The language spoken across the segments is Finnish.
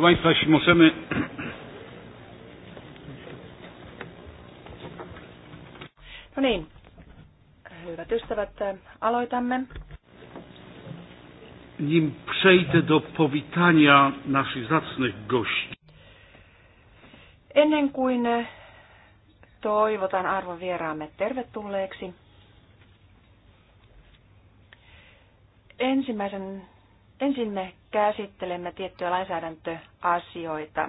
Proszę Państwa, jeśli możemy. No niin, hyvät ystävät, aloitamme. Nim przejdę do powitania naszych zacnych gości. Ennen kuin toivotan arvon vieraamme tervetulleeksi, ensimmäisen, ensin me käsittelemme tiettyjä lainsäädäntöasioita.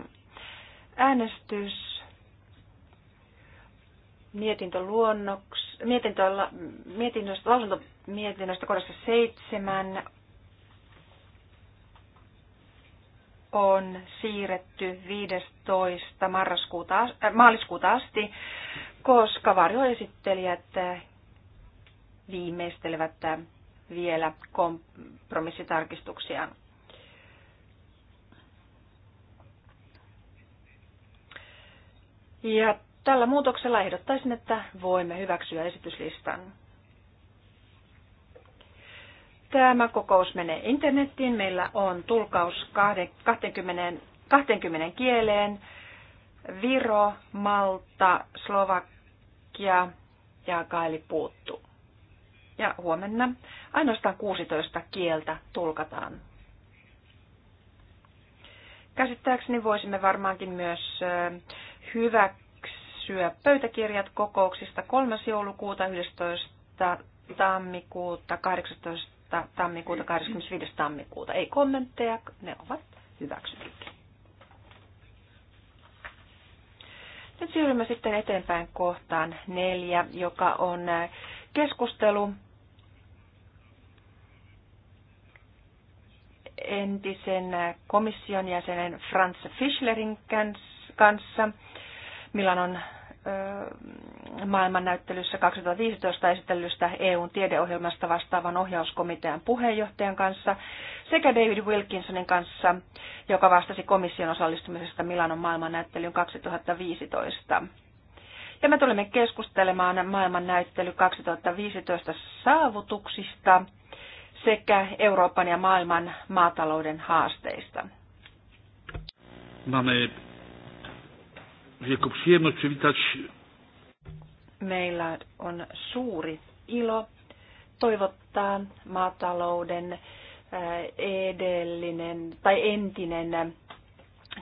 Äänestys mietintöluonnoks, mietintö, mietinnöstä, lausuntomietinnöstä kohdassa seitsemän on siirretty 15. Marraskuuta, äh, maaliskuuta asti, koska varjoesittelijät viimeistelevät vielä kompromissitarkistuksiaan. Ja tällä muutoksella ehdottaisin, että voimme hyväksyä esityslistan. Tämä kokous menee internettiin. Meillä on tulkaus 20, 20 kieleen. Viro, Malta, Slovakia ja Kaili puuttuu. Ja huomenna ainoastaan 16 kieltä tulkataan. Käsittääkseni voisimme varmaankin myös äh, hyväksyä pöytäkirjat kokouksista 3. joulukuuta, 11. tammikuuta, 18. tammikuuta, 25. tammikuuta. Ei kommentteja, ne ovat hyväksytyt. Nyt siirrymme sitten eteenpäin kohtaan neljä, joka on äh, keskustelu entisen äh, komission jäsenen Franz Fischlerin kanssa Milanon maailmannäyttelyssä 2015 esitellystä EUn tiedeohjelmasta vastaavan ohjauskomitean puheenjohtajan kanssa sekä David Wilkinsonin kanssa, joka vastasi komission osallistumisesta Milanon maailmannäyttelyyn 2015. Ja me tulemme keskustelemaan maailmannäyttely 2015 saavutuksista sekä Euroopan ja maailman maatalouden haasteista. niin, wielką przyjemność przywitać. Meillä on suuri ilo toivottaa maatalouden e, edellinen tai entinen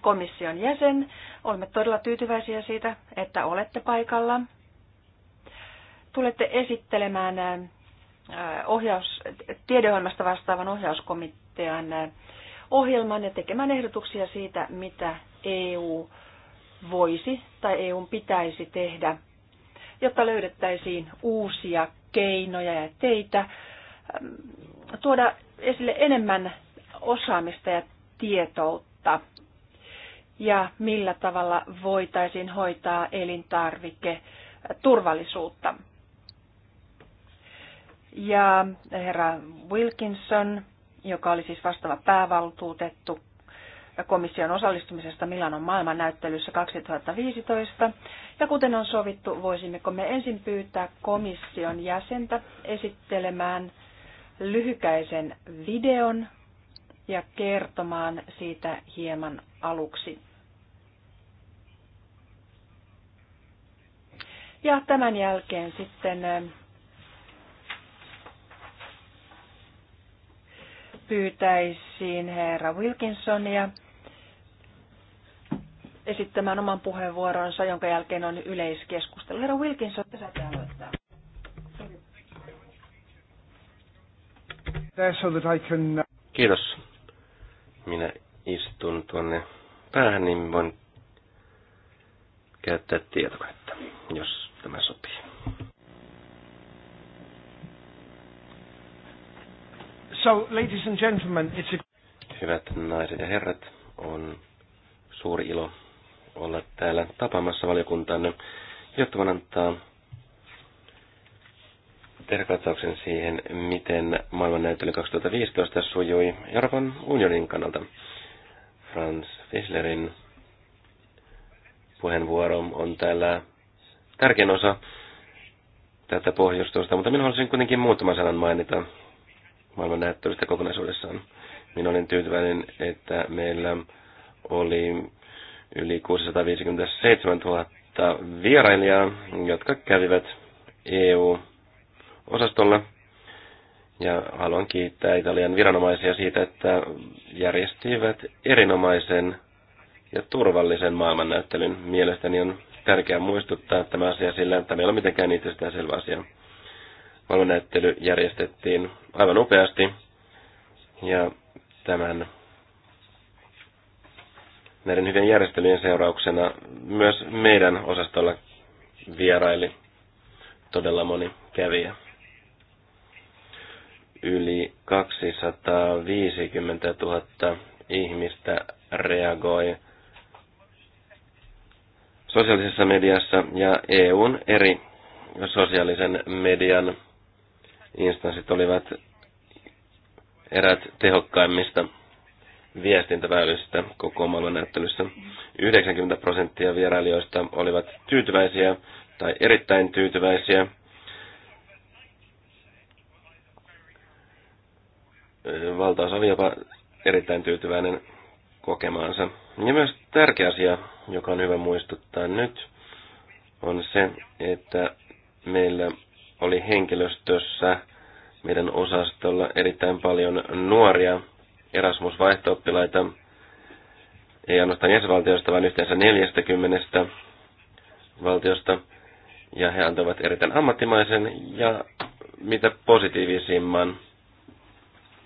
komission jäsen. Olemme todella tyytyväisiä siitä, että olette paikalla. Tulette esittelemään e, ohjaus, tiedeohjelmasta vastaavan ohjauskomitean e, ohjelman ja tekemään ehdotuksia siitä, mitä EU voisi tai EUn pitäisi tehdä, jotta löydettäisiin uusia keinoja ja teitä tuoda esille enemmän osaamista ja tietoutta ja millä tavalla voitaisiin hoitaa elintarvike turvallisuutta. Ja herra Wilkinson, joka oli siis vastaava päävaltuutettu komission osallistumisesta Milanon maailmannäyttelyssä 2015. Ja kuten on sovittu, voisimmeko me ensin pyytää komission jäsentä esittelemään lyhykäisen videon ja kertomaan siitä hieman aluksi. Ja tämän jälkeen sitten pyytäisiin herra Wilkinsonia esittämään oman puheenvuoronsa, jonka jälkeen on yleiskeskustelu. Herra Wilkinson, te saatte aloittaa. Uh, Kiitos. Minä istun tuonne päähän, niin voin käyttää tietokonetta, jos tämä sopii. So, ladies and gentlemen, it's a... Hyvät naiset ja herrat, on suuri ilo olla täällä tapaamassa valiokuntanne, jotta voin antaa terkatauksen siihen, miten maailmannäyttely 2015 sujui Euroopan unionin kannalta. Franz Fischlerin puheenvuoro on täällä tärkein osa tätä pohjustusta, mutta minä haluaisin kuitenkin muutaman sanan mainita maailmannäyttelystä kokonaisuudessaan. Minä olin tyytyväinen, että meillä oli yli 657 000 vierailijaa, jotka kävivät EU-osastolla. Ja haluan kiittää Italian viranomaisia siitä, että järjestivät erinomaisen ja turvallisen maailmannäyttelyn. Mielestäni on tärkeää muistuttaa tämä asia sillä, tämä ei ole mitenkään selvä asia. Maailmannäyttely järjestettiin aivan upeasti ja tämän näiden hyvien järjestelyjen seurauksena myös meidän osastolla vieraili todella moni kävijä. Yli 250 000 ihmistä reagoi sosiaalisessa mediassa ja EUn eri sosiaalisen median instanssit olivat erät tehokkaimmista viestintäväylistä koko maailman näyttelyssä. 90 prosenttia vierailijoista olivat tyytyväisiä tai erittäin tyytyväisiä. Valtaosa oli jopa erittäin tyytyväinen kokemaansa. Ja myös tärkeä asia, joka on hyvä muistuttaa nyt, on se, että meillä oli henkilöstössä meidän osastolla erittäin paljon nuoria Erasmus-vaihtooppilaita ei ainoastaan jäsenvaltioista, vaan yhteensä 40 valtiosta. Ja he antavat erittäin ammattimaisen ja mitä positiivisimman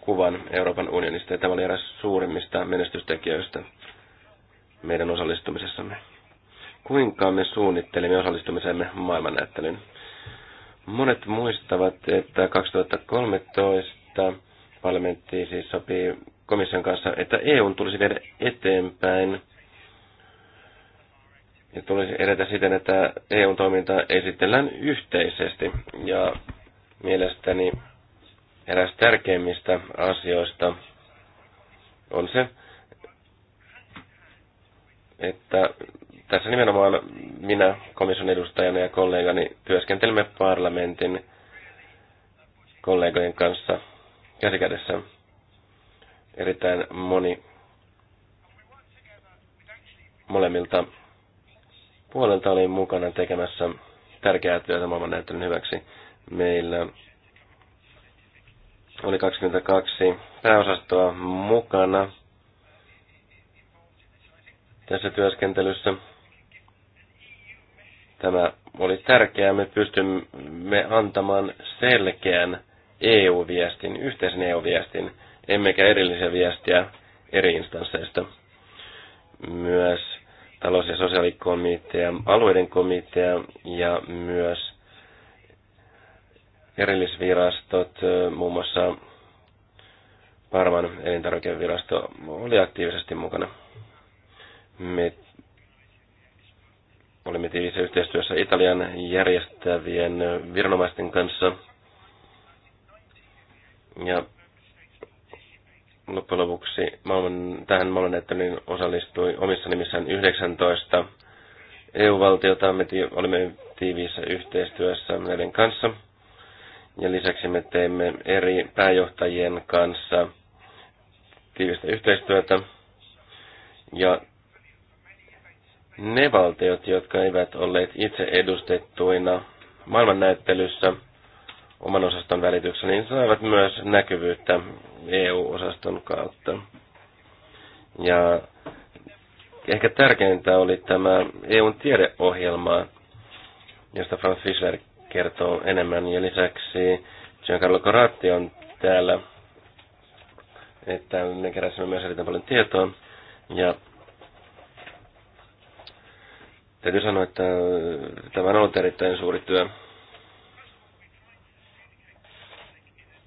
kuvan Euroopan unionista. Ja tämä oli eräs suurimmista menestystekijöistä meidän osallistumisessamme. Kuinka me suunnittelimme osallistumisemme maailmannäyttelyyn? Monet muistavat, että 2013 parlamentti siis sopii komission kanssa, että EU tulisi viedä eteenpäin ja tulisi edetä siten, että EUn toimintaa esitellään yhteisesti. Ja mielestäni eräs tärkeimmistä asioista on se, että tässä nimenomaan minä komission edustajana ja kollegani työskentelemme parlamentin kollegojen kanssa käsikädessä erittäin moni molemmilta puolelta oli mukana tekemässä tärkeää työtä näyttelyn hyväksi. Meillä oli 22 pääosastoa mukana tässä työskentelyssä. Tämä oli tärkeää. Me pystymme antamaan selkeän EU-viestin, yhteisen EU-viestin emmekä erillisiä viestiä eri instansseista. Myös talous- ja sosiaalikomitea, alueiden komitea ja myös erillisvirastot, muun muassa Parman elintarvikevirasto oli aktiivisesti mukana. Me olimme tiivissä yhteistyössä Italian järjestävien viranomaisten kanssa. Ja loppujen lopuksi maailman, tähän maailmannäyttelyyn osallistui omissa nimissään 19 EU-valtiota. Me olimme tiiviissä yhteistyössä näiden kanssa. Ja lisäksi me teimme eri pääjohtajien kanssa tiivistä yhteistyötä. Ja ne valtiot, jotka eivät olleet itse edustettuina maailmannäyttelyssä, oman osaston välityksellä, niin saivat myös näkyvyyttä EU-osaston kautta. Ja ehkä tärkeintä oli tämä EUn tiedeohjelma, josta Franz Fischer kertoo enemmän. Ja lisäksi Giancarlo Coratti on täällä, että me keräsimme myös erittäin paljon tietoa. Ja täytyy sanoa, että tämä on ollut erittäin suuri työ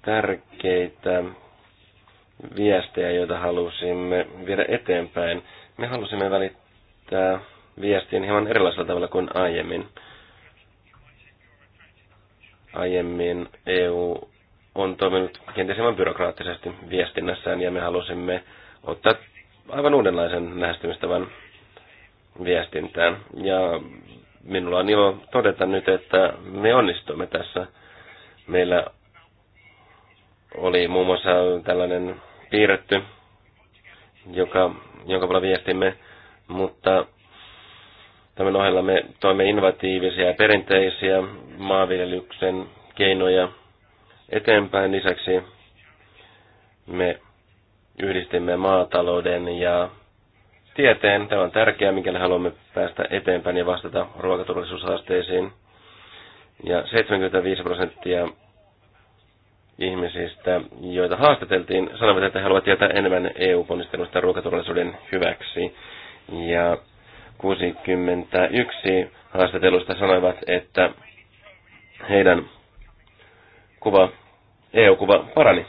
tärkeitä viestejä, joita halusimme viedä eteenpäin. Me halusimme välittää viestin hieman erilaisella tavalla kuin aiemmin. Aiemmin EU on toiminut kenties hieman byrokraattisesti viestinnässään ja me halusimme ottaa aivan uudenlaisen lähestymistavan viestintään. Ja minulla on ilo todeta nyt, että me onnistumme tässä. Meillä oli muun muassa tällainen piirretty, joka, jonka puolella viestimme, mutta tämän ohella me toimme innovatiivisia ja perinteisiä maanviljelyksen keinoja eteenpäin. Lisäksi me yhdistimme maatalouden ja tieteen. Tämä on tärkeää, mikäli haluamme päästä eteenpäin ja vastata ruokaturvallisuushaasteisiin. Ja 75 prosenttia ihmisistä, joita haastateltiin, sanoivat, että he haluavat tietää enemmän EU-ponnistelusta ruokaturvallisuuden hyväksi. Ja 61 haastatelusta sanoivat, että heidän kuva, EU-kuva parani.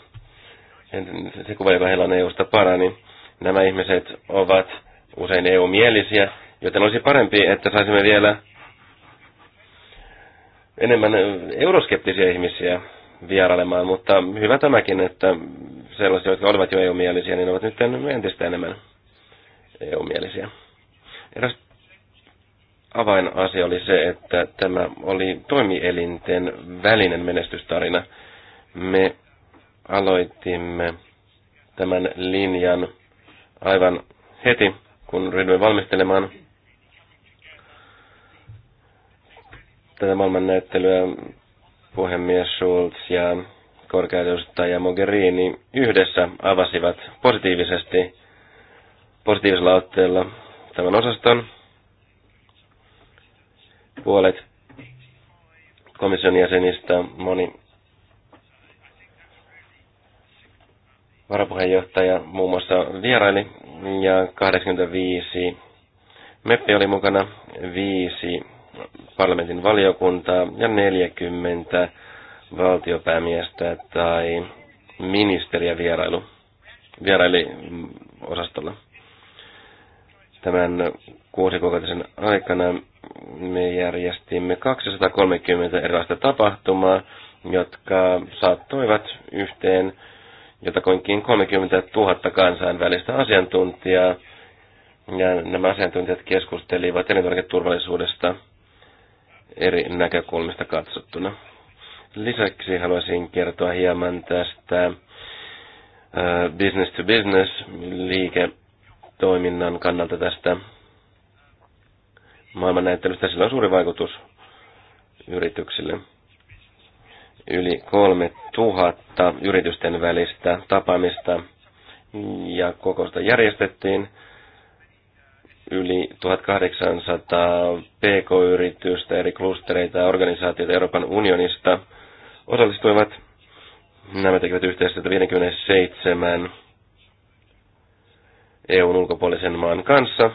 Se kuva, joka heillä on EUsta parani. Nämä ihmiset ovat usein EU-mielisiä, joten olisi parempi, että saisimme vielä enemmän euroskeptisiä ihmisiä vierailemaan, mutta hyvä tämäkin, että sellaisia, jotka olivat jo EU-mielisiä, niin ovat nyt entistä enemmän EU-mielisiä. Eräs avainasia oli se, että tämä oli toimielinten välinen menestystarina. Me aloitimme tämän linjan aivan heti, kun ryhdyimme valmistelemaan tätä maailmannäyttelyä puhemies Schulz ja korkeudustaja Mogherini yhdessä avasivat positiivisesti, positiivisella otteella tämän osaston. Puolet komission jäsenistä, moni varapuheenjohtaja muun muassa vieraili ja 85 meppi oli mukana, viisi parlamentin valiokuntaa ja 40 valtiopäämiestä tai ministeriä vierailu, vieraili osastolla. Tämän kuusi kuukautisen aikana me järjestimme 230 erilaista tapahtumaa, jotka saattoivat yhteen jotakuinkin 30 000 kansainvälistä asiantuntijaa, ja nämä asiantuntijat keskustelivat elintarviketurvallisuudesta – eri näkökulmista katsottuna. Lisäksi haluaisin kertoa hieman tästä business to business liiketoiminnan kannalta tästä maailmannäyttelystä. Sillä on suuri vaikutus yrityksille. Yli 3000 yritysten välistä tapaamista ja kokousta järjestettiin – yli 1800 pk-yritystä, eri klustereita ja organisaatioita Euroopan unionista osallistuivat. Nämä tekivät yhteistyötä 57 EUn ulkopuolisen maan kanssa,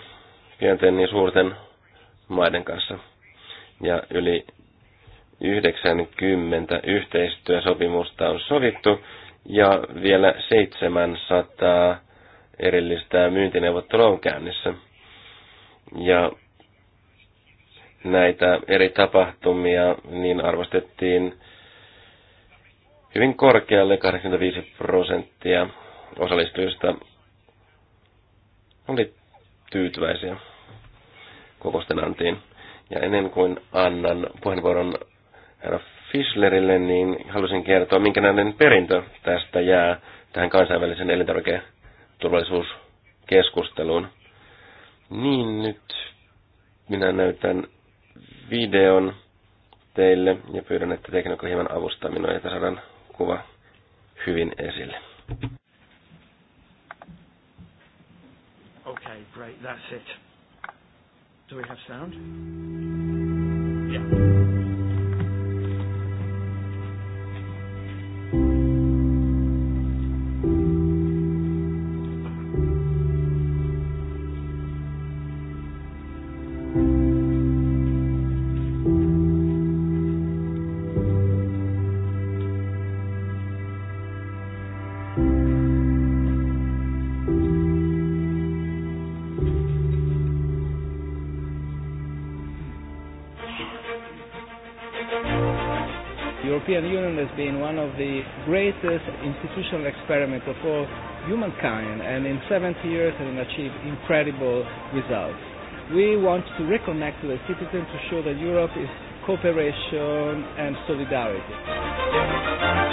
pienten ja suurten maiden kanssa. Ja yli 90 yhteistyösopimusta on sovittu ja vielä 700 erillistä myyntineuvottelua on käynnissä. Ja näitä eri tapahtumia niin arvostettiin hyvin korkealle, 85 prosenttia osallistujista oli tyytyväisiä kokousten antiin. Ja ennen kuin annan puheenvuoron herra Fischlerille, niin halusin kertoa, näiden perintö tästä jää tähän kansainvälisen elintarviketurvallisuuskeskusteluun. Niin, nyt minä näytän videon teille ja pyydän, että teknikko hieman avustaa minua, että saadaan kuva hyvin esille. Okay, great, that's it. Do we have sound? greatest institutional experiment of all humankind, and in 70 years it achieved incredible results. We want to reconnect to the citizens to show that Europe is cooperation and solidarity.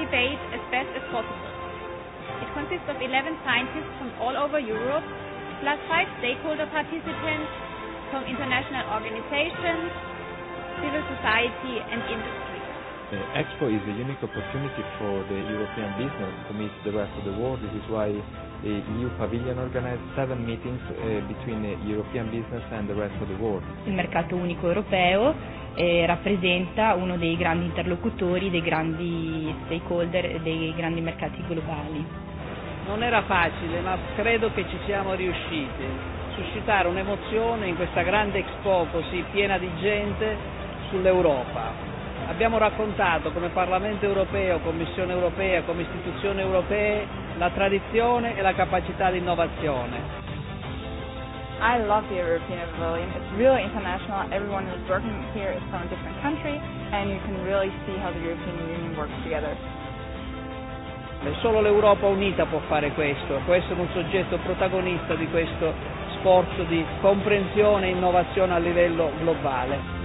debate as best as possible. It consists of 11 scientists from all over Europe, plus five stakeholder participants from international organizations, civil society and industry. The Expo is a unique opportunity for the European business to meet the rest of the world. This is why the EU Pavilion organized seven meetings uh, between the uh, European business and the rest of the world. Il mercato unico europeo eh, rappresenta uno dei grandi interlocutori, dei grandi stakeholder, dei grandi mercati globali. Non era facile, ma credo che ci siamo riusciti. Suscitare un'emozione in questa grande Expo così piena di gente sull'Europa. Abbiamo raccontato come Parlamento europeo, Commissione europea, come istituzioni europee la tradizione e la capacità di innovazione. I love the European Pavilion. It's really international. Everyone who's working here is from a different country, and you can really see how the European Union works together. E solo l'Europa unita può fare questo, può essere un soggetto protagonista di questo sforzo di comprensione e innovazione a livello globale.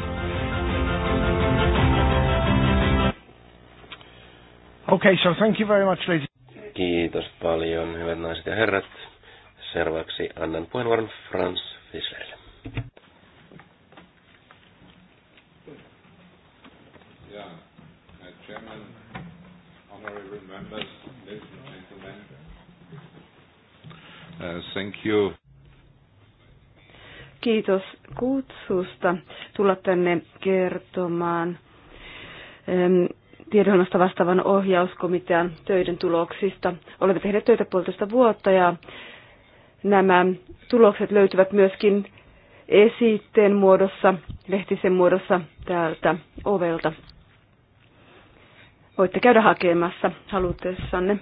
Okay, so thank you very much, ladies. Kiitos paljon, hyvät naiset ja herrat. Seuraavaksi annan puheenvuoron Franz Fischerille. Uh, thank you. Kiitos kutsusta tulla tänne kertomaan tiedonannosta vastaavan ohjauskomitean töiden tuloksista. Olemme tehneet töitä puolitoista vuotta ja nämä tulokset löytyvät myöskin esitteen muodossa, lehtisen muodossa täältä ovelta. Voitte käydä hakemassa halutessanne.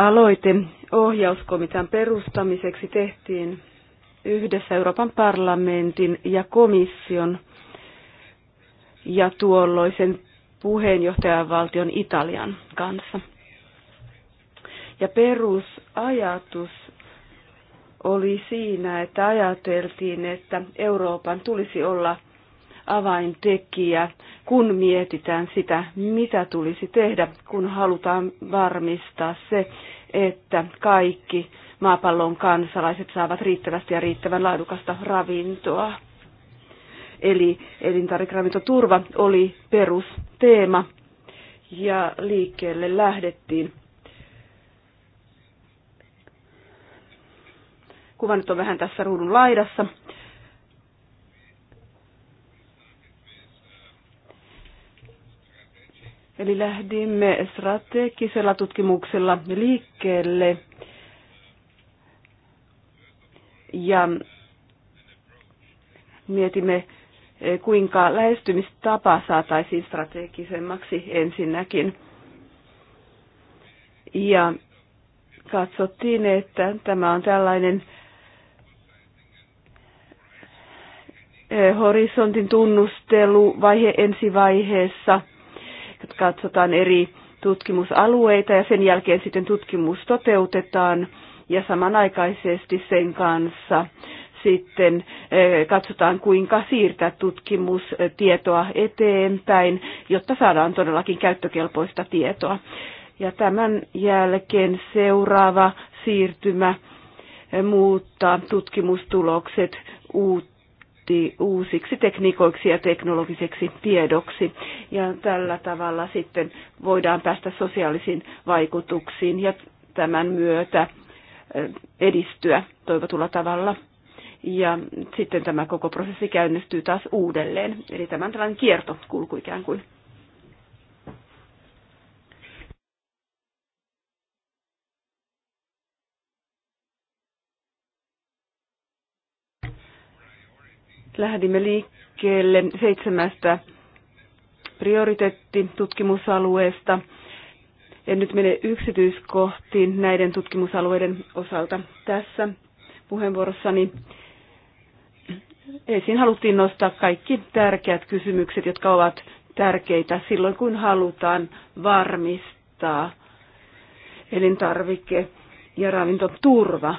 Aloite ohjauskomitean perustamiseksi tehtiin yhdessä Euroopan parlamentin ja komission ja tuolloisen puheenjohtajavaltion Italian kanssa. Ja perusajatus oli siinä, että ajateltiin, että Euroopan tulisi olla – avaintekijä, kun mietitään sitä, mitä tulisi tehdä, kun halutaan varmistaa se, että kaikki maapallon kansalaiset saavat riittävästi ja riittävän laadukasta ravintoa. Eli elintarvikeravintoturva oli perusteema ja liikkeelle lähdettiin. Kuva nyt on vähän tässä ruudun laidassa. Eli lähdimme strategisella tutkimuksella liikkeelle ja mietimme, kuinka lähestymistapa saataisiin strategisemmaksi ensinnäkin. Ja katsottiin, että tämä on tällainen eh, horisontin tunnustelu vaihe ensivaiheessa katsotaan eri tutkimusalueita ja sen jälkeen sitten tutkimus toteutetaan ja samanaikaisesti sen kanssa sitten eh, katsotaan, kuinka siirtää tutkimustietoa eteenpäin, jotta saadaan todellakin käyttökelpoista tietoa. Ja tämän jälkeen seuraava siirtymä eh, muuttaa tutkimustulokset uutta muuttuisi uusiksi tekniikoiksi ja teknologiseksi tiedoksi. Ja tällä tavalla sitten voidaan päästä sosiaalisiin vaikutuksiin ja tämän myötä eh, edistyä toivotulla tavalla. Ja sitten tämä koko prosessi käynnistyy taas uudelleen. Eli tämän tällainen kulku ikään kuin. lähdimme liikkeelle seitsemästä prioriteettitutkimusalueesta. En nyt mene yksityiskohtiin näiden tutkimusalueiden osalta tässä puheenvuorossani. Esiin haluttiin nostaa kaikki tärkeät kysymykset, jotka ovat tärkeitä silloin, kun halutaan varmistaa elintarvike- ja ravintoturva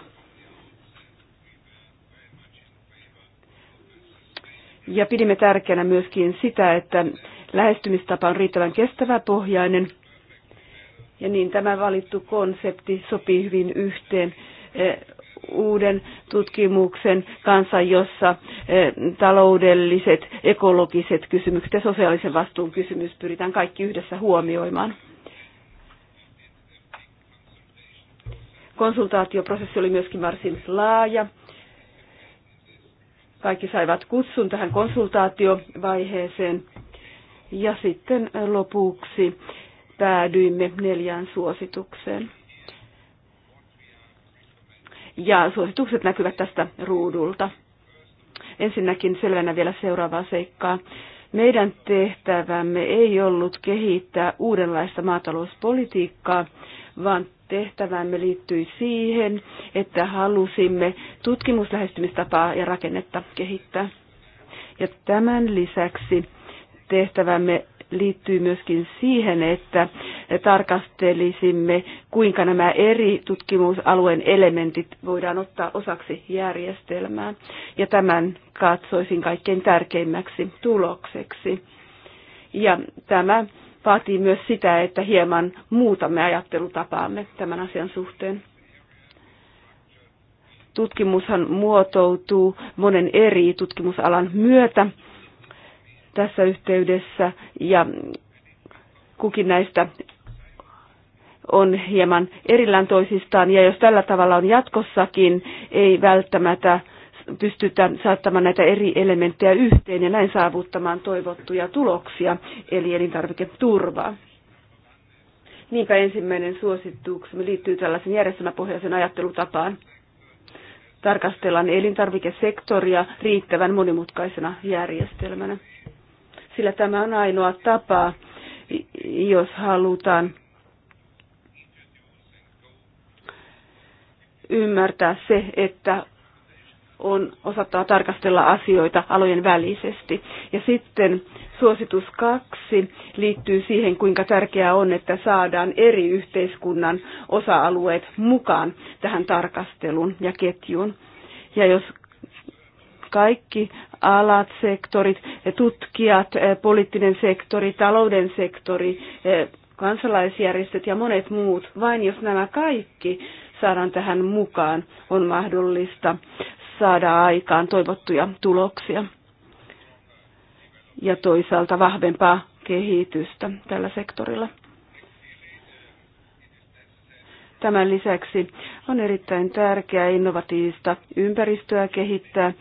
Ja pidimme tärkeänä myöskin sitä, että lähestymistapa on riittävän pohjainen, Ja niin tämä valittu konsepti sopii hyvin yhteen eh, uuden tutkimuksen kanssa, jossa eh, taloudelliset, ekologiset kysymykset ja sosiaalisen vastuun kysymys pyritään kaikki yhdessä huomioimaan. Konsultaatioprosessi oli myöskin varsin laaja kaikki saivat kutsun tähän konsultaatiovaiheeseen. Ja sitten lopuksi päädyimme neljään suositukseen. Ja suositukset näkyvät tästä ruudulta. Ensinnäkin selvänä vielä seuraavaa seikkaa. Meidän tehtävämme ei ollut kehittää uudenlaista maatalouspolitiikkaa, vaan tehtävämme liittyi siihen, että halusimme tutkimuslähestymistapaa ja rakennetta kehittää. Ja tämän lisäksi tehtävämme liittyy myöskin siihen, että tarkastelisimme, kuinka nämä eri tutkimusalueen elementit voidaan ottaa osaksi järjestelmää. Ja tämän katsoisin kaikkein tärkeimmäksi tulokseksi. Ja tämä vaatii myös sitä, että hieman muutamme ajattelutapaamme tämän asian suhteen. Tutkimushan muotoutuu monen eri tutkimusalan myötä tässä yhteydessä ja kukin näistä on hieman erillään toisistaan ja jos tällä tavalla on jatkossakin, ei välttämättä pystytään saattamaan näitä eri elementtejä yhteen ja näin saavuttamaan toivottuja tuloksia, eli elintarviketurvaa. Niinpä ensimmäinen suosituksemme liittyy tällaisen järjestelmäpohjaisen ajattelutapaan. Tarkastellaan elintarvikesektoria riittävän monimutkaisena järjestelmänä, sillä tämä on ainoa tapa, jos halutaan ymmärtää se, että on osattava tarkastella asioita alojen välisesti. Ja sitten suositus kaksi liittyy siihen, kuinka tärkeää on, että saadaan eri yhteiskunnan osa-alueet mukaan tähän tarkasteluun ja ketjuun. Ja jos kaikki alat, sektorit, tutkijat, eh, poliittinen sektori, talouden sektori, eh, kansalaisjärjestöt ja monet muut, vain jos nämä kaikki saadaan tähän mukaan, on mahdollista saada aikaan toivottuja tuloksia ja toisaalta vahvempaa kehitystä tällä sektorilla. Tämän lisäksi on erittäin tärkeää innovatiivista ympäristöä kehittää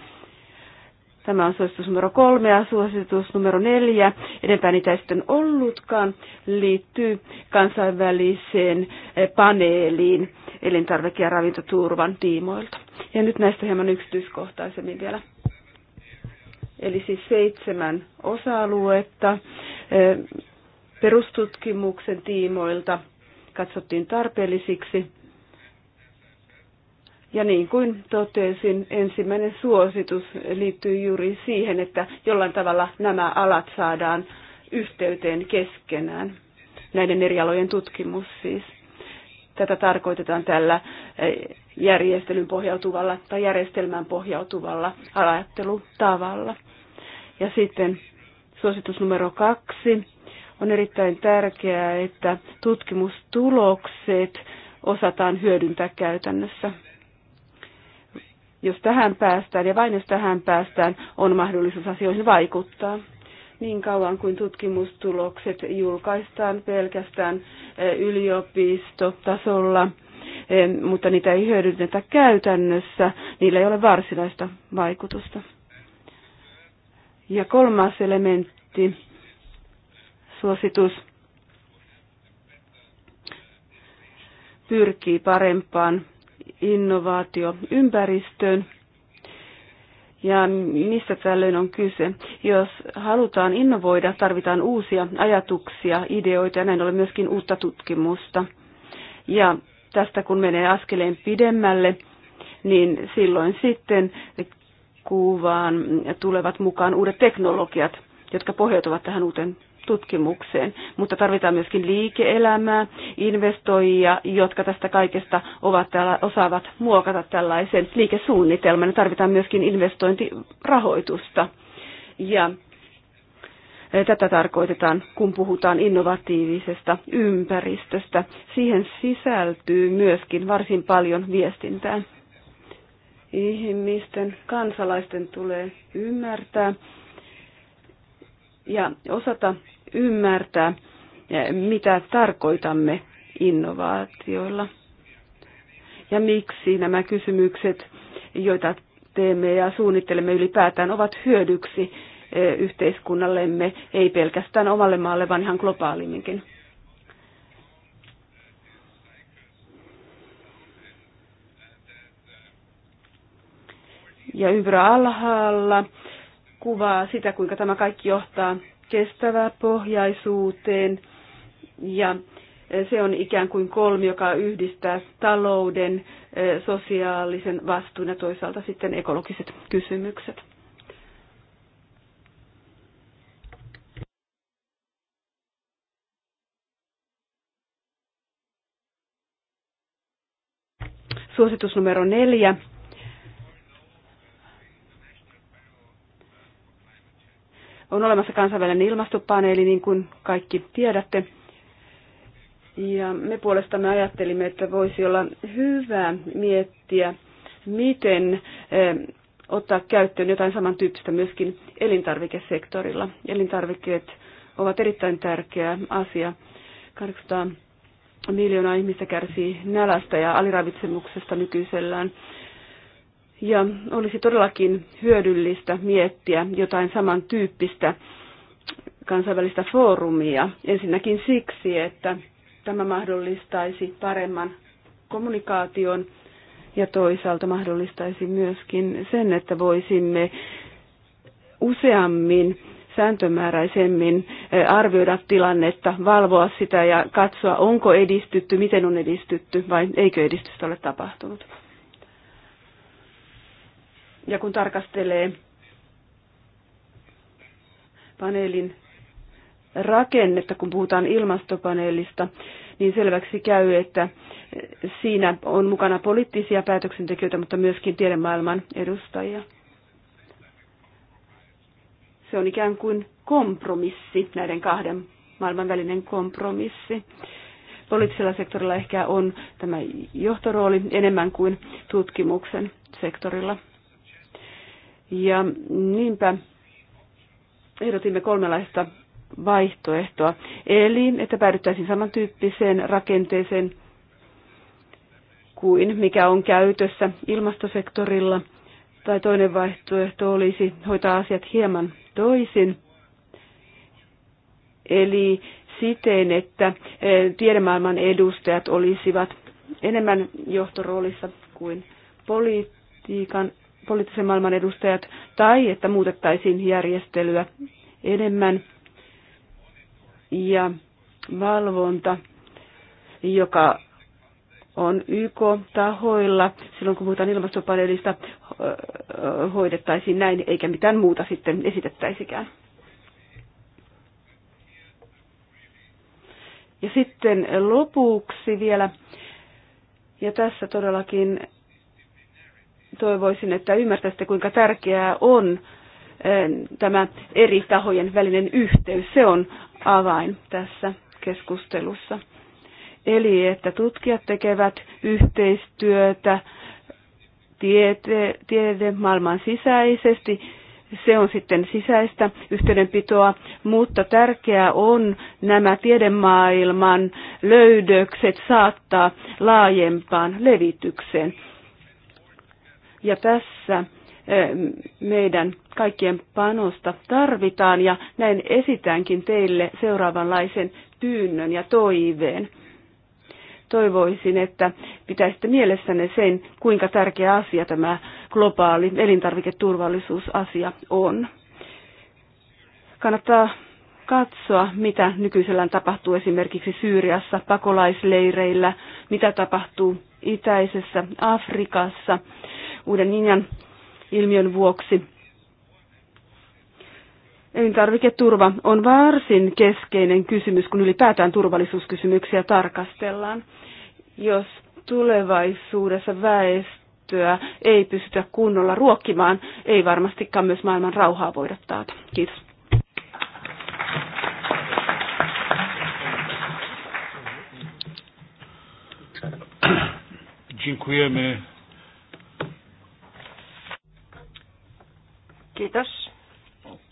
Tämä on suositus numero kolme ja suositus numero neljä, enempää niitä ei sitten ollutkaan, liittyy kansainväliseen eh, paneeliin elintarvike- ja ravintoturvan tiimoilta. Ja nyt näistä hieman yksityiskohtaisemmin vielä. Eli siis seitsemän osa-aluetta eh, perustutkimuksen tiimoilta katsottiin tarpeellisiksi ja niin kuin totesin, ensimmäinen suositus liittyy juuri siihen, että jollain tavalla nämä alat saadaan yhteyteen keskenään. Näiden eri alojen tutkimus siis. Tätä tarkoitetaan tällä eh, järjestelyn pohjautuvalla tai järjestelmään pohjautuvalla ajattelutavalla. Ja sitten suositus numero kaksi. On erittäin tärkeää, että tutkimustulokset osataan hyödyntää käytännössä jos tähän päästään ja vain jos tähän päästään, on mahdollisuus asioihin vaikuttaa. Niin kauan kuin tutkimustulokset julkaistaan pelkästään eh, yliopistotasolla, eh, mutta niitä ei hyödynnetä käytännössä, niillä ei ole varsinaista vaikutusta. Ja kolmas elementti, suositus, pyrkii parempaan innovaatioympäristöön. Ja mistä tällöin on kyse? Jos halutaan innovoida, tarvitaan uusia ajatuksia, ideoita ja näin ollen myöskin uutta tutkimusta. Ja tästä kun menee askeleen pidemmälle, niin silloin sitten kuvaan tulevat mukaan uudet teknologiat, jotka pohjautuvat tähän uuteen tutkimukseen, mutta tarvitaan myöskin liike-elämää, investoijia, jotka tästä kaikesta ovat, osaavat muokata tällaisen liikesuunnitelman. Ja tarvitaan myöskin investointirahoitusta. Ja eh, Tätä tarkoitetaan, kun puhutaan innovatiivisesta ympäristöstä. Siihen sisältyy myöskin varsin paljon viestintää. Ihmisten, kansalaisten tulee ymmärtää ja osata ymmärtää, mitä tarkoitamme innovaatioilla ja miksi nämä kysymykset, joita teemme ja suunnittelemme ylipäätään, ovat hyödyksi e, yhteiskunnallemme, ei pelkästään omalle maalle, vaan ihan globaalimminkin. Ja ympyrä alhaalla kuvaa sitä, kuinka tämä kaikki johtaa kestävää pohjaisuuteen ja e, se on ikään kuin kolmi, joka yhdistää talouden, e, sosiaalisen vastuun ja toisaalta sitten ekologiset kysymykset. Suositus numero neljä On olemassa kansainvälinen ilmastopaneeli, niin kuin kaikki tiedätte. Ja me puolestamme ajattelimme, että voisi olla hyvä miettiä, miten eh, ottaa käyttöön jotain samantyyppistä myöskin elintarvikesektorilla. Elintarvikkeet ovat erittäin tärkeä asia. 800 miljoonaa ihmistä kärsii nälästä ja aliravitsemuksesta nykyisellään. Ja olisi todellakin hyödyllistä miettiä jotain samantyyppistä kansainvälistä foorumia. Ensinnäkin siksi, että tämä mahdollistaisi paremman kommunikaation ja toisaalta mahdollistaisi myöskin sen, että voisimme useammin sääntömääräisemmin arvioida tilannetta, valvoa sitä ja katsoa, onko edistytty, miten on edistytty vai eikö edistystä ole tapahtunut. Ja kun tarkastelee paneelin rakennetta, kun puhutaan ilmastopaneelista, niin selväksi käy, että siinä on mukana poliittisia päätöksentekijöitä, mutta myöskin tiedemaailman edustajia. Se on ikään kuin kompromissi, näiden kahden maailman välinen kompromissi. Poliittisella sektorilla ehkä on tämä johtorooli enemmän kuin tutkimuksen sektorilla. Ja niinpä ehdotimme kolmenlaista vaihtoehtoa. Eli, että päädyttäisiin samantyyppiseen rakenteeseen kuin mikä on käytössä ilmastosektorilla. Tai toinen vaihtoehto olisi hoitaa asiat hieman toisin. Eli siten, että e, tiedemaailman edustajat olisivat enemmän johtoroolissa kuin poliittiikan poliittisen maailman edustajat, tai että muutettaisiin järjestelyä enemmän. Ja valvonta, joka on YK-tahoilla, silloin kun puhutaan ilmastopaneelista, hoidettaisiin näin, eikä mitään muuta sitten esitettäisikään. Ja sitten lopuksi vielä, ja tässä todellakin toivoisin, että ymmärtäisitte, kuinka tärkeää on eh, tämä eri tahojen välinen yhteys. Se on avain tässä keskustelussa. Eli että tutkijat tekevät yhteistyötä tiede, maailman sisäisesti. Se on sitten sisäistä yhteydenpitoa, mutta tärkeää on nämä tiedemaailman löydökset saattaa laajempaan levitykseen. Ja tässä meidän kaikkien panosta tarvitaan ja näin esitänkin teille seuraavanlaisen pyynnön ja toiveen. Toivoisin, että pitäisitte mielessänne sen, kuinka tärkeä asia tämä globaali elintarviketurvallisuusasia on. Kannattaa katsoa, mitä nykyisellään tapahtuu esimerkiksi Syyriassa, pakolaisleireillä, mitä tapahtuu itäisessä Afrikassa uuden ninjan ilmiön vuoksi. Elintarviketurva on varsin keskeinen kysymys, kun ylipäätään turvallisuuskysymyksiä tarkastellaan. Jos tulevaisuudessa väestöä ei pystytä kunnolla ruokkimaan, ei varmastikaan myös maailman rauhaa voida taata. Kiitos. Dziękujemy Kiitos.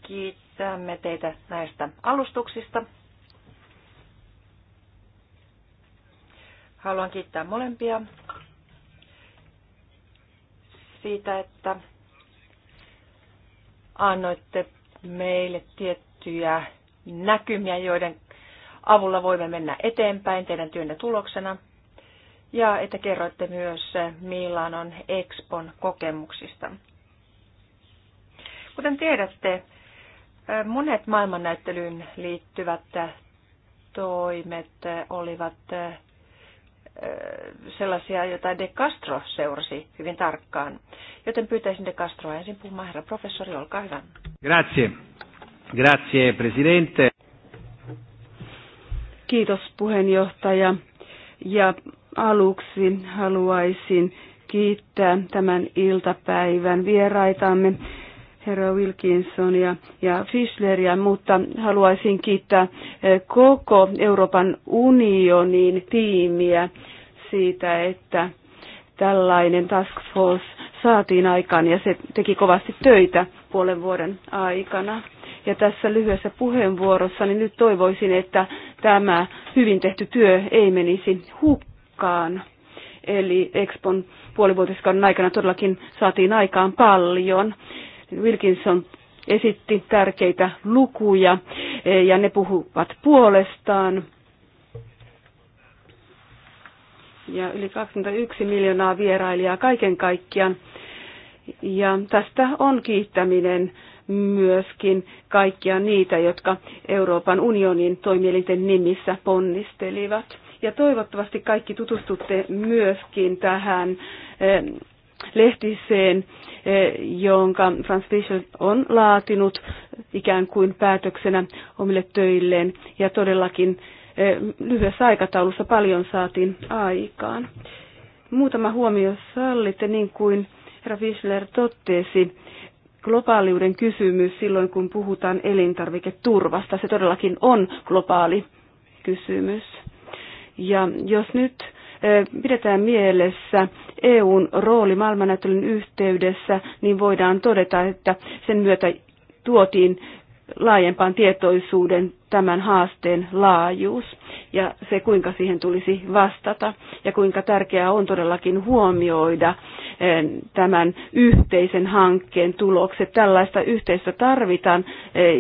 Kiitämme teitä näistä alustuksista. Haluan kiittää molempia siitä, että annoitte meille tiettyjä näkymiä, joiden avulla voimme mennä eteenpäin teidän työnne tuloksena. Ja että kerroitte myös Milanon Expon kokemuksista. Kuten tiedätte, monet maailmannäyttelyyn liittyvät toimet olivat sellaisia, joita De Castro seurasi hyvin tarkkaan. Joten pyytäisin De Castroa ensin puhumaan. Herra professori, olkaa hyvä. Grazie. Grazie, presidente. Kiitos puheenjohtaja. Ja aluksi haluaisin kiittää tämän iltapäivän vieraitamme herra ja, ja Fischleria, mutta haluaisin kiittää eh, koko Euroopan unionin tiimiä siitä, että tällainen task force saatiin aikaan ja se teki kovasti töitä puolen vuoden aikana. Ja tässä lyhyessä puheenvuorossa niin nyt toivoisin, että tämä hyvin tehty työ ei menisi hukkaan. Eli Expon puolivuotiskauden aikana todellakin saatiin aikaan paljon. Wilkinson esitti tärkeitä lukuja e, ja ne puhuvat puolestaan. Ja yli 21 miljoonaa vierailijaa kaiken kaikkiaan. Ja tästä on kiittäminen myöskin kaikkia niitä, jotka Euroopan unionin toimielinten nimissä ponnistelivat. Ja toivottavasti kaikki tutustutte myöskin tähän e, lehtiseen, eh, jonka Franz Fischer on laatinut ikään kuin päätöksenä omille töilleen. Ja todellakin eh, lyhyessä aikataulussa paljon saatiin aikaan. Muutama huomio, sallitte, niin kuin herra Fischler totesi, globaaliuden kysymys silloin, kun puhutaan elintarviketurvasta. Se todellakin on globaali kysymys. Ja jos nyt pidetään mielessä EUn rooli maailmannäyttelyn yhteydessä, niin voidaan todeta, että sen myötä tuotiin laajempaan tietoisuuden tämän haasteen laajuus ja se, kuinka siihen tulisi vastata ja kuinka tärkeää on todellakin huomioida tämän yhteisen hankkeen tulokset. Tällaista yhteistä tarvitaan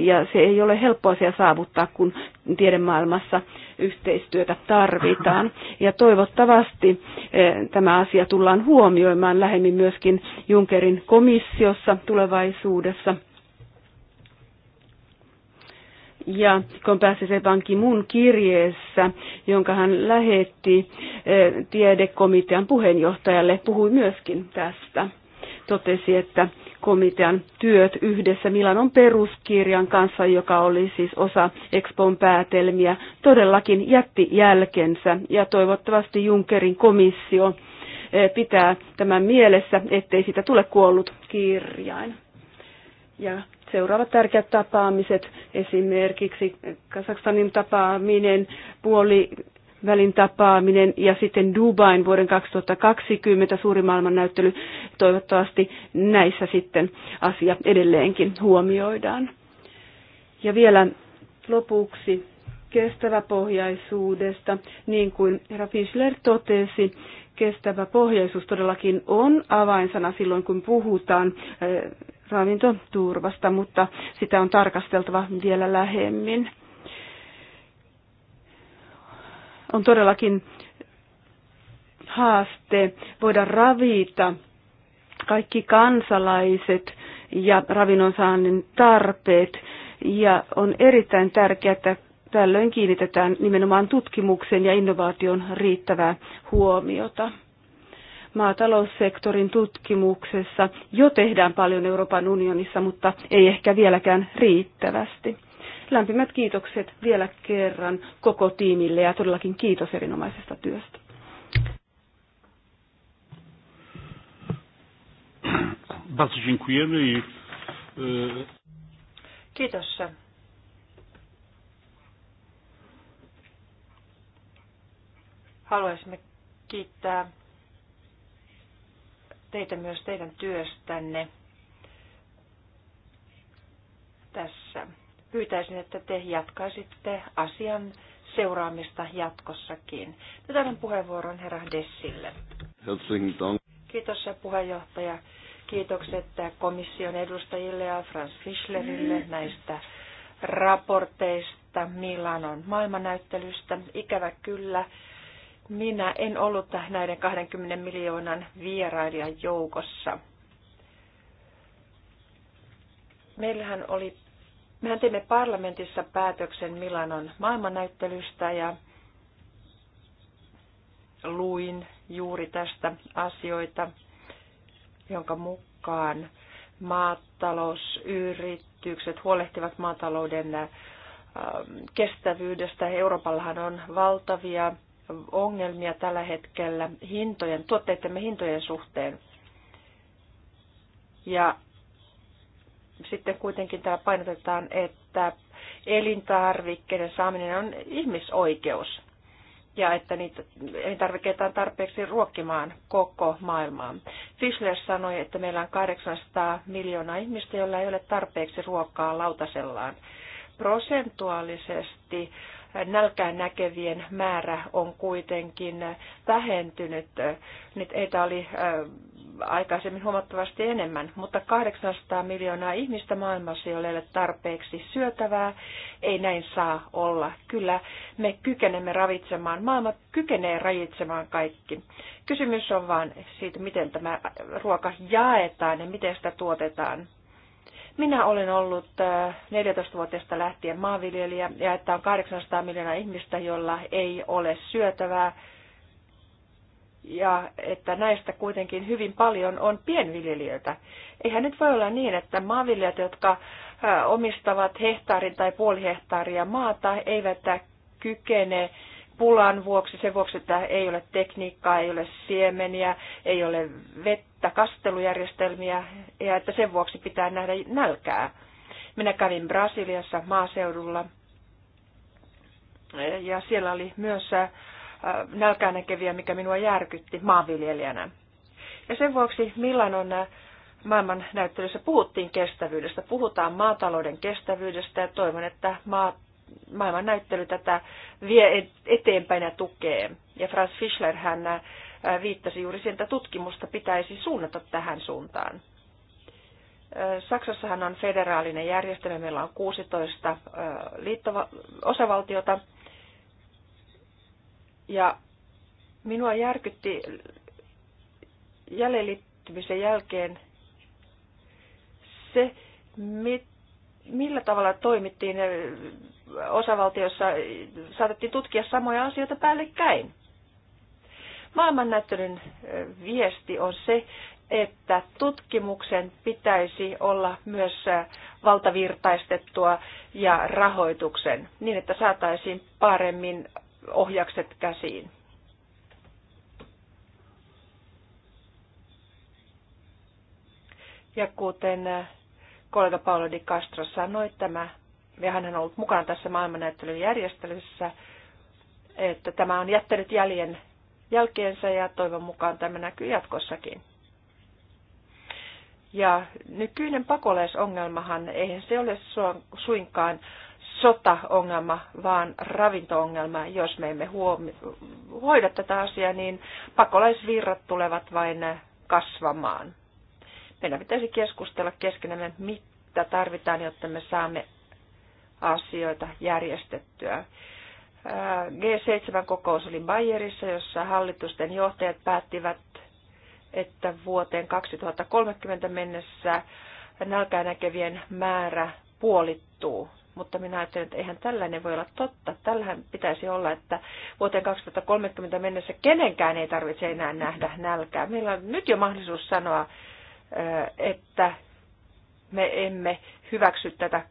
ja se ei ole helppo asia saavuttaa, kun tiedemaailmassa yhteistyötä tarvitaan. Ja toivottavasti eh, tämä asia tullaan huomioimaan lähemmin myöskin Junckerin komissiossa tulevaisuudessa. Ja kun pääsi se pankki mun kirjeessä, jonka hän lähetti eh, tiedekomitean puheenjohtajalle, puhui myöskin tästä. Totesi, että komitean työt yhdessä Milanon peruskirjan kanssa, joka oli siis osa Expon päätelmiä, todellakin jätti jälkensä ja toivottavasti Junckerin komissio eh, pitää tämän mielessä, ettei sitä tule kuollut kirjain. Ja seuraavat tärkeät tapaamiset, esimerkiksi Kazakstanin tapaaminen puoli välin tapaaminen ja sitten Dubain vuoden 2020 suuri maailmannäyttely. Toivottavasti näissä sitten asia edelleenkin huomioidaan. Ja vielä lopuksi kestävä pohjaisuudesta, Niin kuin herra Fischler totesi, kestävä pohjaisuus todellakin on avainsana silloin, kun puhutaan eh, ravintoturvasta, mutta sitä on tarkasteltava vielä lähemmin. on todellakin haaste voida ravita kaikki kansalaiset ja ravinnonsaannin tarpeet. Ja on erittäin tärkeää, että tällöin kiinnitetään nimenomaan tutkimuksen ja innovaation riittävää huomiota. Maataloussektorin tutkimuksessa jo tehdään paljon Euroopan unionissa, mutta ei ehkä vieläkään riittävästi. Lämpimät kiitokset vielä kerran koko tiimille ja todellakin kiitos erinomaisesta työstä. Kiitos. Haluaisimme kiittää teitä myös teidän työstänne pyytäisin, että te jatkaisitte asian seuraamista jatkossakin. Nyt annan puheenvuoron herra Dessille. Kiitos puheenjohtaja. Kiitokset komission edustajille ja Franz Fischlerille näistä raporteista Milanon maailmanäyttelystä. Ikävä kyllä, minä en ollut näiden 20 miljoonan vierailijan joukossa. Meillähän oli Mehän teimme parlamentissa päätöksen Milanon maailmanäyttelystä ja luin juuri tästä asioita, jonka mukaan maatalousyritykset huolehtivat maatalouden äh, kestävyydestä. Euroopallahan on valtavia ongelmia tällä hetkellä hintojen, tuotteidemme hintojen suhteen. Ja sitten kuitenkin täällä painotetaan, että elintarvikkeiden saaminen on ihmisoikeus ja että niitä elintarvikkeita on tarpeeksi ruokkimaan koko maailmaa. Fischler sanoi, että meillä on 800 miljoonaa ihmistä, joilla ei ole tarpeeksi ruokaa lautasellaan. Prosentuaalisesti nälkään näkevien määrä on kuitenkin vähentynyt. Nyt ei tämä oli aikaisemmin huomattavasti enemmän, mutta 800 miljoonaa ihmistä maailmassa, joille ei ole tarpeeksi syötävää, ei näin saa olla. Kyllä me kykenemme ravitsemaan, maailma kykenee ravitsemaan kaikki. Kysymys on vain siitä, miten tämä ruoka jaetaan ja miten sitä tuotetaan. Minä olen ollut 14 äh, vuotesta lähtien maanviljelijä ja että on 800 miljoonaa ihmistä, jolla ei ole syötävää ja että näistä kuitenkin hyvin paljon on pienviljelijöitä. Eihän nyt voi olla niin, että maanviljelijät, jotka omistavat hehtaarin tai puoli hehtaaria maata, eivät kykene pulan vuoksi, sen vuoksi, että ei ole tekniikkaa, ei ole siemeniä, ei ole vettä, kastelujärjestelmiä, ja että sen vuoksi pitää nähdä nälkää. Minä kävin Brasiliassa maaseudulla, ja siellä oli myös Äh, näkeviä, mikä minua järkytti maanviljelijänä. Ja sen vuoksi Milanon äh, maailman näyttelyssä puhuttiin kestävyydestä, puhutaan maatalouden kestävyydestä ja toivon, että maa, maailman näyttely tätä vie eteenpäin ja tukee. Ja Franz Fischler hän äh, viittasi juuri siihen, että tutkimusta pitäisi suunnata tähän suuntaan. Saksassahan on federaalinen järjestelmä, meillä on 16 liittova, osavaltiota, ja minua järkytti jäljellittymisen jälkeen se, mit, millä tavalla toimittiin osavaltiossa, saatettiin tutkia samoja asioita päällekkäin. Maailmannäyttelyn viesti on se, että tutkimuksen pitäisi olla myös valtavirtaistettua ja rahoituksen niin, että saataisiin paremmin ohjakset käsiin. Ja kuten äh, kollega Paolo Di Castro sanoi, tämä, ja hän on ollut mukana tässä maailmannäyttelyn järjestelyssä, että tämä on jättänyt jäljen jälkeensä ja toivon mukaan tämä näkyy jatkossakin. Ja nykyinen pakolaisongelmahan, eihän se ole suinkaan sotaongelma, vaan ravintoongelma. Jos me emme huomi- hoida tätä asiaa, niin pakolaisvirrat tulevat vain kasvamaan. Meidän pitäisi keskustella keskenämme, mitä tarvitaan, jotta me saamme asioita järjestettyä. G7-kokous oli Bayerissa, jossa hallitusten johtajat päättivät, että vuoteen 2030 mennessä nälkää määrä puolittuu mutta minä ajattelin, että eihän tällainen voi olla totta. Tällähän pitäisi olla, että vuoteen 2030 mennessä kenenkään ei tarvitse enää nähdä nälkää. Meillä on nyt jo mahdollisuus sanoa, että me emme hyväksy tätä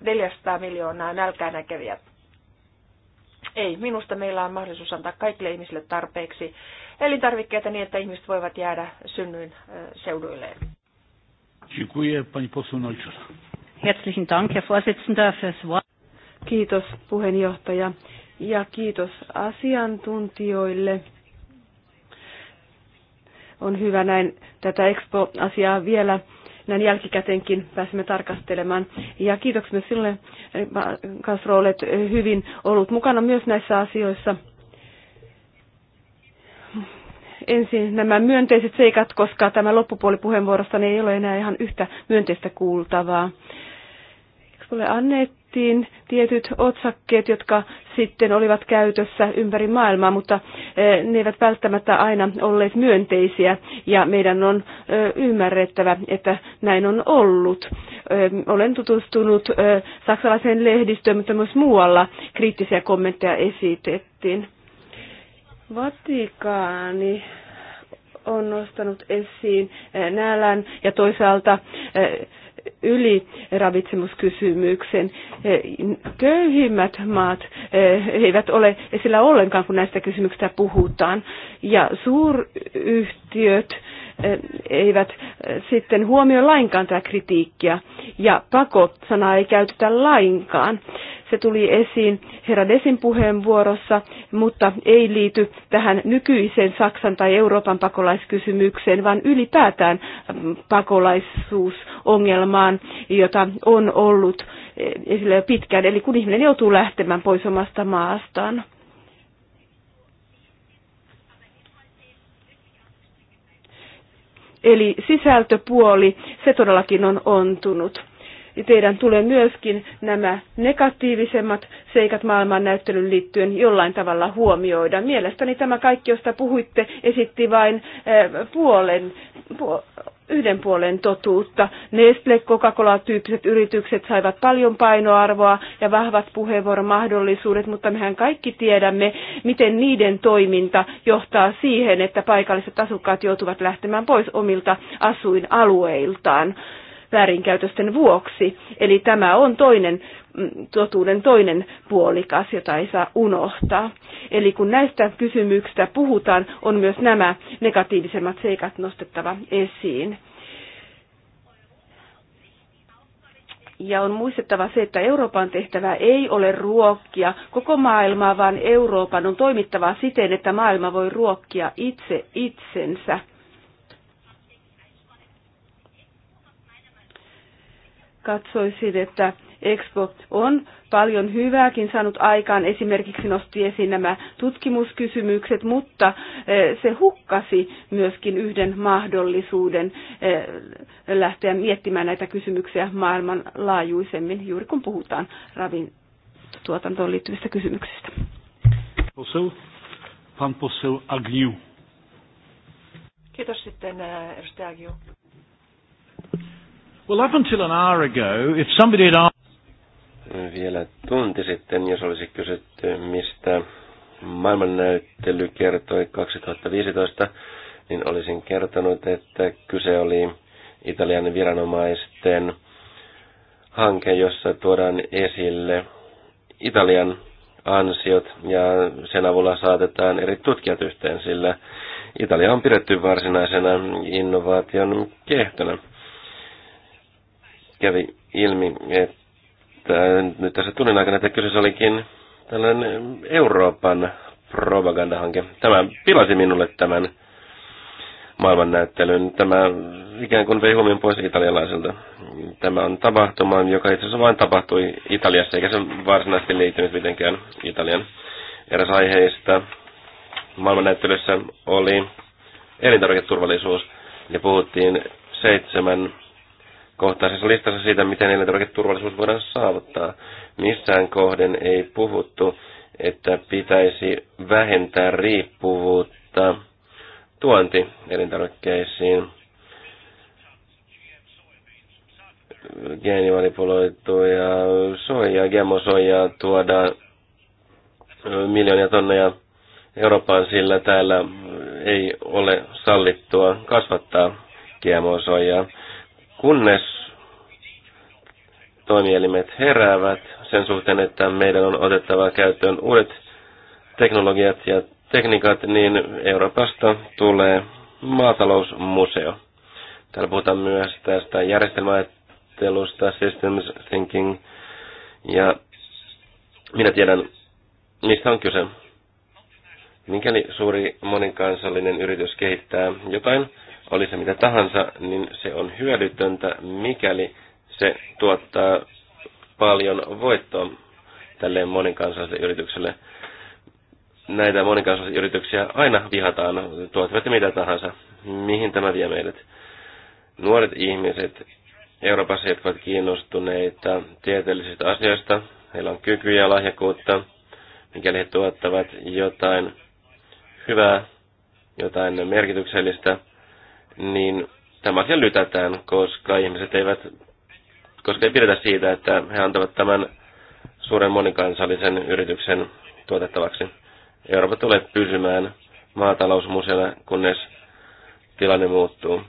400 miljoonaa nälkää näkeviä. Ei, minusta meillä on mahdollisuus antaa kaikille ihmisille tarpeeksi elintarvikkeita niin, että ihmiset voivat jäädä synnyin seuduilleen. Dziękuję pani poseł Herzlichen Dank, Herr Vorsitzender, fürs Wort. Kiitos puheenjohtaja ja kiitos asiantuntijoille. On hyvä näin tätä Expo-asiaa vielä näin jälkikäteenkin pääsemme tarkastelemaan. Ja kiitoksia myös sinulle, äh, Kasro, olet hyvin ollut mukana myös näissä asioissa. Ensin nämä myönteiset seikat, koska tämä loppupuoli puheenvuorosta ei ole enää ihan yhtä myönteistä kuultavaa. Moskolle annettiin tietyt otsakkeet, jotka sitten olivat käytössä ympäri maailmaa, mutta eh, ne eivät välttämättä aina olleet myönteisiä ja meidän on eh, ymmärrettävä, että näin on ollut. Eh, olen tutustunut saksalaiseen lehdistöön, mutta myös muualla kriittisiä kommentteja esitettiin. Vatikaani on nostanut esiin nälän ja toisaalta yli ravitsemuskysymyksen. E, köyhimmät maat e, eivät ole esillä ollenkaan, kun näistä kysymyksistä puhutaan. Ja suuryhteisö työt eh, eivät eh, sitten huomioi lainkaan tätä kritiikkiä. Ja pakot ei käytetä lainkaan. Se tuli esiin herra Desin puheenvuorossa, mutta ei liity tähän nykyiseen Saksan tai Euroopan pakolaiskysymykseen, vaan ylipäätään mm, pakolaisuusongelmaan, jota on ollut eh, esillä jo pitkään. Eli kun ihminen joutuu lähtemään pois omasta maastaan. Eli sisältöpuoli, se todellakin on ontunut teidän tulee myöskin nämä negatiivisemmat seikat maailman näyttelyyn liittyen jollain tavalla huomioida. Mielestäni tämä kaikki, josta puhuitte, esitti vain eh, puolen, yhden puolen totuutta. Nestle, Coca-Cola-tyyppiset yritykset saivat paljon painoarvoa ja vahvat puheenvuoromahdollisuudet, mutta mehän kaikki tiedämme, miten niiden toiminta johtaa siihen, että paikalliset asukkaat joutuvat lähtemään pois omilta asuinalueiltaan väärinkäytösten vuoksi. Eli tämä on toinen mm, totuuden toinen puolikas, jota ei saa unohtaa. Eli kun näistä kysymyksistä puhutaan, on myös nämä negatiivisemmat seikat nostettava esiin. Ja on muistettava se, että Euroopan tehtävä ei ole ruokkia koko maailmaa, vaan Euroopan on toimittava siten, että maailma voi ruokkia itse itsensä. katsoisin, että Expo on paljon hyvääkin saanut aikaan. Esimerkiksi nosti esiin nämä tutkimuskysymykset, mutta eh, se hukkasi myöskin yhden mahdollisuuden eh, lähteä miettimään näitä kysymyksiä maailmanlaajuisemmin, juuri kun puhutaan ravintuotantoon liittyvistä kysymyksistä. Kiitos sitten eh, edustaja Agniu. Well, up until an hour ago, if somebody had asked... Vielä tunti sitten, jos olisi kysytty, mistä maailmannäyttely kertoi 2015, niin olisin kertonut, että kyse oli Italian viranomaisten hanke, jossa tuodaan esille Italian ansiot ja sen avulla saatetaan eri tutkijat yhteen, sillä Italia on pidetty varsinaisena innovaation kehtona kävi ilmi, että nyt tässä tunnin aikana, että kyseessä olikin tällainen Euroopan propagandahanke. Tämä pilasi minulle tämän maailmannäyttelyn. Tämä ikään kuin vei huomioon pois italialaisilta. Tämä on tapahtuma, joka itse asiassa vain tapahtui Italiassa, eikä se varsinaisesti liittynyt mitenkään Italian eräs aiheista. Maailmannäyttelyssä oli elintarviketurvallisuus ja puhuttiin seitsemän kohtaisessa listassa siitä, miten elintarviketurvallisuus voidaan saavuttaa. Missään kohden ei puhuttu, että pitäisi vähentää riippuvuutta tuonti elintarvikkeisiin. Geenivalipuloituja soijaa, gemosoijaa tuodaan miljoonia tonneja Eurooppaan, sillä täällä ei ole sallittua kasvattaa gemosoijaa kunnes toimielimet heräävät sen suhteen, että meidän on otettava käyttöön uudet teknologiat ja tekniikat, niin Euroopasta tulee maatalousmuseo. Täällä puhutaan myös tästä järjestelmäajattelusta, systems thinking, ja minä tiedän, mistä on kyse. Mikäli suuri monikansallinen yritys kehittää jotain, oli se mitä tahansa, niin se on hyödytöntä, mikäli se tuottaa paljon voittoa tälle monikansalliselle yritykselle. Näitä monikansallisia yrityksiä aina vihataan, tuottavat mitä tahansa. Mihin tämä vie meidät? Nuoret ihmiset Euroopassa, jotka ovat kiinnostuneita tieteellisistä asioista, heillä on kykyjä ja lahjakkuutta, mikäli he tuottavat jotain hyvää, jotain merkityksellistä – niin tämä asia lytätään, koska ihmiset eivät, koska ei pidetä siitä, että he antavat tämän suuren monikansallisen yrityksen tuotettavaksi. Eurooppa tulee pysymään maatalousmuseona, kunnes tilanne muuttuu.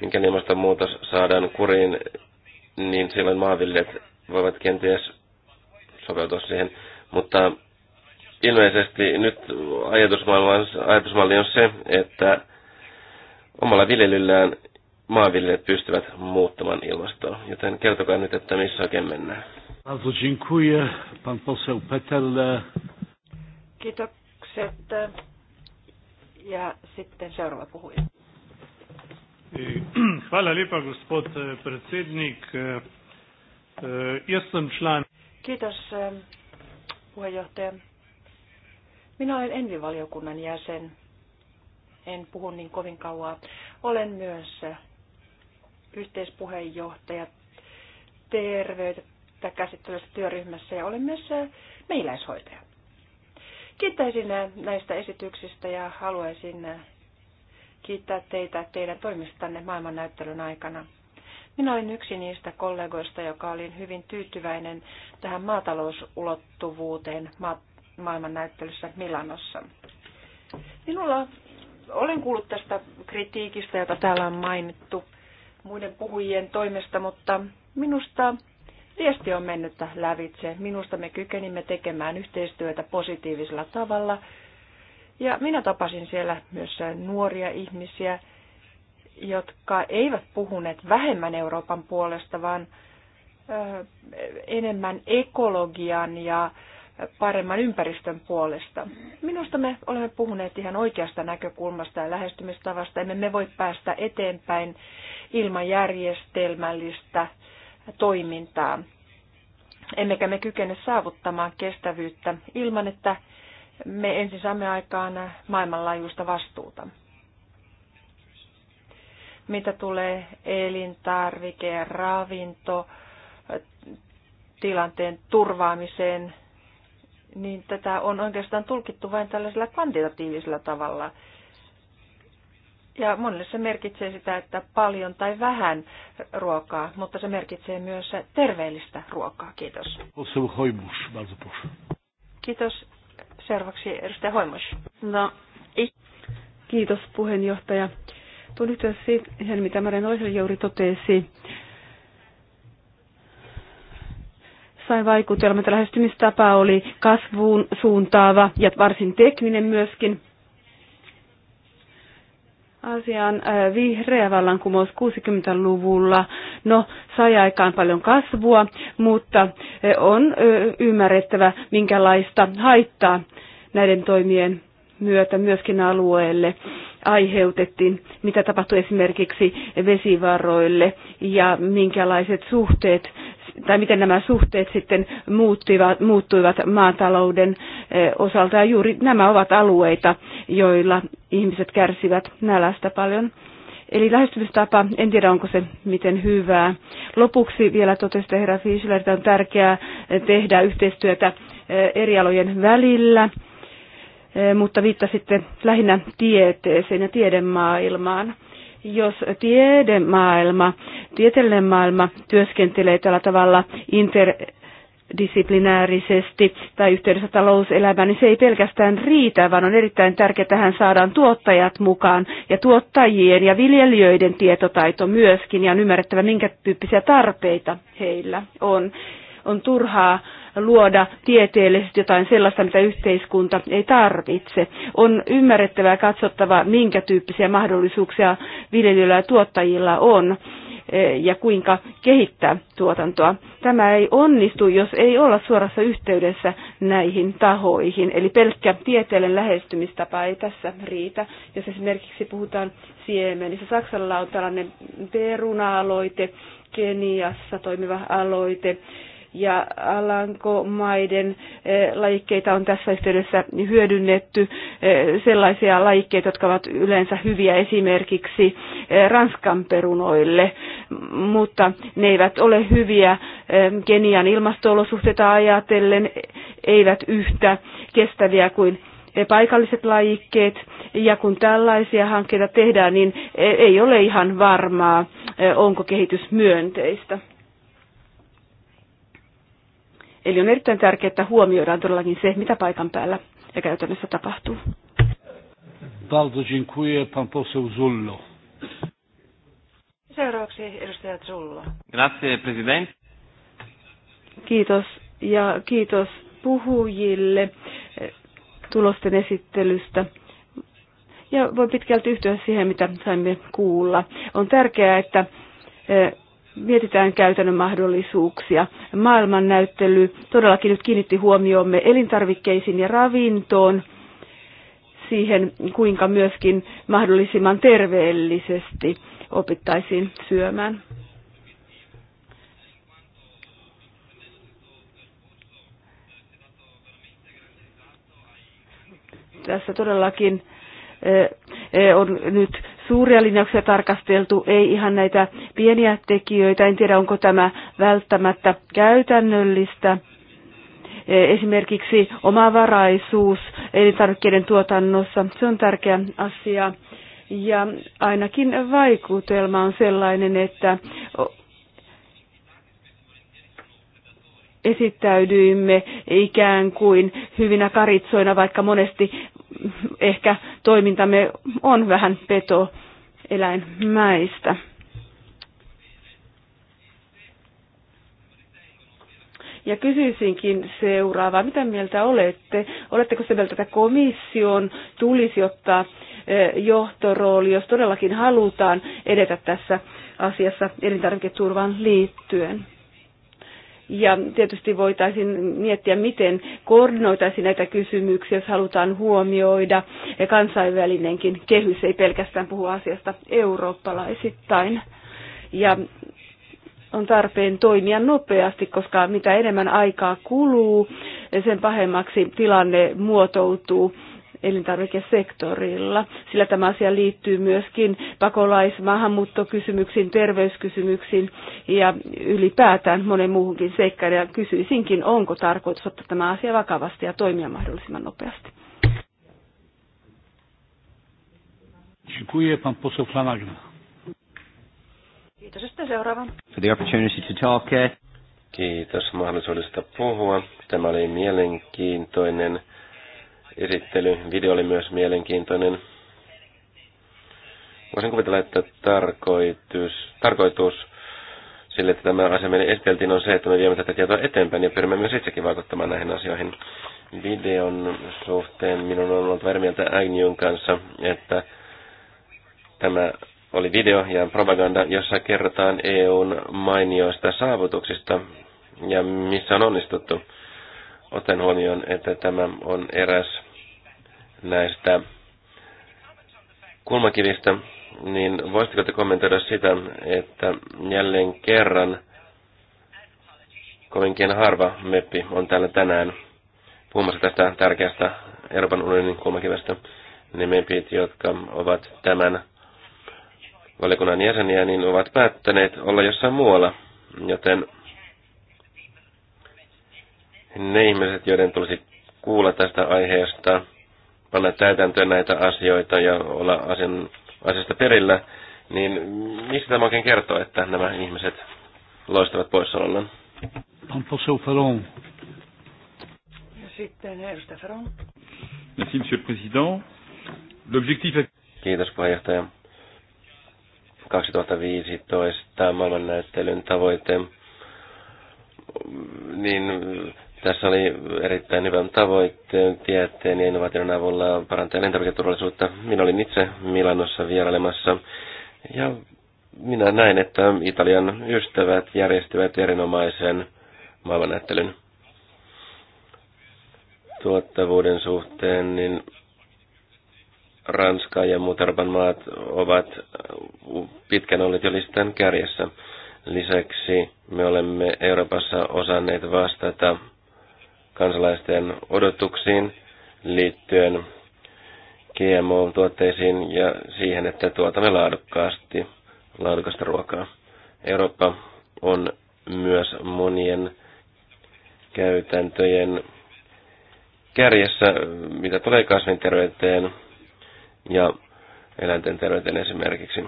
Minkä ilmastonmuutos saadaan kuriin, niin silloin maanviljelijät voivat kenties sopeutua siihen. Mutta ilmeisesti nyt ajatusmalli on, ajatusmalli on se, että omalla viljelyllään maanviljelijät pystyvät muuttamaan ilmastoa. Joten kertokaa nyt, että missä oikein mennään. Bardzo dziękuję, pan poseł Petelle. Kiitokset. Ja sitten seuraava puhuja. Hvala gospod e, predsednik. E, e, član. Kiitos, puheenjohtaja. Minä olen envivaliokunnan jäsen en puhu niin kovin kauaa. Olen myös yhteispuheenjohtaja terveyttä käsittelevässä työryhmässä ja olen myös meiläishoitaja. Kiittäisin näistä esityksistä ja haluaisin kiittää teitä teidän toimistanne maailmannäyttelyn aikana. Minä olin yksi niistä kollegoista, joka oli hyvin tyytyväinen tähän maatalousulottuvuuteen ma- maailmannäyttelyssä Milanossa. Minulla olen kuullut tästä kritiikistä, jota täällä on mainittu muiden puhujien toimesta, mutta minusta viesti on mennyt lävitse. Minusta me kykenimme tekemään yhteistyötä positiivisella tavalla. Ja minä tapasin siellä myös nuoria ihmisiä, jotka eivät puhuneet vähemmän Euroopan puolesta, vaan enemmän ekologian ja paremman ympäristön puolesta. Minusta me olemme puhuneet ihan oikeasta näkökulmasta ja lähestymistavasta. Emme me voi päästä eteenpäin ilman järjestelmällistä toimintaa. Emmekä me kykene saavuttamaan kestävyyttä ilman, että me ensin saamme aikaan maailmanlaajuista vastuuta. Mitä tulee elintarvike ja ravinto, tilanteen turvaamiseen, niin tätä on oikeastaan tulkittu vain tällaisella kvantitatiivisella tavalla. Ja monille se merkitsee sitä, että paljon tai vähän ruokaa, mutta se merkitsee myös terveellistä ruokaa. Kiitos. Kiitos. Seuraavaksi edustaja Hoimus. No, Kiitos puheenjohtaja. Tuon nyt siihen, mitä Marian Oiseljouri totesi sai vaikutelma, että lähestymistapa oli kasvuun suuntaava ja varsin tekninen myöskin. Asian äh, vihreä vallankumous 60-luvulla. No, sai aikaan paljon kasvua, mutta äh, on äh, ymmärrettävä, minkälaista haittaa näiden toimien myötä myöskin alueelle aiheutettiin, mitä tapahtui esimerkiksi vesivaroille ja minkälaiset suhteet tai miten nämä suhteet sitten muuttuivat, muuttuivat maatalouden e, osalta. Ja juuri nämä ovat alueita, joilla ihmiset kärsivät nälästä paljon. Eli lähestymistapa, en tiedä onko se miten hyvää. Lopuksi vielä totesi herra Fischler, että on tärkeää tehdä yhteistyötä e, eri alojen välillä Eh, mutta viittasitte lähinnä tieteeseen ja tiedemaailmaan. Jos tiedemaailma, tieteellinen maailma työskentelee tällä tavalla inter, disiplinäärisesti tai yhteydessä talouselämään, niin se ei pelkästään riitä, vaan on erittäin tärkeää, että tähän saadaan tuottajat mukaan ja tuottajien ja viljelijöiden tietotaito myöskin ja on ymmärrettävä, minkä tyyppisiä tarpeita heillä on. On turhaa luoda tieteellisesti jotain sellaista, mitä yhteiskunta ei tarvitse. On ymmärrettävää ja katsottava, minkä tyyppisiä mahdollisuuksia viljelijöillä ja tuottajilla on e, ja kuinka kehittää tuotantoa. Tämä ei onnistu, jos ei olla suorassa yhteydessä näihin tahoihin. Eli pelkkä tieteellinen lähestymistapa ei tässä riitä. Jos esimerkiksi puhutaan siemenissä, Saksalla on tällainen peruna-aloite, Keniassa toimiva aloite, ja Alankomaiden eh, lajikkeita on tässä yhteydessä hyödynnetty, eh, sellaisia lajikkeita, jotka ovat yleensä hyviä esimerkiksi eh, Ranskan perunoille, mutta ne eivät ole hyviä Kenian ilmastoolosuhteita ajatellen, eivät yhtä kestäviä kuin paikalliset lajikkeet, ja kun tällaisia hankkeita tehdään, niin ei ole ihan varmaa, onko kehitys myönteistä. Eli on erittäin tärkeää, että huomioidaan todellakin se, mitä paikan päällä ja käytännössä tapahtuu. Bardzo dziękuję, pan poseł Zullo. Seuraavaksi edustaja Zullo. Grazie, president. Kiitos ja kiitos puhujille eh, tulosten esittelystä. Ja voi pitkälti yhtyä siihen, mitä saimme kuulla. On tärkeää, että eh, mietitään käytännön mahdollisuuksia. Maailmannäyttely todellakin nyt kiinnitti huomioomme elintarvikkeisiin ja ravintoon, siihen kuinka myöskin mahdollisimman terveellisesti opittaisiin syömään. Tässä todellakin eh, eh, on nyt suuria linjauksia tarkasteltu, ei ihan näitä pieniä tekijöitä. En tiedä, onko tämä välttämättä käytännöllistä. E, esimerkiksi omavaraisuus elintarvikkeiden tuotannossa, se on tärkeä asia. Ja ainakin vaikutelma on sellainen, että esittäydyimme ikään kuin hyvinä karitsoina, vaikka monesti ehkä toimintamme on vähän peto eläinmäistä. Ja kysyisinkin seuraavaa. Mitä mieltä olette? Oletteko se mieltä, että komission tulisi ottaa eh, johtorooli, jos todellakin halutaan edetä tässä asiassa elintarviketurvaan liittyen? Ja tietysti voitaisiin miettiä, miten koordinoitaisiin näitä kysymyksiä, jos halutaan huomioida ja kansainvälinenkin kehys, ei pelkästään puhu asiasta eurooppalaisittain. Ja on tarpeen toimia nopeasti, koska mitä enemmän aikaa kuluu, sen pahemmaksi tilanne muotoutuu elintarvikesektorilla, sillä tämä asia liittyy myöskin pakolais- maahanmuuttokysymyksiin, terveyskysymyksiin ja ylipäätään monen muuhunkin seikkaan. Ja kysyisinkin, onko tarkoitus ottaa tämä asia vakavasti ja toimia mahdollisimman nopeasti. Kiitos, sitten seuraava. For the opportunity to talk. Eh? Kiitos mahdollisuudesta puhua. Tämä oli mielenkiintoinen esittely. Video oli myös mielenkiintoinen. Voisin kuvitella, että tarkoitus, tarkoitus sille, että tämä asia meille esiteltiin, on se, että me viemme tätä tietoa eteenpäin ja pyrimme myös itsekin vaikuttamaan näihin asioihin. Videon suhteen minun on ollut eri mieltä kanssa, että tämä oli video ja propaganda, jossa kerrotaan EUn mainioista saavutuksista ja missä on onnistuttu. Otan huomioon, että tämä on eräs näistä kulmakivistä, niin voisitteko te kommentoida sitä, että jälleen kerran kovinkin harva meppi on täällä tänään puhumassa tästä tärkeästä Euroopan unionin kulmakivestä. Ne niin mepit, jotka ovat tämän valiokunnan jäseniä, niin ovat päättäneet olla jossain muualla, joten ne ihmiset, joiden tulisi kuulla tästä aiheesta, panna täytäntöön näitä asioita ja olla asian, asiasta perillä, niin mistä tämä oikein kertoo, että nämä ihmiset loistavat poissaolollaan? Ferron. Ja sitten Ferron. Merci, monsieur le président. L'objectif est... Kiitos puheenjohtaja. 2015 maailmannäyttelyn tavoite niin tässä oli erittäin hyvä tavoite tieteen ja innovaation avulla parantaa elintarviketurvallisuutta. Minä olin itse Milanossa vierailemassa ja minä näin, että Italian ystävät järjestivät erinomaisen maailmanäyttelyn tuottavuuden suhteen, niin Ranska ja muut Euroopan maat ovat pitkän olleet jo listan kärjessä. Lisäksi me olemme Euroopassa osanneet vastata kansalaisten odotuksiin liittyen GMO-tuotteisiin ja siihen, että tuotamme laadukkaasti laadukasta ruokaa. Eurooppa on myös monien käytäntöjen kärjessä, mitä tulee kasvinterveyteen ja eläinten terveyteen esimerkiksi.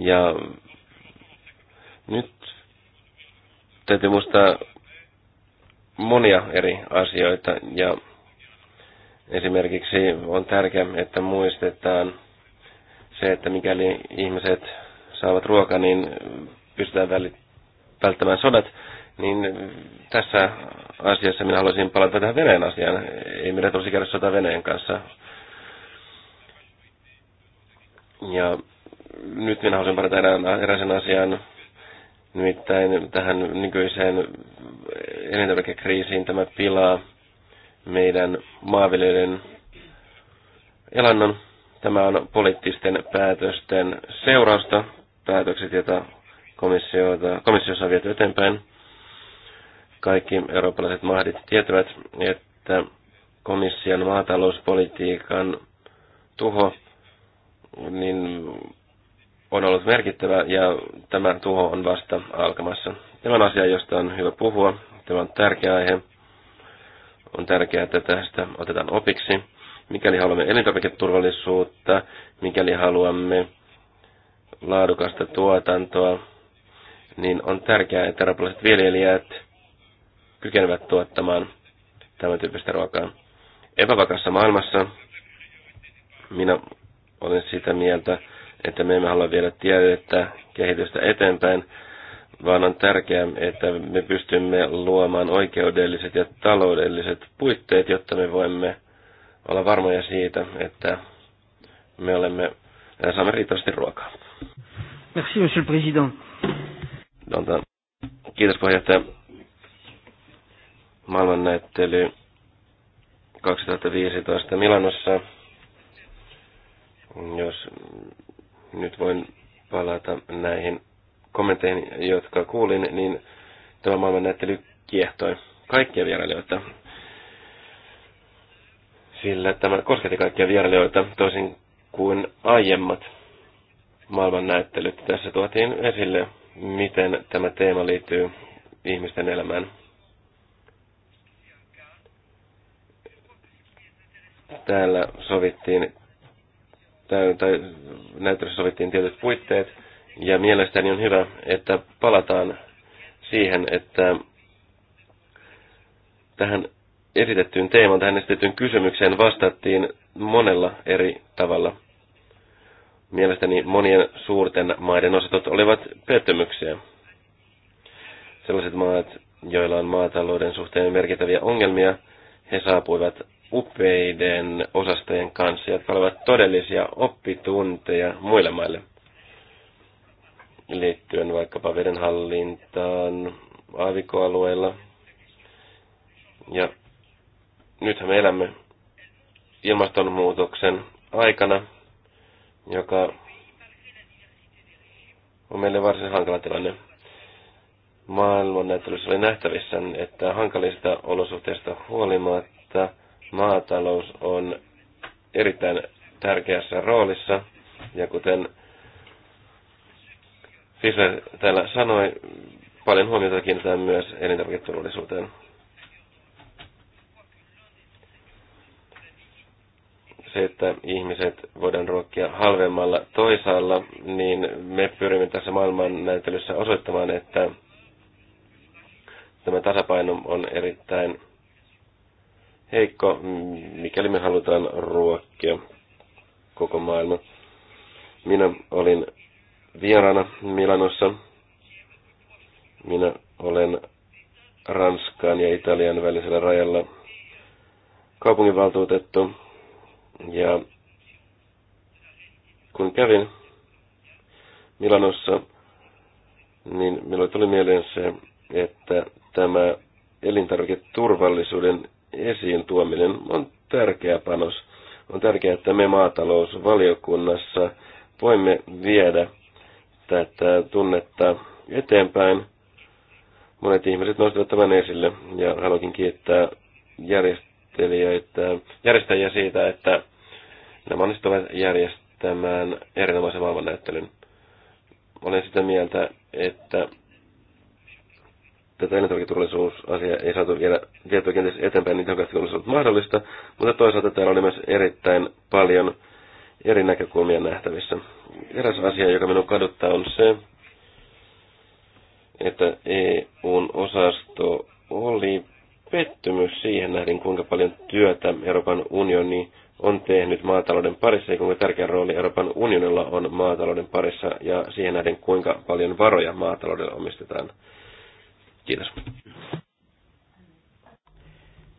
Ja nyt täytyy muistaa monia eri asioita ja esimerkiksi on tärkeää, että muistetaan se, että mikäli ihmiset saavat ruokaa, niin pystytään välttämään sodat, niin tässä asiassa minä haluaisin palata tähän veneen asiaan. Ei meidän tulisi käydä sota veneen kanssa. Ja nyt minä haluaisin palata erään, erään asian Nimittäin tähän nykyiseen elintarvikekriisiin tämä pilaa meidän maanviljelijöiden elannon. Tämä on poliittisten päätösten seurausta, päätökset, joita komissiossa on viety eteenpäin. Kaikki eurooppalaiset mahdit tietävät, että komission maatalouspolitiikan tuho niin on ollut merkittävä ja tämä tuho on vasta alkamassa. Tämä on asia, josta on hyvä puhua. Tämä on tärkeä aihe. On tärkeää, että tästä otetaan opiksi. Mikäli haluamme elintarviketurvallisuutta, mikäli haluamme laadukasta tuotantoa, niin on tärkeää, että eurooppalaiset viljelijät kykenevät tuottamaan tämän tyyppistä ruokaa. Epävakassa maailmassa minä olen sitä mieltä, että me emme halua viedä tiedettä kehitystä eteenpäin, vaan on tärkeää, että me pystymme luomaan oikeudelliset ja taloudelliset puitteet, jotta me voimme olla varmoja siitä, että me olemme saamme riittävästi ruokaa. Merci, monsieur le président. No, no. Kiitos puheenjohtaja. Maailmannäyttely 2015 Milanossa, jos nyt voin palata näihin kommentteihin, jotka kuulin, niin tämä maailman näyttely kiehtoi kaikkia vierailijoita. Sillä tämä kosketti kaikkia vierailijoita, toisin kuin aiemmat maailman näyttelyt. Tässä tuotiin esille, miten tämä teema liittyy ihmisten elämään. Täällä sovittiin tai, tai näyttelyssä sovittiin tietyt puitteet, ja mielestäni on hyvä, että palataan siihen, että tähän esitettyyn teemaan, tähän esitettyyn kysymykseen vastattiin monella eri tavalla. Mielestäni monien suurten maiden osatot olivat pettymyksiä. Sellaiset maat, joilla on maatalouden suhteen merkittäviä ongelmia, he saapuivat upeiden osastojen kanssa, jotka olivat todellisia oppitunteja muille maille liittyen vaikkapa vedenhallintaan aavikoalueilla. Ja nythän me elämme ilmastonmuutoksen aikana, joka on meille varsin hankala tilanne. Maailmannäyttelyssä oli nähtävissä, että hankalista olosuhteista huolimatta – maatalous on erittäin tärkeässä roolissa. Ja kuten Fisler täällä sanoi, paljon huomiota kiinnitetään myös elintarviketurvallisuuteen. Se, että ihmiset voidaan ruokkia halvemmalla toisaalla, niin me pyrimme tässä maailman näyttelyssä osoittamaan, että tämä tasapaino on erittäin heikko, mm, mikäli me halutaan ruokkia koko maailma. Minä olin vieraana Milanossa. Minä olen Ranskan ja Italian välisellä rajalla kaupunginvaltuutettu. Ja kun kävin Milanossa, niin minulle tuli mieleen se, että tämä elintarviketurvallisuuden esiin tuominen on tärkeä panos. On tärkeää, että me maatalousvaliokunnassa voimme viedä tätä tunnetta eteenpäin. Monet ihmiset nostivat tämän esille ja haluankin kiittää järjestelijöitä, järjestäjiä siitä, että nämä onnistuvat järjestämään erinomaisen maailmannäyttelyn. Olen sitä mieltä, että tätä elintarviketurvallisuusasiaa ei saatu vielä vietyä kenties eteenpäin niin tehokkaasti kuin olisi ollut mahdollista, mutta toisaalta täällä oli myös erittäin paljon eri näkökulmia nähtävissä. Eräs asia, joka minun kaduttaa, on se, että EUn osasto oli pettymys siihen nähden, kuinka paljon työtä Euroopan unioni on tehnyt maatalouden parissa ja kuinka tärkeä rooli Euroopan unionilla on maatalouden parissa ja siihen nähden, kuinka paljon varoja maataloudelle omistetaan. Kiitos.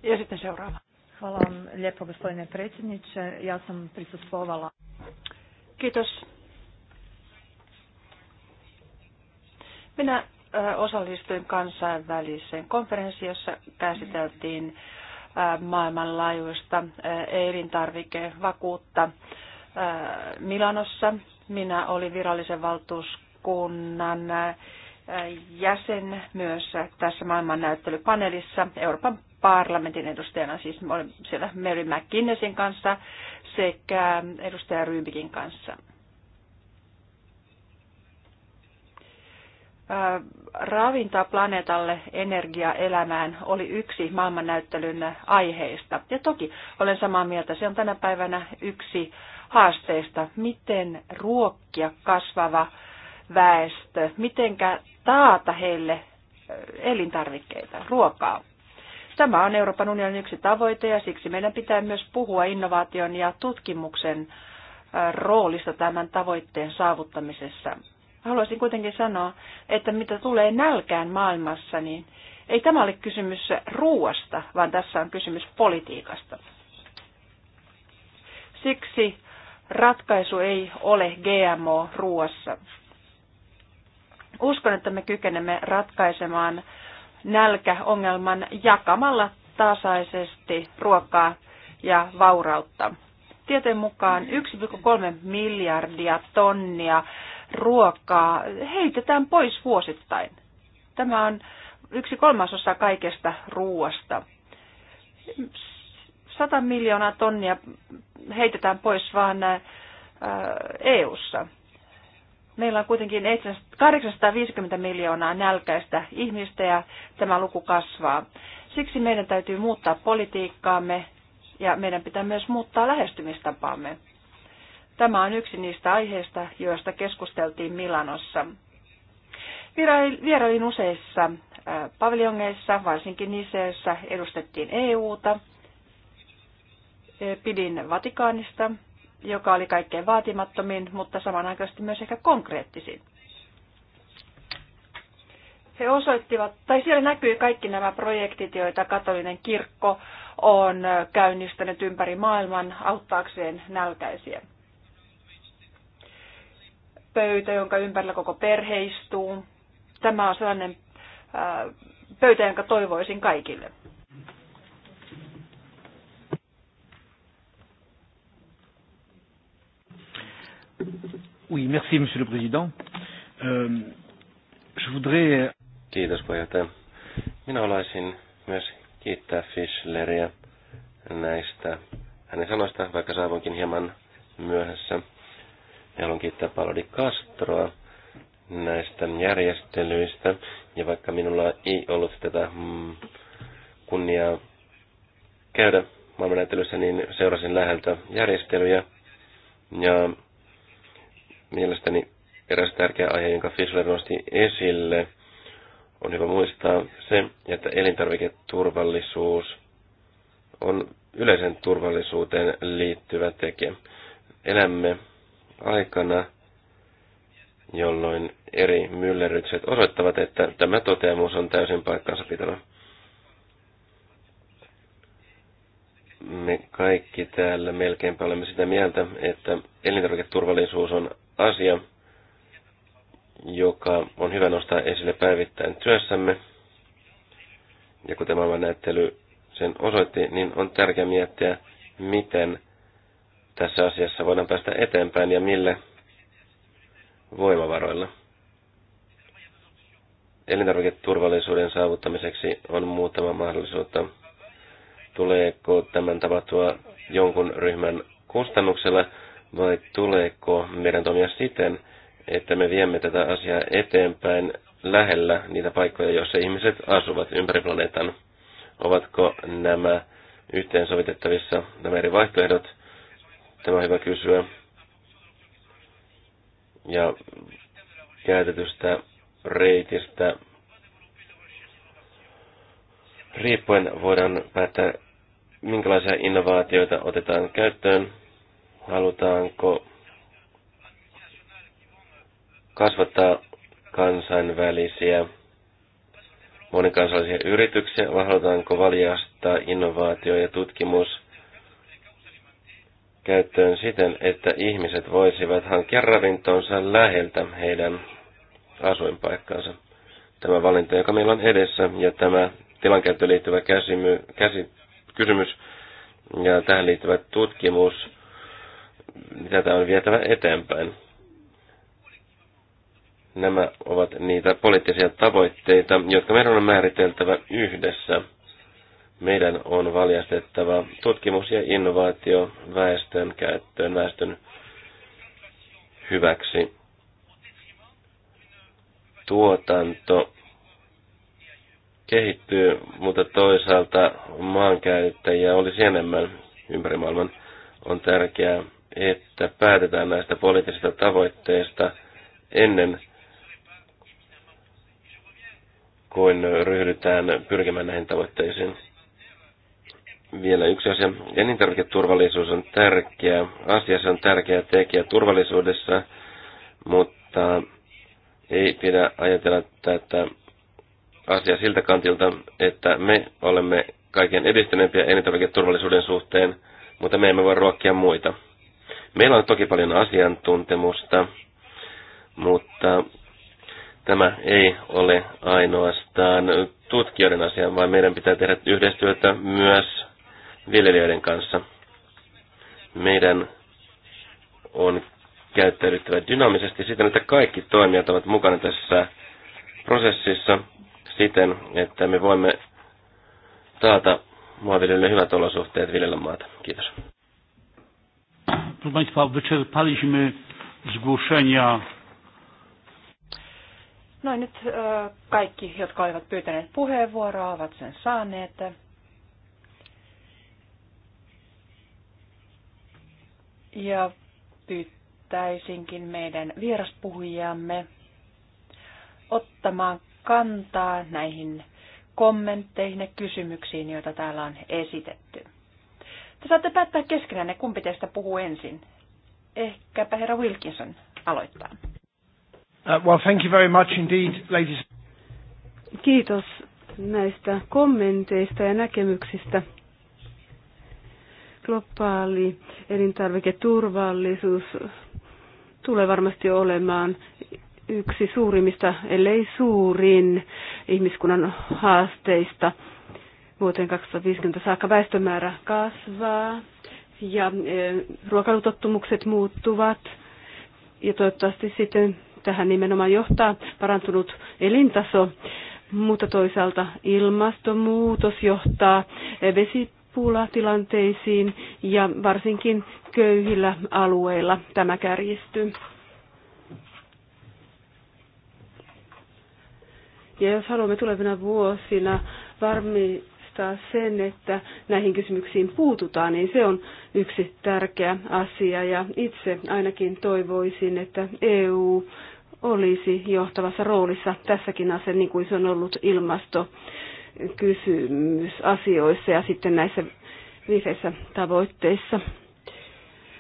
Ja sitten seuraava. Hvala vam lijepo gospodine predsjedniče. Ja sam prisustvovala. Kiitos. Minä osallistuin kansainväliseen konferenssiin, jossa käsiteltiin maailmanlaajuista elintarvikevakuutta Milanossa. Minä olin virallisen valtuuskunnan jäsen myös tässä maailmannäyttelypaneelissa Euroopan parlamentin edustajana, siis olin siellä Mary McKinnesin kanssa sekä edustaja Ryybikin kanssa. Ravintaa planeetalle, energia elämään oli yksi maailmannäyttelyn aiheista. Ja toki olen samaa mieltä, se on tänä päivänä yksi haasteista, miten ruokkia kasvava väestö, mitenkä taata heille elintarvikkeita, ruokaa. Tämä on Euroopan unionin yksi tavoite ja siksi meidän pitää myös puhua innovaation ja tutkimuksen roolista tämän tavoitteen saavuttamisessa. Haluaisin kuitenkin sanoa, että mitä tulee nälkään maailmassa, niin ei tämä ole kysymys ruuasta, vaan tässä on kysymys politiikasta. Siksi ratkaisu ei ole GMO ruuassa. Uskon, että me kykenemme ratkaisemaan nälkäongelman jakamalla tasaisesti ruokaa ja vaurautta. Tieteen mukaan 1,3 miljardia tonnia ruokaa heitetään pois vuosittain. Tämä on yksi kolmasosa kaikesta ruoasta. 100 miljoonaa tonnia heitetään pois vaan EU-ssa. Meillä on kuitenkin 850 miljoonaa nälkäistä ihmistä ja tämä luku kasvaa. Siksi meidän täytyy muuttaa politiikkaamme ja meidän pitää myös muuttaa lähestymistapaamme. Tämä on yksi niistä aiheista, joista keskusteltiin Milanossa. Vierailin useissa äh, paviljongeissa, varsinkin niissä, joissa edustettiin EUta. Äh, pidin Vatikaanista, joka oli kaikkein vaatimattomin, mutta samanaikaisesti myös ehkä konkreettisin. He osoittivat, tai siellä näkyy kaikki nämä projektit, joita katolinen kirkko on käynnistänyt ympäri maailman auttaakseen nälkäisiä. Pöytä, jonka ympärillä koko perhe istuu. Tämä on sellainen pöytä, jonka toivoisin kaikille. Oui, merci, monsieur le président. Euh, je voudrais... Kiitos puheenjohtaja. Minä haluaisin myös kiittää Fischleria näistä hänen sanoista, vaikka saavuinkin hieman myöhässä. Ja haluan kiittää Palodi Castroa näistä järjestelyistä. Ja vaikka minulla ei ollut tätä mm, kunniaa käydä maailmannäyttelyssä, niin seurasin läheltä järjestelyjä. Ja Mielestäni eräs tärkeä aihe, jonka Fisler nosti esille, on hyvä muistaa se, että elintarviketurvallisuus on yleisen turvallisuuteen liittyvä tekijä. Elämme aikana, jolloin eri myllerrykset osoittavat, että tämä toteamus on täysin paikkansa pitävä. Me kaikki täällä melkeinpä olemme sitä mieltä, että elintarviketurvallisuus on asia, joka on hyvä nostaa esille päivittäin työssämme. Ja kuten maailman näyttely sen osoitti, niin on tärkeää miettiä, miten tässä asiassa voidaan päästä eteenpäin ja millä voimavaroilla. Elintarviketurvallisuuden saavuttamiseksi on muutama mahdollisuutta. Tuleeko tämän tapahtua jonkun ryhmän kustannuksella? vai tuleeko meidän toimia siten, että me viemme tätä asiaa eteenpäin lähellä niitä paikkoja, joissa ihmiset asuvat ympäri planeetan? Ovatko nämä yhteensovitettavissa, nämä eri vaihtoehdot? Tämä on hyvä kysyä. Ja käytetystä reitistä riippuen voidaan päättää, minkälaisia innovaatioita otetaan käyttöön Halutaanko kasvattaa kansainvälisiä monikansallisia yrityksiä, vai halutaanko valjastaa innovaatio ja tutkimus käyttöön siten, että ihmiset voisivat hankkia ravintonsa läheltä heidän asuinpaikkaansa. Tämä valinta, joka meillä on edessä, ja tämä tilankäyttöön liittyvä käsimy, käsi, kysymys ja tähän liittyvä tutkimus mitä tämä on vietävä eteenpäin. Nämä ovat niitä poliittisia tavoitteita, jotka meidän on määriteltävä yhdessä. Meidän on valjastettava tutkimus ja innovaatio väestön käyttöön, väestön hyväksi. Tuotanto kehittyy, mutta toisaalta maankäyttäjiä olisi enemmän ympäri maailman. On tärkeää että päätetään näistä poliittisista tavoitteista ennen kuin ryhdytään pyrkimään näihin tavoitteisiin. Vielä yksi asia. Elintarviketurvallisuus on tärkeä asia, se on tärkeä tekijä turvallisuudessa, mutta ei pidä ajatella tätä asiaa siltä kantilta, että me olemme kaiken edistyneempiä elintarviketurvallisuuden suhteen, mutta me emme voi ruokkia muita. Meillä on toki paljon asiantuntemusta, mutta tämä ei ole ainoastaan tutkijoiden asia, vaan meidän pitää tehdä yhteistyötä myös viljelijöiden kanssa. Meidän on käyttäydyttävä dynaamisesti siten, että kaikki toimijat ovat mukana tässä prosessissa siten, että me voimme taata maanviljelijöille hyvät olosuhteet viljellä maata. Kiitos. Proszę Państwa, wyczerpaliśmy zgłoszenia. No nyt e, kaikki, jotka olivat pyytäneet puheenvuoroa, ovat sen saaneet. Ja pyytäisinkin meidän vieraspuhujamme ottamaan kantaa näihin kommentteihin ja kysymyksiin, joita täällä on esitetty. Te saatte päättää keskenään, kumpi teistä puhuu ensin. Ehkäpä herra Wilkinson aloittaa. Uh, well, thank you very much indeed, ladies. Kiitos näistä kommenteista ja näkemyksistä. Globaali elintarviketurvallisuus tulee varmasti olemaan yksi suurimmista, ellei suurin ihmiskunnan haasteista – vuoteen 2050 saakka väestömäärä kasvaa ja e, ruokailutottumukset muuttuvat. Ja toivottavasti sitten tähän nimenomaan johtaa parantunut elintaso, mutta toisaalta ilmastonmuutos johtaa e, vesipulatilanteisiin ja varsinkin köyhillä alueilla tämä kärjistyy. Ja jos haluamme tulevina vuosina varmi, varmistaa sen, että näihin kysymyksiin puututaan, niin se on yksi tärkeä asia. Ja itse ainakin toivoisin, että EU olisi johtavassa roolissa tässäkin asia, niin kuin se on ollut ilmastokysymysasioissa ja sitten näissä vihreissä tavoitteissa.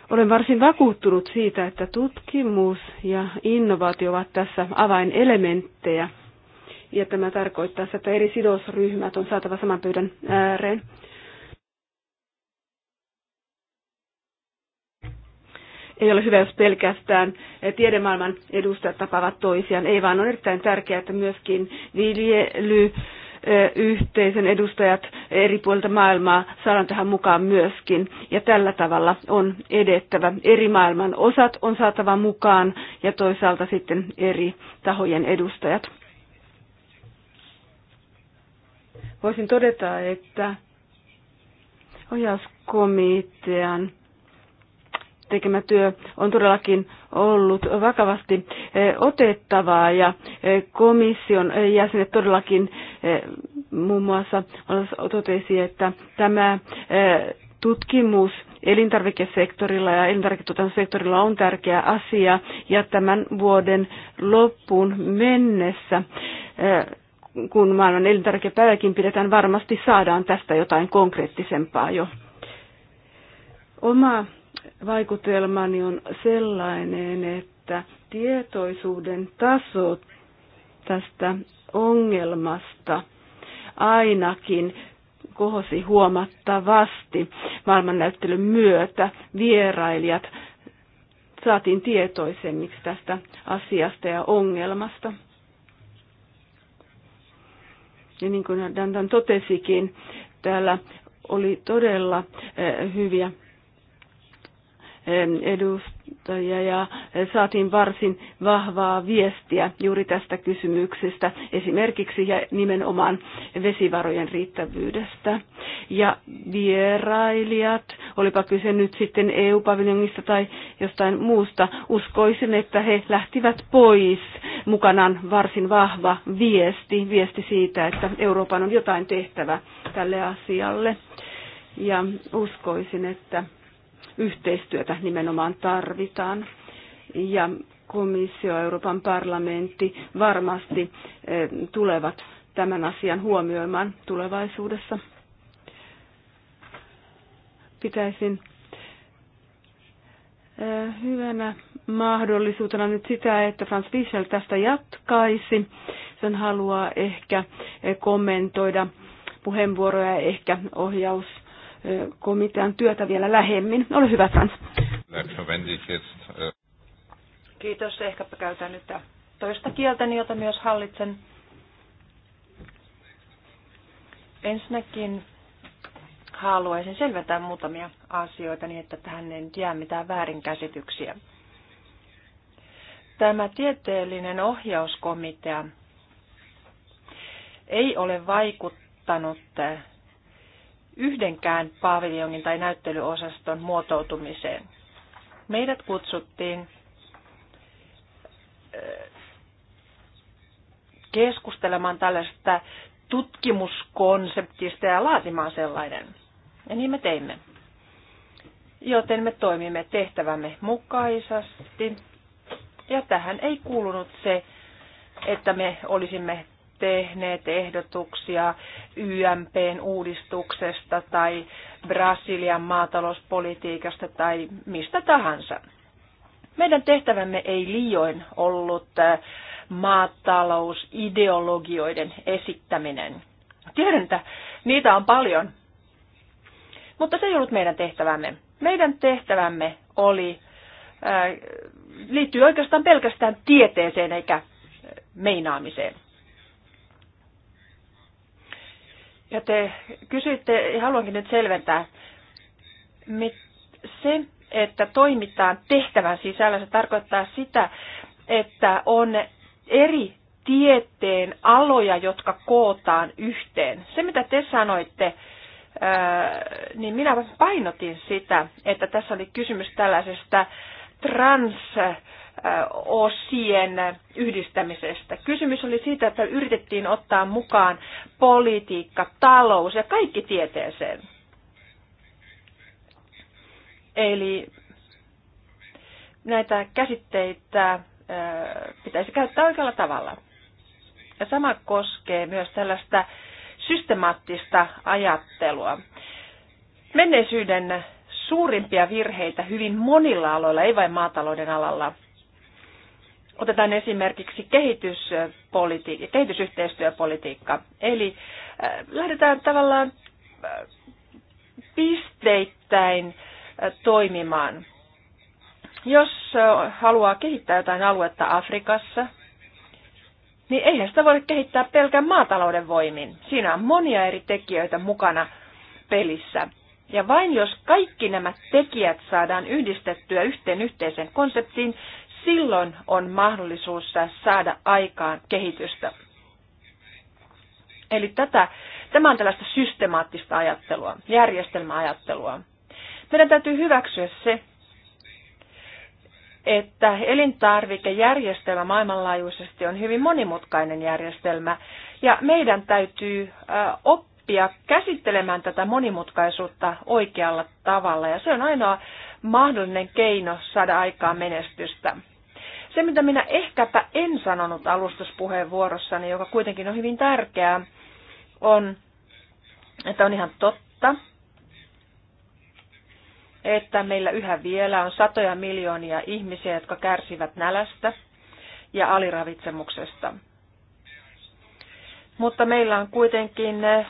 Olen varsin vakuuttunut siitä, että tutkimus ja innovaatio ovat tässä avainelementtejä ja tämä tarkoittaa että eri sidosryhmät on saatava saman pöydän ääreen. Ei ole hyvä, jos pelkästään tiedemaailman edustajat tapaavat toisiaan. Ei vaan on erittäin tärkeää, että myöskin viljelyyhteisön edustajat eri puolilta maailmaa saadaan tähän mukaan myöskin. Ja tällä tavalla on edettävä. Eri maailman osat on saatava mukaan ja toisaalta sitten eri tahojen edustajat. voisin todeta, että ohjauskomitean tekemä työ on todellakin ollut vakavasti eh, otettavaa ja eh, komission jäsenet todellakin eh, muun muassa totesi, että tämä tutkimus elintarvikesektorilla ja elintarviketuotantosektorilla on tärkeä asia ja tämän vuoden loppuun mennessä kun maailman elintarvikepäiväkin pidetään, varmasti saadaan tästä jotain konkreettisempaa jo. Oma vaikutelmani on sellainen, että tietoisuuden taso tästä ongelmasta ainakin kohosi huomattavasti maailmannäyttelyn myötä. Vierailijat saatiin tietoisemmiksi tästä asiasta ja ongelmasta. Ja niin kuin Dantan totesikin, täällä oli todella eh, hyviä edustaja ja saatiin varsin vahvaa viestiä juuri tästä kysymyksestä, esimerkiksi ja nimenomaan vesivarojen riittävyydestä. Ja vierailijat, olipa kyse nyt sitten EU-paviljongista tai jostain muusta, uskoisin, että he lähtivät pois mukanaan varsin vahva viesti, viesti siitä, että Euroopan on jotain tehtävä tälle asialle. Ja uskoisin, että yhteistyötä nimenomaan tarvitaan. Ja komissio, Euroopan parlamentti varmasti eh, tulevat tämän asian huomioimaan tulevaisuudessa. Pitäisin eh, hyvänä mahdollisuutena nyt sitä, että Franz Fischel tästä jatkaisi. Sen haluaa ehkä eh, kommentoida puheenvuoroja, ehkä ohjaus komitean työtä vielä lähemmin. Ole hyvä, Frans. Kiitos. Ehkäpä käytän nyt toista kieltäni, jota myös hallitsen. Ensinnäkin haluaisin selventää muutamia asioita niin, että tähän ei jää mitään väärinkäsityksiä. Tämä tieteellinen ohjauskomitea ei ole vaikuttanut yhdenkään paviljongin tai näyttelyosaston muotoutumiseen. Meidät kutsuttiin eh, keskustelemaan tällaista tutkimuskonseptista ja laatimaan sellainen. Ja niin me teimme. Joten me toimimme tehtävämme mukaisesti. Ja tähän ei kuulunut se, että me olisimme tehneet ehdotuksia YMPn uudistuksesta tai Brasilian maatalouspolitiikasta tai mistä tahansa. Meidän tehtävämme ei liioin ollut äh, maatalousideologioiden esittäminen. Tiedän, että niitä on paljon, mutta se ei ollut meidän tehtävämme. Meidän tehtävämme oli, äh, liittyy oikeastaan pelkästään tieteeseen eikä meinaamiseen. Ja te kysyitte, ja haluankin nyt selventää, se, että toimitaan tehtävän sisällä, se tarkoittaa sitä, että on eri tieteen aloja, jotka kootaan yhteen. Se, mitä te sanoitte, äh, niin minä painotin sitä, että tässä oli kysymys tällaisesta trans- osien yhdistämisestä. Kysymys oli siitä, että yritettiin ottaa mukaan politiikka, talous ja kaikki tieteeseen. Eli näitä käsitteitä pitäisi käyttää oikealla tavalla. Ja sama koskee myös tällaista systemaattista ajattelua. Menneisyyden suurimpia virheitä hyvin monilla aloilla, ei vain maatalouden alalla, Otetaan esimerkiksi kehityspolitiikka, kehitysyhteistyöpolitiikka. Eli äh, lähdetään tavallaan äh, pisteittäin äh, toimimaan. Jos haluaa kehittää jotain aluetta Afrikassa, niin eihän sitä voida kehittää pelkän maatalouden voimin. Siinä on monia eri tekijöitä mukana pelissä. Ja vain jos kaikki nämä tekijät saadaan yhdistettyä yhteen yhteiseen konseptiin, silloin on mahdollisuus saada aikaan kehitystä. Eli tätä, tämä on tällaista systemaattista ajattelua, järjestelmäajattelua. Meidän täytyy hyväksyä se, että elintarvikejärjestelmä maailmanlaajuisesti on hyvin monimutkainen järjestelmä ja meidän täytyy oppia käsittelemään tätä monimutkaisuutta oikealla tavalla ja se on ainoa mahdollinen keino saada aikaan menestystä. Se, mitä minä ehkäpä en sanonut alustuspuheenvuorossani, joka kuitenkin on hyvin tärkeää, on, että on ihan totta, että meillä yhä vielä on satoja miljoonia ihmisiä, jotka kärsivät nälästä ja aliravitsemuksesta. Mutta meillä on kuitenkin eh,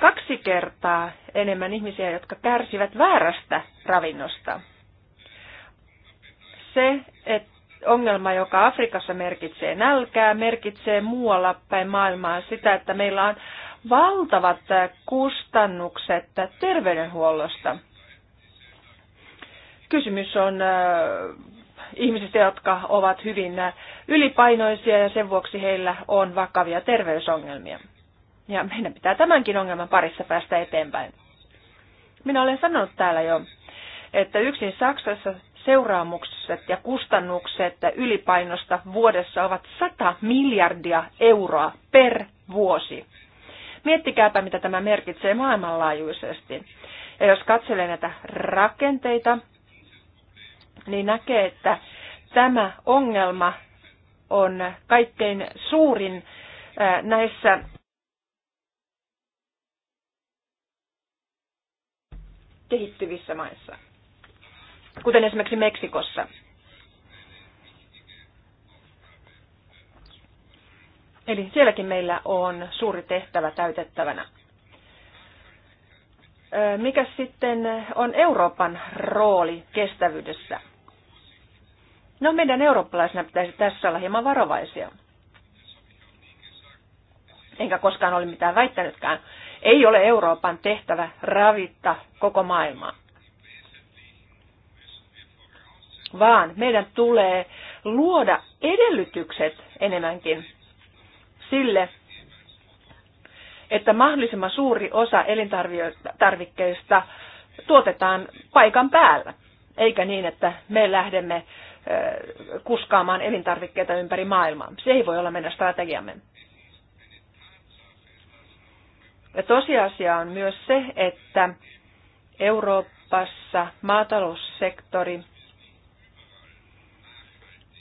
kaksi kertaa enemmän ihmisiä, jotka kärsivät väärästä ravinnosta. Se, että ongelma, joka Afrikassa merkitsee nälkää, merkitsee muualla päin maailmaa sitä, että meillä on valtavat kustannukset terveydenhuollosta. Kysymys on äh, ihmisistä, jotka ovat hyvin äh, ylipainoisia ja sen vuoksi heillä on vakavia terveysongelmia. Ja meidän pitää tämänkin ongelman parissa päästä eteenpäin. Minä olen sanonut täällä jo, että yksin Saksassa seuraamukset ja kustannukset ylipainosta vuodessa ovat 100 miljardia euroa per vuosi. Miettikääpä, mitä tämä merkitsee maailmanlaajuisesti. Ja jos katselee näitä rakenteita, niin näkee, että tämä ongelma on kaikkein suurin näissä kehittyvissä maissa kuten esimerkiksi Meksikossa. Eli sielläkin meillä on suuri tehtävä täytettävänä. Mikä sitten on Euroopan rooli kestävyydessä? No meidän eurooppalaisena pitäisi tässä olla hieman varovaisia. Enkä koskaan ole mitään väittänytkään. Ei ole Euroopan tehtävä ravittaa koko maailmaa vaan meidän tulee luoda edellytykset enemmänkin sille, että mahdollisimman suuri osa elintarvikkeista tuotetaan paikan päällä, eikä niin, että me lähdemme kuskaamaan elintarvikkeita ympäri maailmaa. Se ei voi olla meidän strategiamme. Ja tosiasia on myös se, että Euroopassa maataloussektori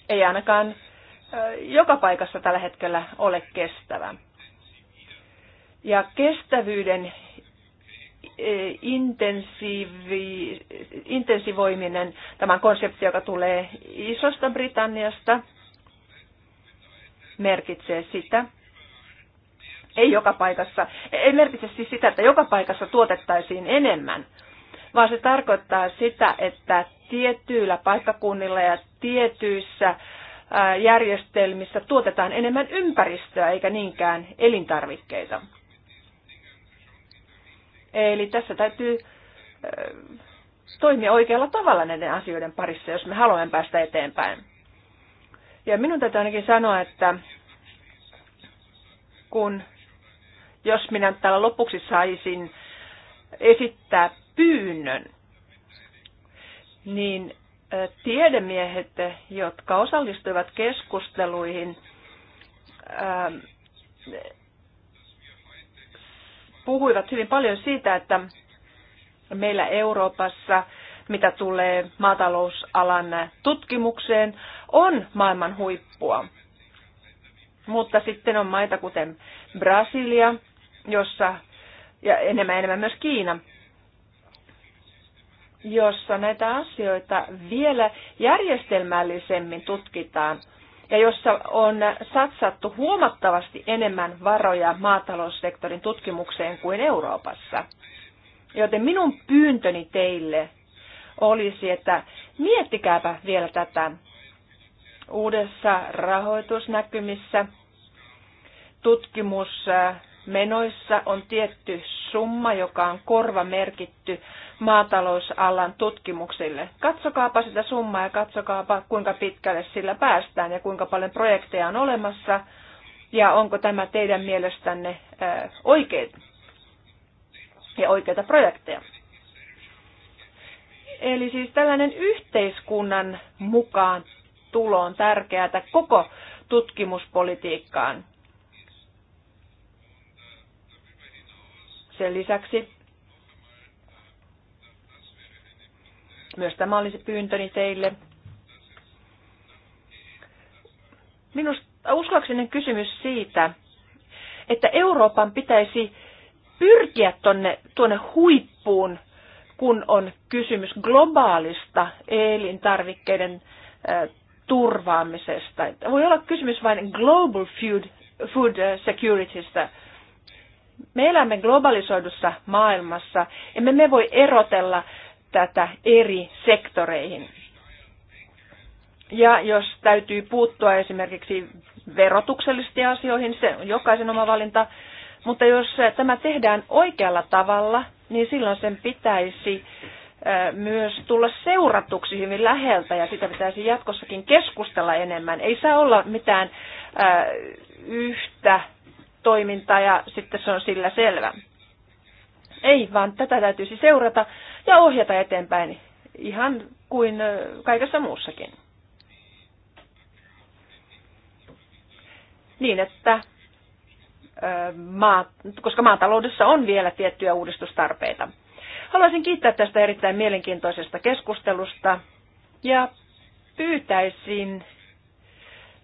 ei ainakaan joka paikassa tällä hetkellä ole kestävä. Ja kestävyyden intensivoiminen, tämä konsepti, joka tulee Isosta Britanniasta, merkitsee sitä, ei joka paikassa, ei merkitse siis sitä, että joka paikassa tuotettaisiin enemmän, vaan se tarkoittaa sitä, että Tiettyillä paikkakunnilla ja tietyissä järjestelmissä tuotetaan enemmän ympäristöä eikä niinkään elintarvikkeita. Eli tässä täytyy toimia oikealla tavalla näiden asioiden parissa, jos me haluamme päästä eteenpäin. Ja minun täytyy ainakin sanoa, että kun jos minä täällä lopuksi saisin esittää pyynnön, niin tiedemiehet, jotka osallistuivat keskusteluihin, puhuivat hyvin paljon siitä, että meillä Euroopassa, mitä tulee maatalousalan tutkimukseen, on maailman huippua. Mutta sitten on maita kuten Brasilia, jossa ja enemmän enemmän myös Kiina, jossa näitä asioita vielä järjestelmällisemmin tutkitaan ja jossa on satsattu huomattavasti enemmän varoja maataloussektorin tutkimukseen kuin Euroopassa. Joten minun pyyntöni teille olisi, että miettikääpä vielä tätä uudessa rahoitusnäkymissä tutkimus äh, menoissa on tietty summa, joka on korva merkitty maatalousalan tutkimuksille. Katsokaapa sitä summaa ja katsokaapa, kuinka pitkälle sillä päästään ja kuinka paljon projekteja on olemassa ja onko tämä teidän mielestänne oikein ja oikeita projekteja. Eli siis tällainen yhteiskunnan mukaan tulo on tärkeää koko tutkimuspolitiikkaan. Sen lisäksi myös tämä olisi pyyntöni teille. Minusta uskoakseni kysymys siitä, että Euroopan pitäisi pyrkiä tonne, tuonne huippuun, kun on kysymys globaalista elintarvikkeiden turvaamisesta. Voi olla kysymys vain global food, food securitystä, me elämme globalisoidussa maailmassa, emme me voi erotella tätä eri sektoreihin. Ja jos täytyy puuttua esimerkiksi verotuksellisesti asioihin, se on jokaisen oma valinta. Mutta jos tämä tehdään oikealla tavalla, niin silloin sen pitäisi myös tulla seuratuksi hyvin läheltä ja sitä pitäisi jatkossakin keskustella enemmän. Ei saa olla mitään yhtä toiminta ja sitten se on sillä selvä. Ei, vaan tätä täytyisi seurata ja ohjata eteenpäin ihan kuin kaikessa muussakin. Niin, että maa, koska maataloudessa on vielä tiettyjä uudistustarpeita. Haluaisin kiittää tästä erittäin mielenkiintoisesta keskustelusta ja pyytäisin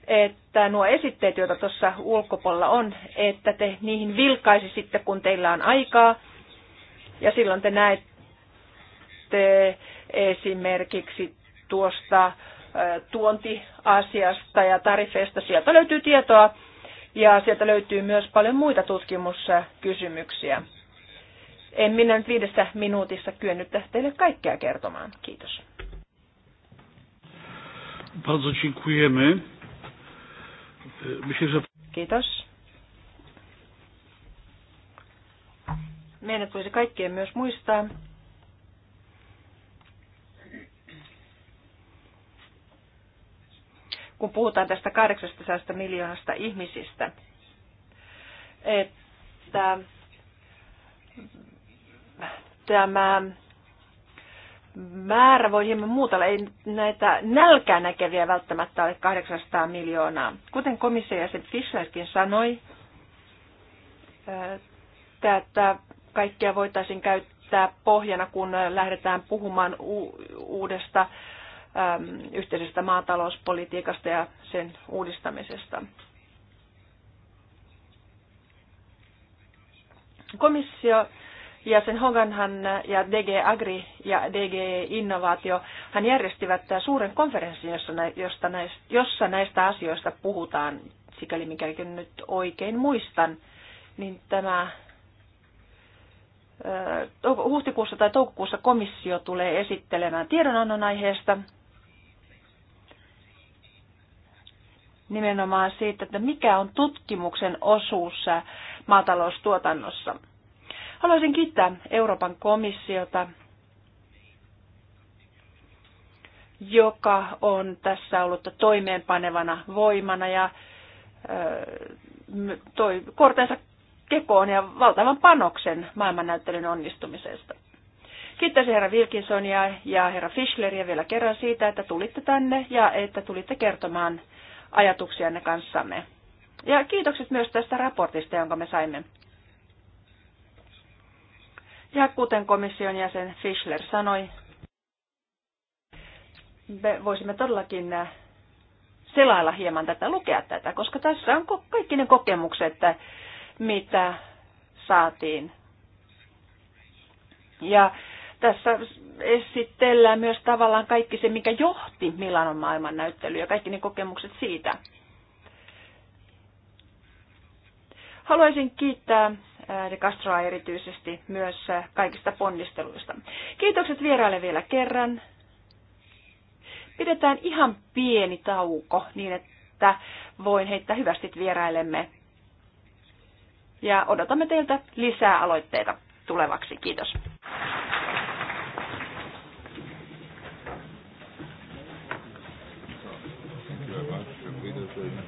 että nuo esitteet, joita tuossa ulkopuolella on, että te niihin vilkaisisitte, kun teillä on aikaa. Ja silloin te näette esimerkiksi tuosta tuontiasiasta ja tarifeista. Sieltä löytyy tietoa ja sieltä löytyy myös paljon muita tutkimuskysymyksiä. En minä nyt viidessä minuutissa kyennyt teille kaikkea kertomaan. Kiitos. Bardzo dziękujemy. Kiitos. Meidän tulisi kaikkien myös muistaa, kun puhutaan tästä 800 miljoonasta ihmisistä, että tämä määrä voi hieman muutella. Ei näitä nälkää näkeviä välttämättä ole 800 miljoonaa. Kuten ja jäsen Fischerkin sanoi, että kaikkea voitaisiin käyttää pohjana, kun lähdetään puhumaan uudesta yhteisestä maatalouspolitiikasta ja sen uudistamisesta. Komissio ja sen Hoganhan ja DG Agri ja DG Innovaatio hän järjestivät suuren konferenssin, jossa, näistä, jossa näistä asioista puhutaan, sikäli mikäli nyt oikein muistan, niin tämä huhtikuussa tai toukokuussa komissio tulee esittelemään tiedonannon aiheesta nimenomaan siitä, että mikä on tutkimuksen osuus maataloustuotannossa. Haluaisin kiittää Euroopan komissiota, joka on tässä ollut toimeenpanevana voimana ja toi kortensa kekoon ja valtavan panoksen maailmannäyttelyn onnistumisesta. Kiittäisin herra Wilkinsonia ja herra Fischleria vielä kerran siitä, että tulitte tänne ja että tulitte kertomaan ajatuksianne kanssamme. Ja kiitokset myös tästä raportista, jonka me saimme. Ja kuten komission jäsen Fischler sanoi, me voisimme todellakin äh, selailla hieman tätä, lukea tätä, koska tässä on kaikki ne kokemukset, äh, mitä saatiin. Ja tässä esitellään myös tavallaan kaikki se, mikä johti Milanon näyttelyä ja kaikki ne kokemukset siitä. Haluaisin kiittää de Castroa erityisesti myös kaikista ponnisteluista. Kiitokset vieraille vielä kerran. Pidetään ihan pieni tauko niin, että voin heittää hyvästi vieraillemme. Ja odotamme teiltä lisää aloitteita tulevaksi. Kiitos. Thank you.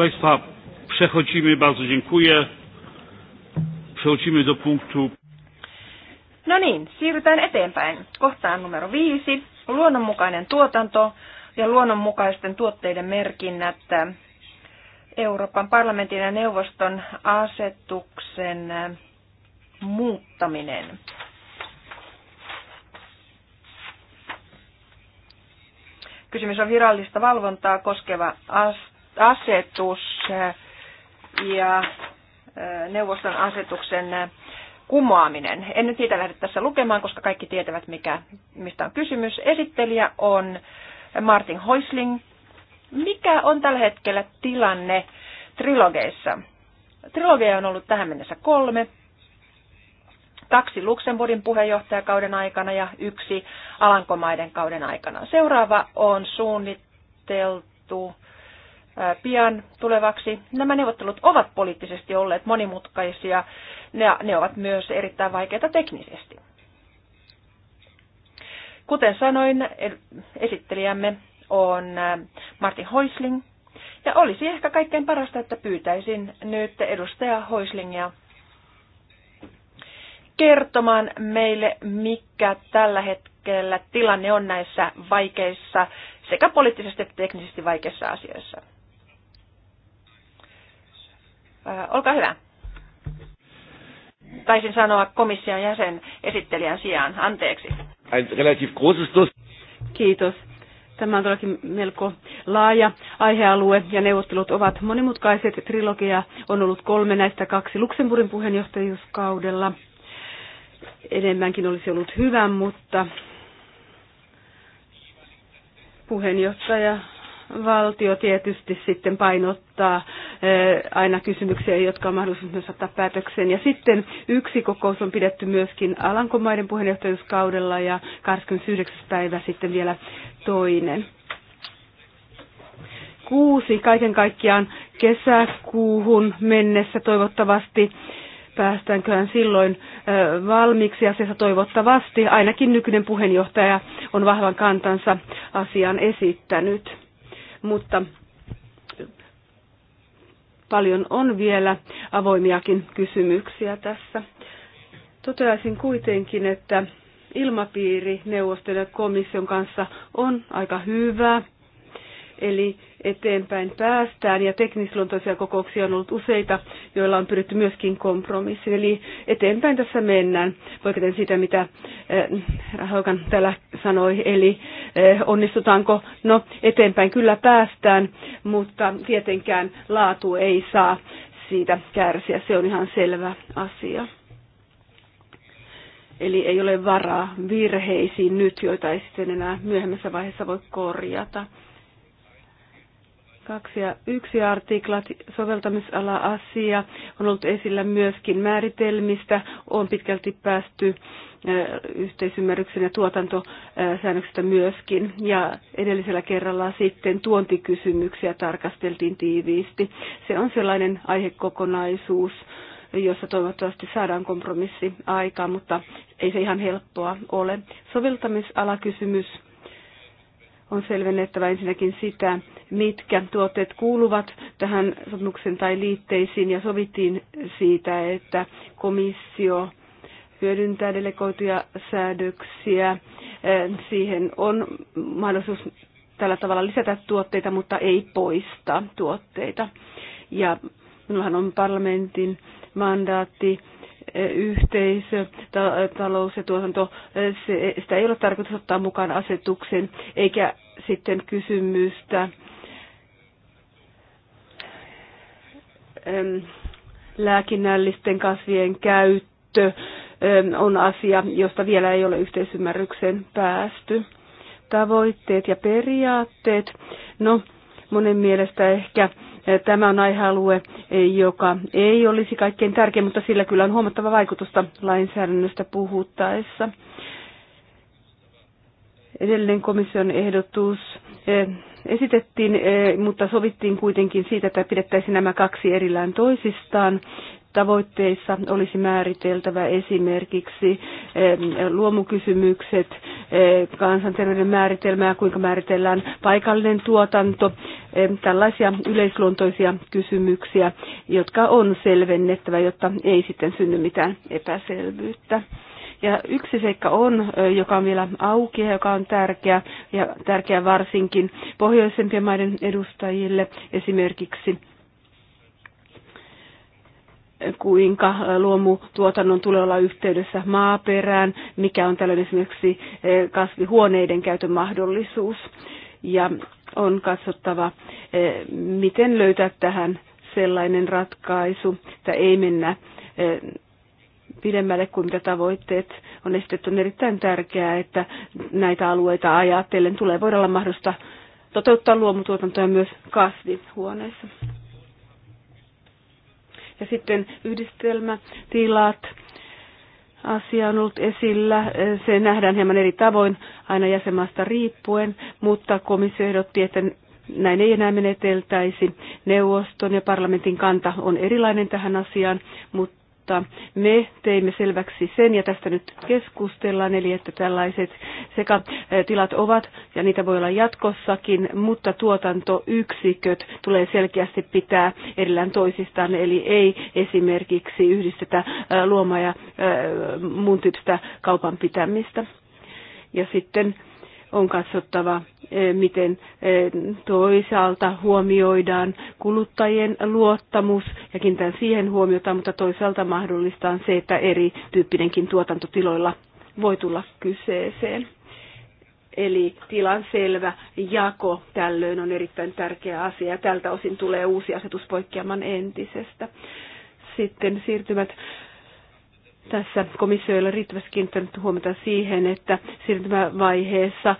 Państwa, przechodzimy, bardzo dziękuję. Przechodzimy do punktu. No niin, siirrytään eteenpäin. Kohtaan numero viisi, luonnonmukainen tuotanto ja luonnonmukaisten tuotteiden merkinnät Euroopan parlamentin ja neuvoston asetuksen muuttaminen. Kysymys on virallista valvontaa koskeva as asetus eh, ja eh, neuvoston asetuksen eh, kumoaminen. En nyt niitä lähde tässä lukemaan, koska kaikki tietävät, mikä, mistä on kysymys. Esittelijä on Martin Hoisling. Mikä on tällä hetkellä tilanne trilogeissa? Trilogeja on ollut tähän mennessä kolme. Kaksi Luxemburgin puheenjohtajakauden aikana ja yksi Alankomaiden kauden aikana. Seuraava on suunniteltu pian tulevaksi. Nämä neuvottelut ovat poliittisesti olleet monimutkaisia ja ne ovat myös erittäin vaikeita teknisesti. Kuten sanoin, esittelijämme on Martin Hoisling. Ja olisi ehkä kaikkein parasta, että pyytäisin nyt edustaja Hoislingia kertomaan meille, mikä tällä hetkellä tilanne on näissä vaikeissa, sekä poliittisesti että teknisesti vaikeissa asioissa. Olkaa hyvä. Taisin sanoa komission jäsen esittelijän sijaan. Anteeksi. Kiitos. Tämä on todellakin melko laaja aihealue ja neuvottelut ovat monimutkaiset. Trilogia on ollut kolme näistä kaksi Luxemburgin puheenjohtajuuskaudella. Enemmänkin olisi ollut hyvä, mutta puheenjohtaja valtio tietysti sitten painottaa aina kysymyksiä, jotka on mahdollisuus myös ottaa päätökseen. Ja sitten yksi kokous on pidetty myöskin Alankomaiden puheenjohtajuuskaudella ja 29. päivä sitten vielä toinen kuusi kaiken kaikkiaan kesäkuuhun mennessä toivottavasti päästäänköhän silloin valmiiksi asiassa toivottavasti. Ainakin nykyinen puheenjohtaja on vahvan kantansa asian esittänyt. Mutta Paljon on vielä avoimiakin kysymyksiä tässä. Toteaisin kuitenkin, että ilmapiiri neuvoston komission kanssa on aika hyvä. Eli eteenpäin päästään ja teknisluontoisia kokouksia on ollut useita, joilla on pyritty myöskin kompromissiin. Eli eteenpäin tässä mennään, poiketen siitä mitä eh, Rahokan täällä sanoi, eli eh, onnistutaanko? No eteenpäin kyllä päästään, mutta tietenkään laatu ei saa siitä kärsiä, se on ihan selvä asia. Eli ei ole varaa virheisiin nyt, joita ei sitten enää myöhemmässä vaiheessa voi korjata. Kaksi ja yksi artiklat, soveltamisala-asia on ollut esillä myöskin määritelmistä, on pitkälti päästy yhteisymmärryksen ja tuotantosäännöksistä myöskin. Ja edellisellä kerralla sitten tuontikysymyksiä tarkasteltiin tiiviisti. Se on sellainen aihekokonaisuus, jossa toivottavasti saadaan kompromissi aikaan, mutta ei se ihan helppoa ole. Soveltamisalakysymys on selvennettävä ensinnäkin sitä, mitkä tuotteet kuuluvat tähän sopimuksen tai liitteisiin, ja sovittiin siitä, että komissio hyödyntää delegoituja säädöksiä. Äh, siihen on mahdollisuus tällä tavalla lisätä tuotteita, mutta ei poistaa tuotteita. Ja minullahan on parlamentin mandaatti yhteisö, talous ja tuotanto, se, sitä ei ole tarkoitus ottaa mukaan asetuksen, eikä sitten kysymystä lääkinnällisten kasvien käyttö on asia, josta vielä ei ole yhteisymmärrykseen päästy. Tavoitteet ja periaatteet. No, monen mielestä ehkä Tämä on aihealue, joka ei olisi kaikkein tärkein, mutta sillä kyllä on huomattava vaikutusta lainsäädännöstä puhuttaessa. Edellinen komission ehdotus eh, esitettiin, eh, mutta sovittiin kuitenkin siitä, että pidettäisiin nämä kaksi erillään toisistaan tavoitteissa olisi määriteltävä esimerkiksi luomukysymykset, kansanterveyden määritelmää, kuinka määritellään paikallinen tuotanto, tällaisia yleisluontoisia kysymyksiä, jotka on selvennettävä, jotta ei sitten synny mitään epäselvyyttä. Ja yksi seikka on, joka on vielä auki ja joka on tärkeä, ja tärkeä varsinkin pohjoisempien maiden edustajille esimerkiksi kuinka luomutuotannon tulee olla yhteydessä maaperään, mikä on tällainen esimerkiksi eh, kasvihuoneiden käytön mahdollisuus. Ja on katsottava, eh, miten löytää tähän sellainen ratkaisu, että ei mennä eh, pidemmälle kuin mitä tavoitteet on esitetty. On erittäin tärkeää, että näitä alueita ajatellen tulee voida olla mahdollista toteuttaa luomutuotantoa myös kasvihuoneissa. Ja sitten yhdistelmätilat. Asia on ollut esillä. Se nähdään hieman eri tavoin aina jäsenmaasta riippuen, mutta komissio ehdotti, että näin ei enää meneteltäisi. Neuvoston ja parlamentin kanta on erilainen tähän asiaan, mutta mutta me teimme selväksi sen, ja tästä nyt keskustellaan, eli että tällaiset sekatilat ovat, ja niitä voi olla jatkossakin, mutta tuotantoyksiköt tulee selkeästi pitää erillään toisistaan, eli ei esimerkiksi yhdistetä luoma- ja muun tyyppistä kaupan pitämistä. Ja sitten on katsottava, eh, miten eh, toisaalta huomioidaan kuluttajien luottamus ja kiinnitän siihen huomiota, mutta toisaalta mahdollistaa se, että eri tyyppinenkin tuotantotiloilla voi tulla kyseeseen. Eli tilan selvä jako tällöin on erittäin tärkeä asia ja tältä osin tulee uusi asetus poikkeaman entisestä. Sitten siirtymät tässä komissio ei ole riittävästi kiinnittänyt huomiota siihen, että siirtymävaiheessa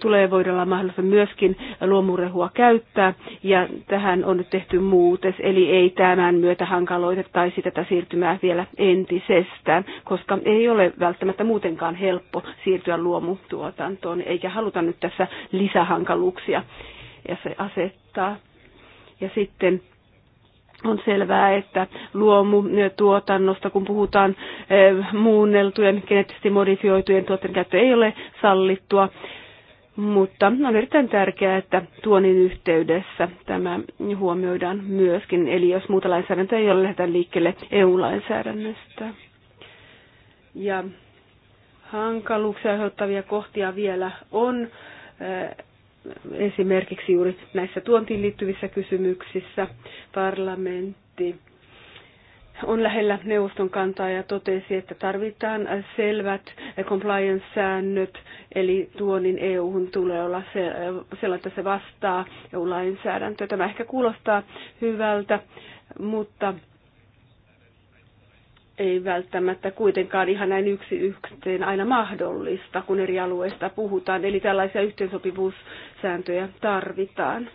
tulee voida olla mahdollista myöskin luomurehua käyttää, ja tähän on nyt tehty muutos, eli ei tämän myötä hankaloitettaisi tätä siirtymää vielä entisestään, koska ei ole välttämättä muutenkaan helppo siirtyä luomutuotantoon, eikä haluta nyt tässä lisähankaluuksia ja se asettaa. Ja sitten on selvää, että luomutuotannosta, kun puhutaan eh, muunneltujen, geneettisesti modifioitujen tuotteiden käyttö ei ole sallittua, mutta on erittäin tärkeää, että tuonin yhteydessä tämä huomioidaan myöskin, eli jos muuta lainsäädäntöä ei ole, lähdetään liikkeelle EU-lainsäädännöstä. Ja hankaluuksia aiheuttavia kohtia vielä on eh, esimerkiksi juuri näissä tuontiin liittyvissä kysymyksissä parlamentti on lähellä neuvoston kantaa ja totesi, että tarvitaan selvät compliance-säännöt, eli tuonin EU-hun tulee olla se, sellainen, että se vastaa EU-lainsäädäntöä. Tämä ehkä kuulostaa hyvältä, mutta ei välttämättä kuitenkaan ihan näin yksi yhteen aina mahdollista, kun eri alueista puhutaan. Eli tällaisia yhteensopivuussääntöjä tarvitaan,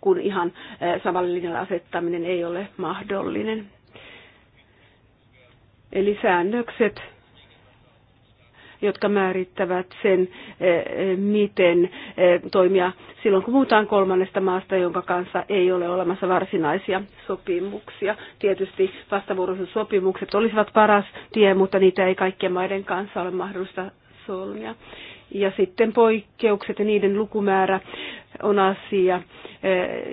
kun ihan eh, samalla linjalla asettaminen ei ole mahdollinen. Eli säännökset jotka määrittävät sen, eh, eh, miten eh, toimia silloin, kun puhutaan kolmannesta maasta, jonka kanssa ei ole olemassa varsinaisia sopimuksia. Tietysti vastavuoroisuussopimukset olisivat paras tie, mutta niitä ei kaikkien maiden kanssa ole mahdollista solmia. Ja sitten poikkeukset ja niiden lukumäärä on asia,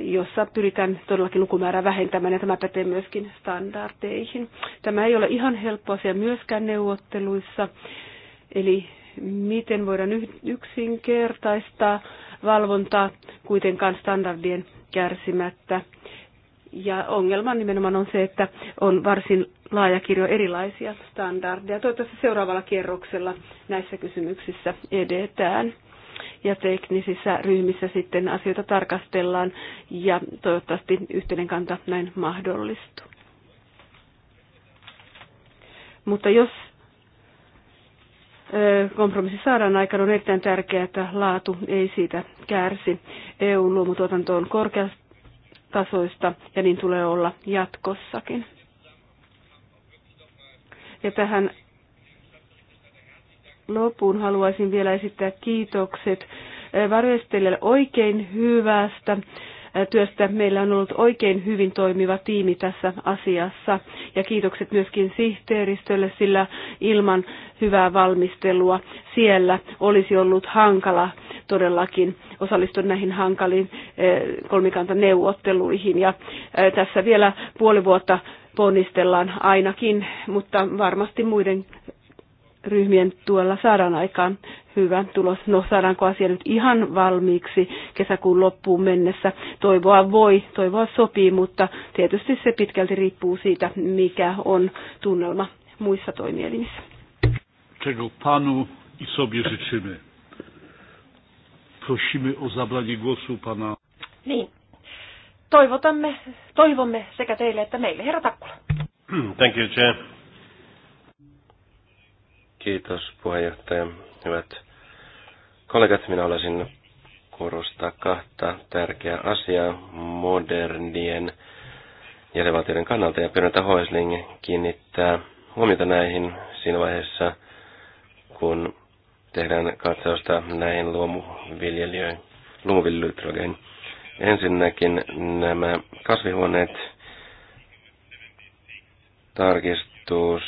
jossa pyritään todellakin lukumäärää vähentämään, ja tämä pätee myöskin standardeihin. Tämä ei ole ihan helppo asia myöskään neuvotteluissa, Eli miten voidaan yksinkertaistaa valvontaa kuitenkaan standardien kärsimättä. Ja ongelma nimenomaan on se, että on varsin laaja kirjo erilaisia standardeja. Toivottavasti seuraavalla kierroksella näissä kysymyksissä edetään ja teknisissä ryhmissä sitten asioita tarkastellaan ja toivottavasti yhteinen kanta näin mahdollistuu. Mutta jos kompromissi saadaan aikana on erittäin tärkeää, että laatu ei siitä kärsi. EUn luomutuotanto on korkeatasoista ja niin tulee olla jatkossakin. Ja tähän loppuun haluaisin vielä esittää kiitokset varjostelijalle oikein hyvästä työstä. Meillä on ollut oikein hyvin toimiva tiimi tässä asiassa ja kiitokset myöskin sihteeristölle, sillä ilman hyvää valmistelua siellä olisi ollut hankala todellakin osallistua näihin hankaliin kolmikantaneuvotteluihin. Ja tässä vielä puoli vuotta ponnistellaan ainakin, mutta varmasti muiden ryhmien tuella saadaan aikaan hyvä tulos. No saadaanko asia nyt ihan valmiiksi kesäkuun loppuun mennessä? Toivoa voi, toivoa sopii, mutta tietysti se pitkälti riippuu siitä, mikä on tunnelma muissa toimielimissä. Czego panu i sobie życzymy. Prosimy o zabranie głosu pana. Niin. Toivotamme, toivomme sekä teille että meille. Herra Takkula. Thank you, Chair. Kiitos puheenjohtaja. Hyvät kollegat, minä olisin korostaa kahta tärkeää asiaa modernien jäsenvaltioiden kannalta ja pyydän, että Hoisling kiinnittää huomiota näihin siinä vaiheessa, kun tehdään katsausta näihin luomuviljelijöihin, luomuviljelytrogeihin. Ensinnäkin nämä kasvihuoneet, tarkistus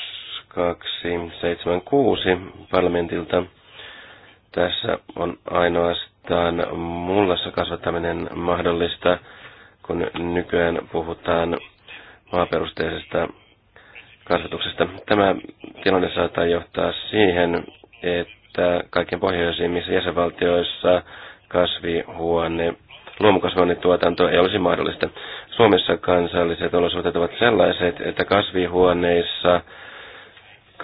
276 parlamentilta. Tässä on ainoastaan mullassa kasvattaminen mahdollista, kun nykyään puhutaan maaperusteisesta kasvatuksesta. Tämä tilanne saattaa johtaa siihen, että kaikkien pohjoisimmissa jäsenvaltioissa kasvihuone, luomukasvihuonetuotanto ei olisi mahdollista. Suomessa kansalliset olosuhteet ovat sellaiset, että kasvihuoneissa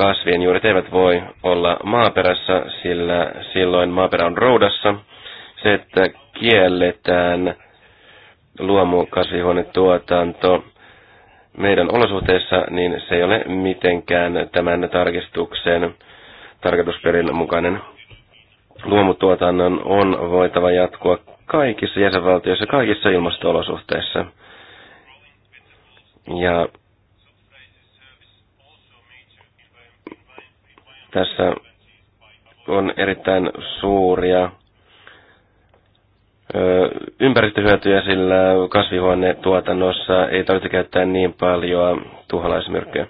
Kasvien juuret eivät voi olla maaperässä, sillä silloin maaperä on roudassa. Se, että kielletään luomukasvihuonetuotanto meidän olosuhteissa, niin se ei ole mitenkään tämän tarkistuksen tarkoitusperin mukainen. Luomutuotannon on voitava jatkua kaikissa jäsenvaltioissa, kaikissa ilmastoolosuhteissa. Ja Tässä on erittäin suuria ympäristöhyötyjä, sillä kasvihuonetuotannossa ei tarvitse käyttää niin paljon tuholaismyrkkyä.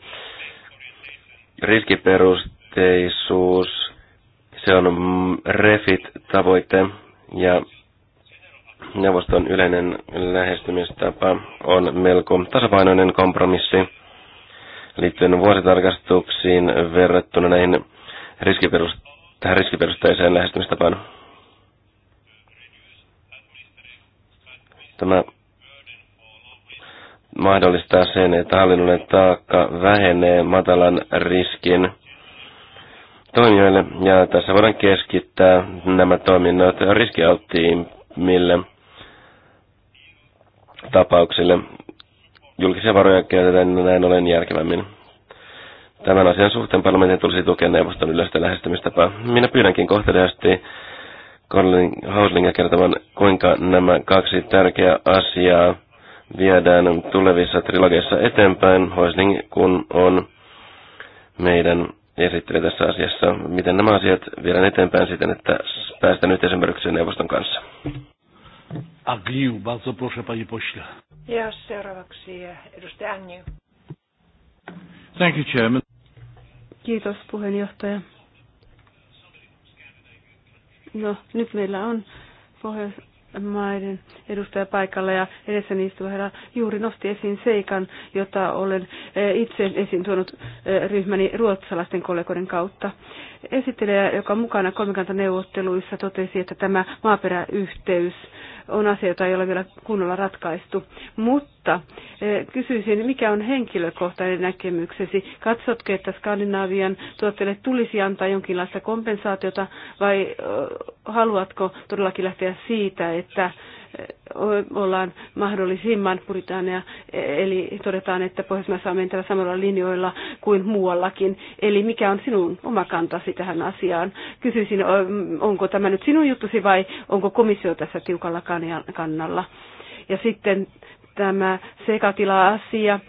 Riskiperusteisuus, se on REFIT-tavoite ja neuvoston yleinen lähestymistapa on melko tasapainoinen kompromissi liittyen vuositarkastuksiin verrattuna näihin riskiperust- tähän riskiperusteiseen lähestymistapaan. Tämä mahdollistaa sen, että hallinnollinen taakka vähenee matalan riskin toimijoille, ja tässä voidaan keskittää nämä toiminnot riskialttiimmille tapauksille julkisia varoja käytetään no näin ollen järkevämmin. Tämän asian suhteen parlamentin tulisi tukea neuvoston yleistä lähestymistapaa. Minä pyydänkin kohteliaasti Karlin Hauslinga kertomaan, kuinka nämä kaksi tärkeää asiaa viedään tulevissa trilogeissa eteenpäin. Hausling, kun on meidän esitteli tässä asiassa, miten nämä asiat viedään eteenpäin siten, että päästään yhteisymmärrykseen neuvoston kanssa. Agniu, bardzo proszę panie pośle. Ja seuraavaksi edustaja Agniu. Thank you, Chairman. Kiitos puheenjohtaja. No, nyt meillä on Pohjoismaiden edustaja paikalla ja edessäni istuva herra juuri nosti esiin seikan, jota olen eh, itse esiin tuonut eh, ryhmäni ruotsalaisten kollegoiden kautta. Esittelijä, joka on mukana kolmikantaneuvotteluissa, totesi, että tämä maaperäyhteys on asia, jota ei ole vielä kunnolla ratkaistu. Mutta eh, kysyisin, mikä on henkilökohtainen näkemyksesi? Katsotko, että Skandinaavian tuotteille tulisi antaa jonkinlaista kompensaatiota vai eh, haluatko todellakin lähteä siitä, että ollaan mahdollisimman puritaania, eli todetaan, että Pohjoismaissa on mentävä samalla linjoilla kuin muuallakin. Eli mikä on sinun oma kantasi tähän asiaan? Kysyisin, onko tämä nyt sinun juttusi vai onko komissio tässä tiukalla kannalla? Ja sitten tämä sekatila-asia.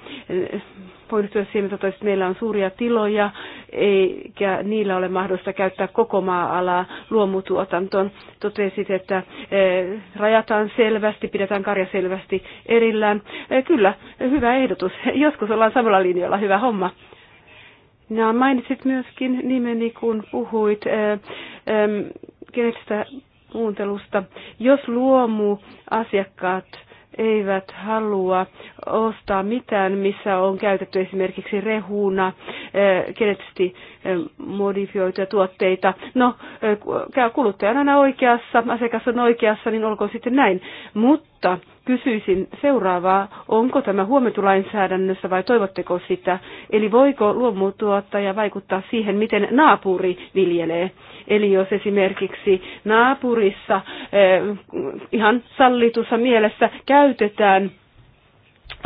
Voin siihen, että meillä on suuria tiloja, eikä niillä ole mahdollista käyttää koko maa-alaa luomutuotantoon. Totesit, että eh, rajataan selvästi, pidetään karja selvästi erillään. Eh, kyllä, hyvä ehdotus. Joskus ollaan samalla linjalla, hyvä homma. No, mainitsit myöskin nimeni, kun puhuit ää, eh, muuntelusta. Jos luomu asiakkaat eivät halua ostaa mitään, missä on käytetty esimerkiksi rehuuna eh, geneettisesti eh, modifioituja tuotteita. No, eh, kuluttaja on aina oikeassa, asiakas on oikeassa, niin olkoon sitten näin. Mutta kysyisin seuraavaa. Onko tämä huomioitu lainsäädännössä vai toivotteko sitä? Eli voiko luomutuottaja vaikuttaa siihen, miten naapuri viljelee? Eli jos esimerkiksi naapurissa eh, ihan sallitussa mielessä käytetään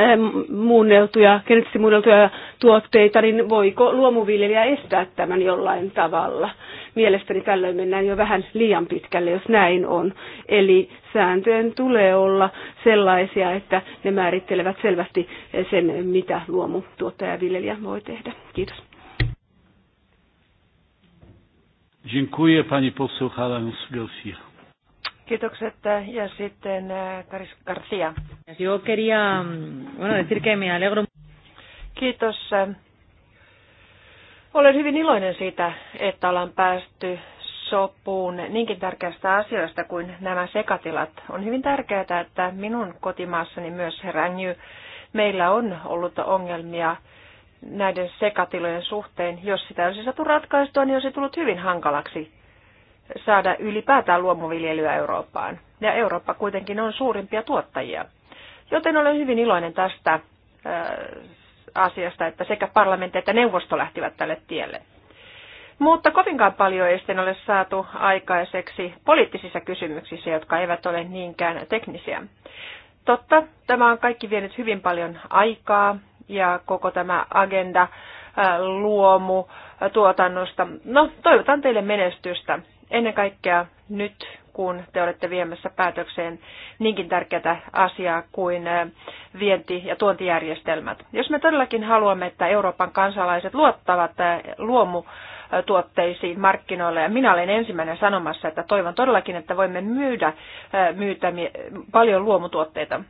Äh, muunneltuja, geneettisesti muunneltuja tuotteita, niin voiko luomuviljelijä estää tämän jollain tavalla? Mielestäni tällöin mennään jo vähän liian pitkälle, jos näin on. Eli sääntöjen tulee olla sellaisia, että ne määrittelevät selvästi sen, mitä luomutuottaja ja viljelijä voi tehdä. Kiitos. Dziękuję pani poseł Halan Kiitokset äh, ja sitten äh, Karis Garcia. Yo quería, mm, bueno, decir que me alegro. Kiitos. Olen hyvin iloinen siitä, että ollaan päästy sopuun niinkin tärkeästä asiasta kuin nämä sekatilat. On hyvin tärkeää, että minun kotimaassani myös heränny meillä on ollut ongelmia näiden sekatilojen suhteen. Jos sitä olisi saatu ratkaistua, niin olisi tullut hyvin hankalaksi saada ylipäätään luomuviljelyä Eurooppaan. Ja Eurooppa kuitenkin on suurimpia tuottajia. Joten olen hyvin iloinen tästä äh, asiasta, että sekä parlamentti että neuvosto lähtivät tälle tielle. Mutta kovinkaan paljon ei sitten ole saatu aikaiseksi poliittisissa kysymyksissä, jotka eivät ole niinkään teknisiä. Totta, tämä on kaikki vienyt hyvin paljon aikaa ja koko tämä agenda äh, luomu äh, tuotannosta. No, toivotan teille menestystä ennen kaikkea nyt, kun te olette viemässä päätökseen niinkin tärkeää asiaa kuin äh, vienti- ja tuontijärjestelmät. Jos me todellakin haluamme, että Euroopan kansalaiset luottavat äh, luomu tuotteisiin markkinoille, ja minä olen ensimmäinen sanomassa, että toivon todellakin, että voimme myydä äh, myytä paljon luomutuotteita.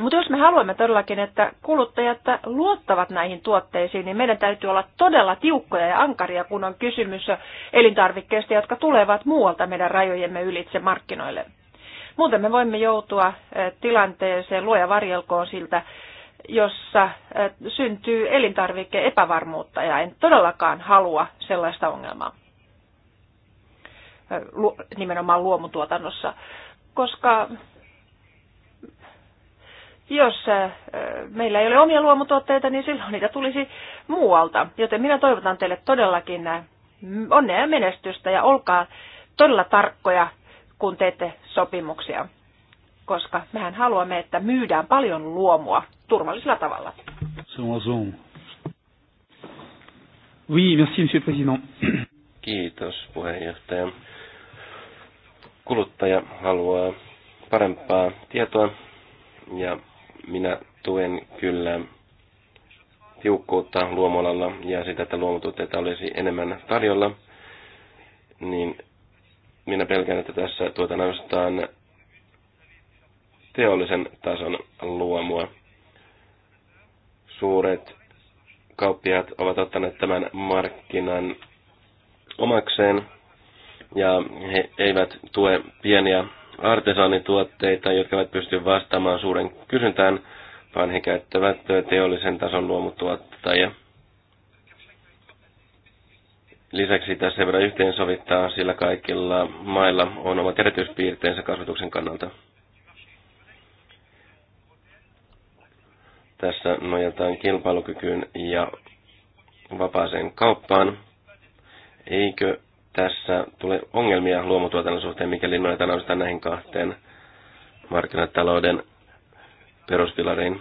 Mutta jos me haluamme todellakin, että kuluttajat luottavat näihin tuotteisiin, niin meidän täytyy olla todella tiukkoja ja ankaria, kun on kysymys elintarvikkeista, jotka tulevat muualta meidän rajojemme ylitse markkinoille. Muuten me voimme joutua eh, tilanteeseen luoja varjelkoon siltä, jossa eh, syntyy elintarvikkeen epävarmuutta ja en todellakaan halua sellaista ongelmaa eh, nimenomaan luomutuotannossa, koska jos äh, meillä ei ole omia luomutuotteita, niin silloin niitä tulisi muualta. Joten minä toivotan teille todellakin äh, onnea ja menestystä ja olkaa todella tarkkoja, kun teette sopimuksia, koska mehän haluamme, että myydään paljon luomua turvallisella tavalla. Oui, merci, monsieur le président. Kiitos, puheenjohtaja. Kuluttaja haluaa parempaa tietoa ja minä tuen kyllä tiukkuutta luomualalla ja sitä, että luomutuotteita olisi enemmän tarjolla, niin minä pelkään, että tässä tuotan ainoastaan teollisen tason luomua. Suuret kauppiaat ovat ottaneet tämän markkinan omakseen ja he eivät tue pieniä artesaanituotteita, jotka eivät pysty vastaamaan suuren kysyntään, vaan he käyttävät teollisen tason luomutuottajia. Lisäksi tässä sen verran yhteensovittaa, sillä kaikilla mailla on omat erityispiirteensä kasvatuksen kannalta. Tässä nojataan kilpailukykyyn ja vapaaseen kauppaan. Eikö tässä tulee ongelmia luomutuotannon suhteen, mikäli noita ainoastaan näihin kahteen markkinatalouden peruspilariin.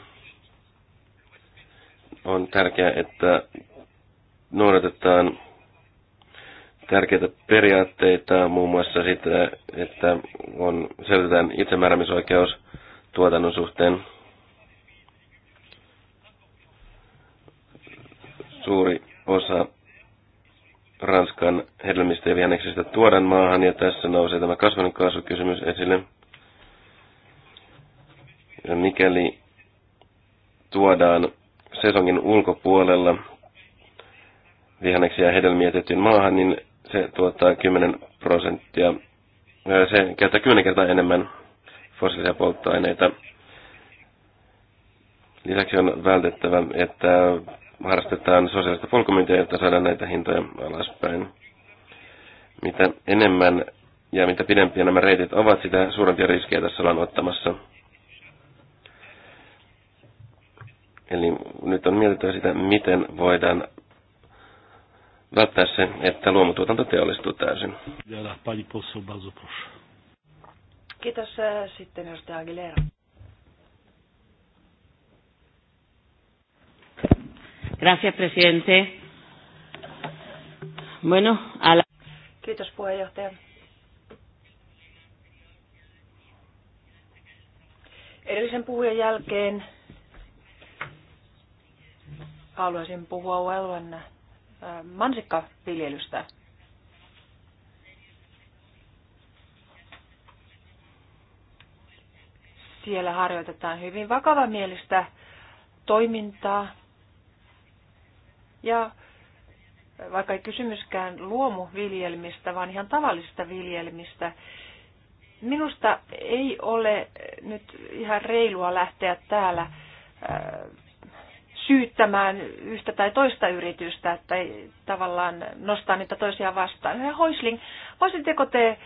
On tärkeää, että noudatetaan tärkeitä periaatteita, muun muassa sitä, että on, selvitetään itsemääräämisoikeus tuotannon suhteen. Suuri osa Ranskan hedelmistä ja vihanneksista tuodaan maahan, ja tässä nousee tämä kasvanekaasukysymys esille. Mikäli tuodaan sesongin ulkopuolella vihanneksia ja hedelmiä tehtyyn maahan, niin se tuottaa 10 prosenttia, se käyttää 10 kertaa enemmän fossiilisia polttoaineita. Lisäksi on vältettävä, että harrastetaan sosiaalista polkumyyntiä, jotta saadaan näitä hintoja alaspäin. Mitä enemmän ja mitä pidempiä nämä reitit ovat, sitä suurempia riskejä tässä ollaan ottamassa. Eli nyt on mietittävä sitä, miten voidaan välttää se, että luomutuotanto teollistuu täysin. Kiitos sitten edustaja Aguilera. Gracias, presidente. Bueno, a la... Kiitos puheenjohtaja. Edellisen puhujan jälkeen haluaisin puhua Uelvan äh, mansikkaviljelystä. Siellä harjoitetaan hyvin vakavamielistä toimintaa, ja vaikka ei kysymyskään luomuviljelmistä, vaan ihan tavallista viljelmistä, minusta ei ole nyt ihan reilua lähteä täällä syyttämään yhtä tai toista yritystä tai tavallaan nostaa niitä toisia vastaan. Herra Hoisling, voisitteko te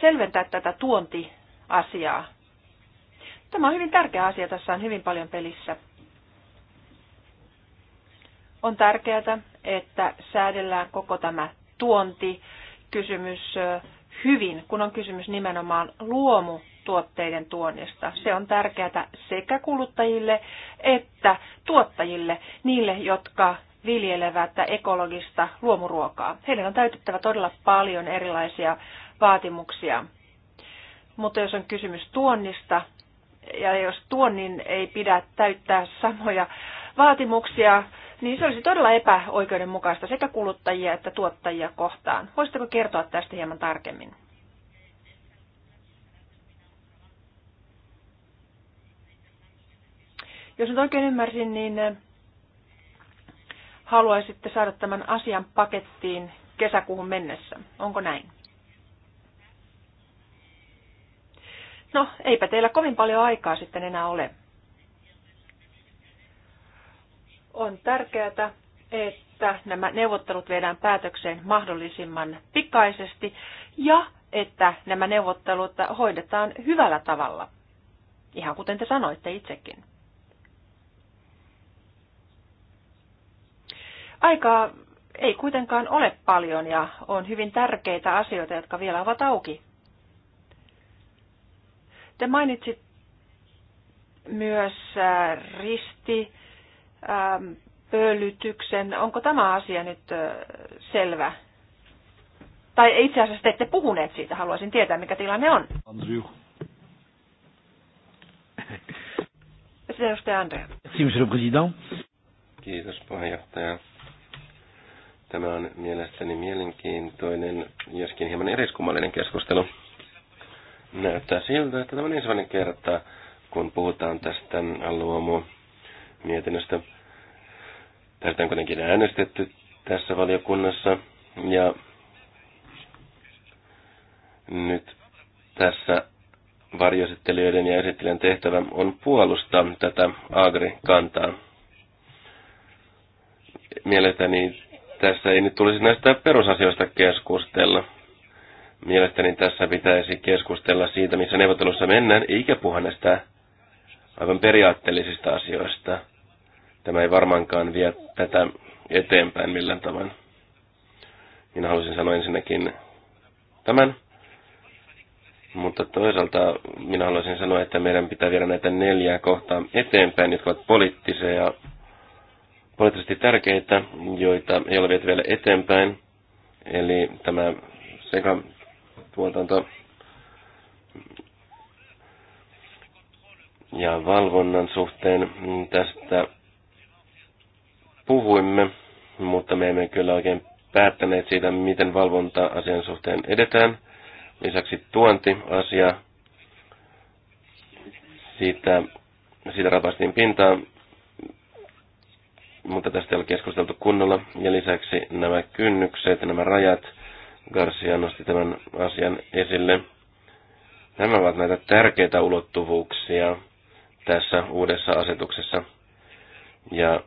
selventää tätä tuontiasiaa? Tämä on hyvin tärkeä asia, tässä on hyvin paljon pelissä. On tärkeää, että säädellään koko tämä tuontikysymys hyvin, kun on kysymys nimenomaan luomutuotteiden tuonnista. Se on tärkeää sekä kuluttajille että tuottajille, niille, jotka viljelevät ekologista luomuruokaa. Heidän on täytettävä todella paljon erilaisia vaatimuksia. Mutta jos on kysymys tuonnista, ja jos tuonnin ei pidä täyttää samoja vaatimuksia niin se olisi todella epäoikeudenmukaista sekä kuluttajia että tuottajia kohtaan. Voisitteko kertoa tästä hieman tarkemmin? Jos nyt oikein ymmärsin, niin eh, haluaisitte saada tämän asian pakettiin kesäkuuhun mennessä. Onko näin? No, eipä teillä kovin paljon aikaa sitten enää ole. On tärkeää, että nämä neuvottelut viedään päätökseen mahdollisimman pikaisesti ja että nämä neuvottelut hoidetaan hyvällä tavalla, ihan kuten te sanoitte itsekin. Aikaa ei kuitenkaan ole paljon ja on hyvin tärkeitä asioita, jotka vielä ovat auki. Te mainitsit myös äh, risti Ähm, pölytyksen. Onko tämä asia nyt selvä? Tai itse asiassa te ette puhuneet siitä, haluaisin tietää, mikä tilanne on. Andrew. Sitten edustaja Andrea. Kiitos puheenjohtaja. Tämä on mielestäni mielenkiintoinen, joskin hieman eriskummallinen keskustelu. Näyttää siltä, että tämä on ensimmäinen kerta, kun puhutaan tästä luomu mietinnöstä. Tästä on kuitenkin äänestetty tässä valiokunnassa. Ja nyt tässä varjoesittelijöiden ja esittelijän tehtävä on puolustaa tätä agri-kantaa. Mielestäni tässä ei nyt tulisi näistä perusasioista keskustella. Mielestäni tässä pitäisi keskustella siitä, missä neuvottelussa mennään, eikä puhua näistä aivan periaatteellisista asioista – Tämä ei varmaankaan vie tätä eteenpäin millään tavoin. Minä haluaisin sanoa ensinnäkin tämän. Mutta toisaalta minä haluaisin sanoa, että meidän pitää viedä näitä neljää kohtaa eteenpäin, jotka ovat poliittisia ja poliittisesti tärkeitä, joita ei ole viety vielä eteenpäin. Eli tämä sekä tuotanto ja valvonnan suhteen tästä puhuimme, mutta me emme kyllä oikein päättäneet siitä, miten valvonta-asian suhteen edetään. Lisäksi tuontiasia, siitä, siitä rapastiin pintaa, mutta tästä ei ole keskusteltu kunnolla. Ja lisäksi nämä kynnykset, nämä rajat, Garcia nosti tämän asian esille. Nämä ovat näitä tärkeitä ulottuvuuksia tässä uudessa asetuksessa. Ja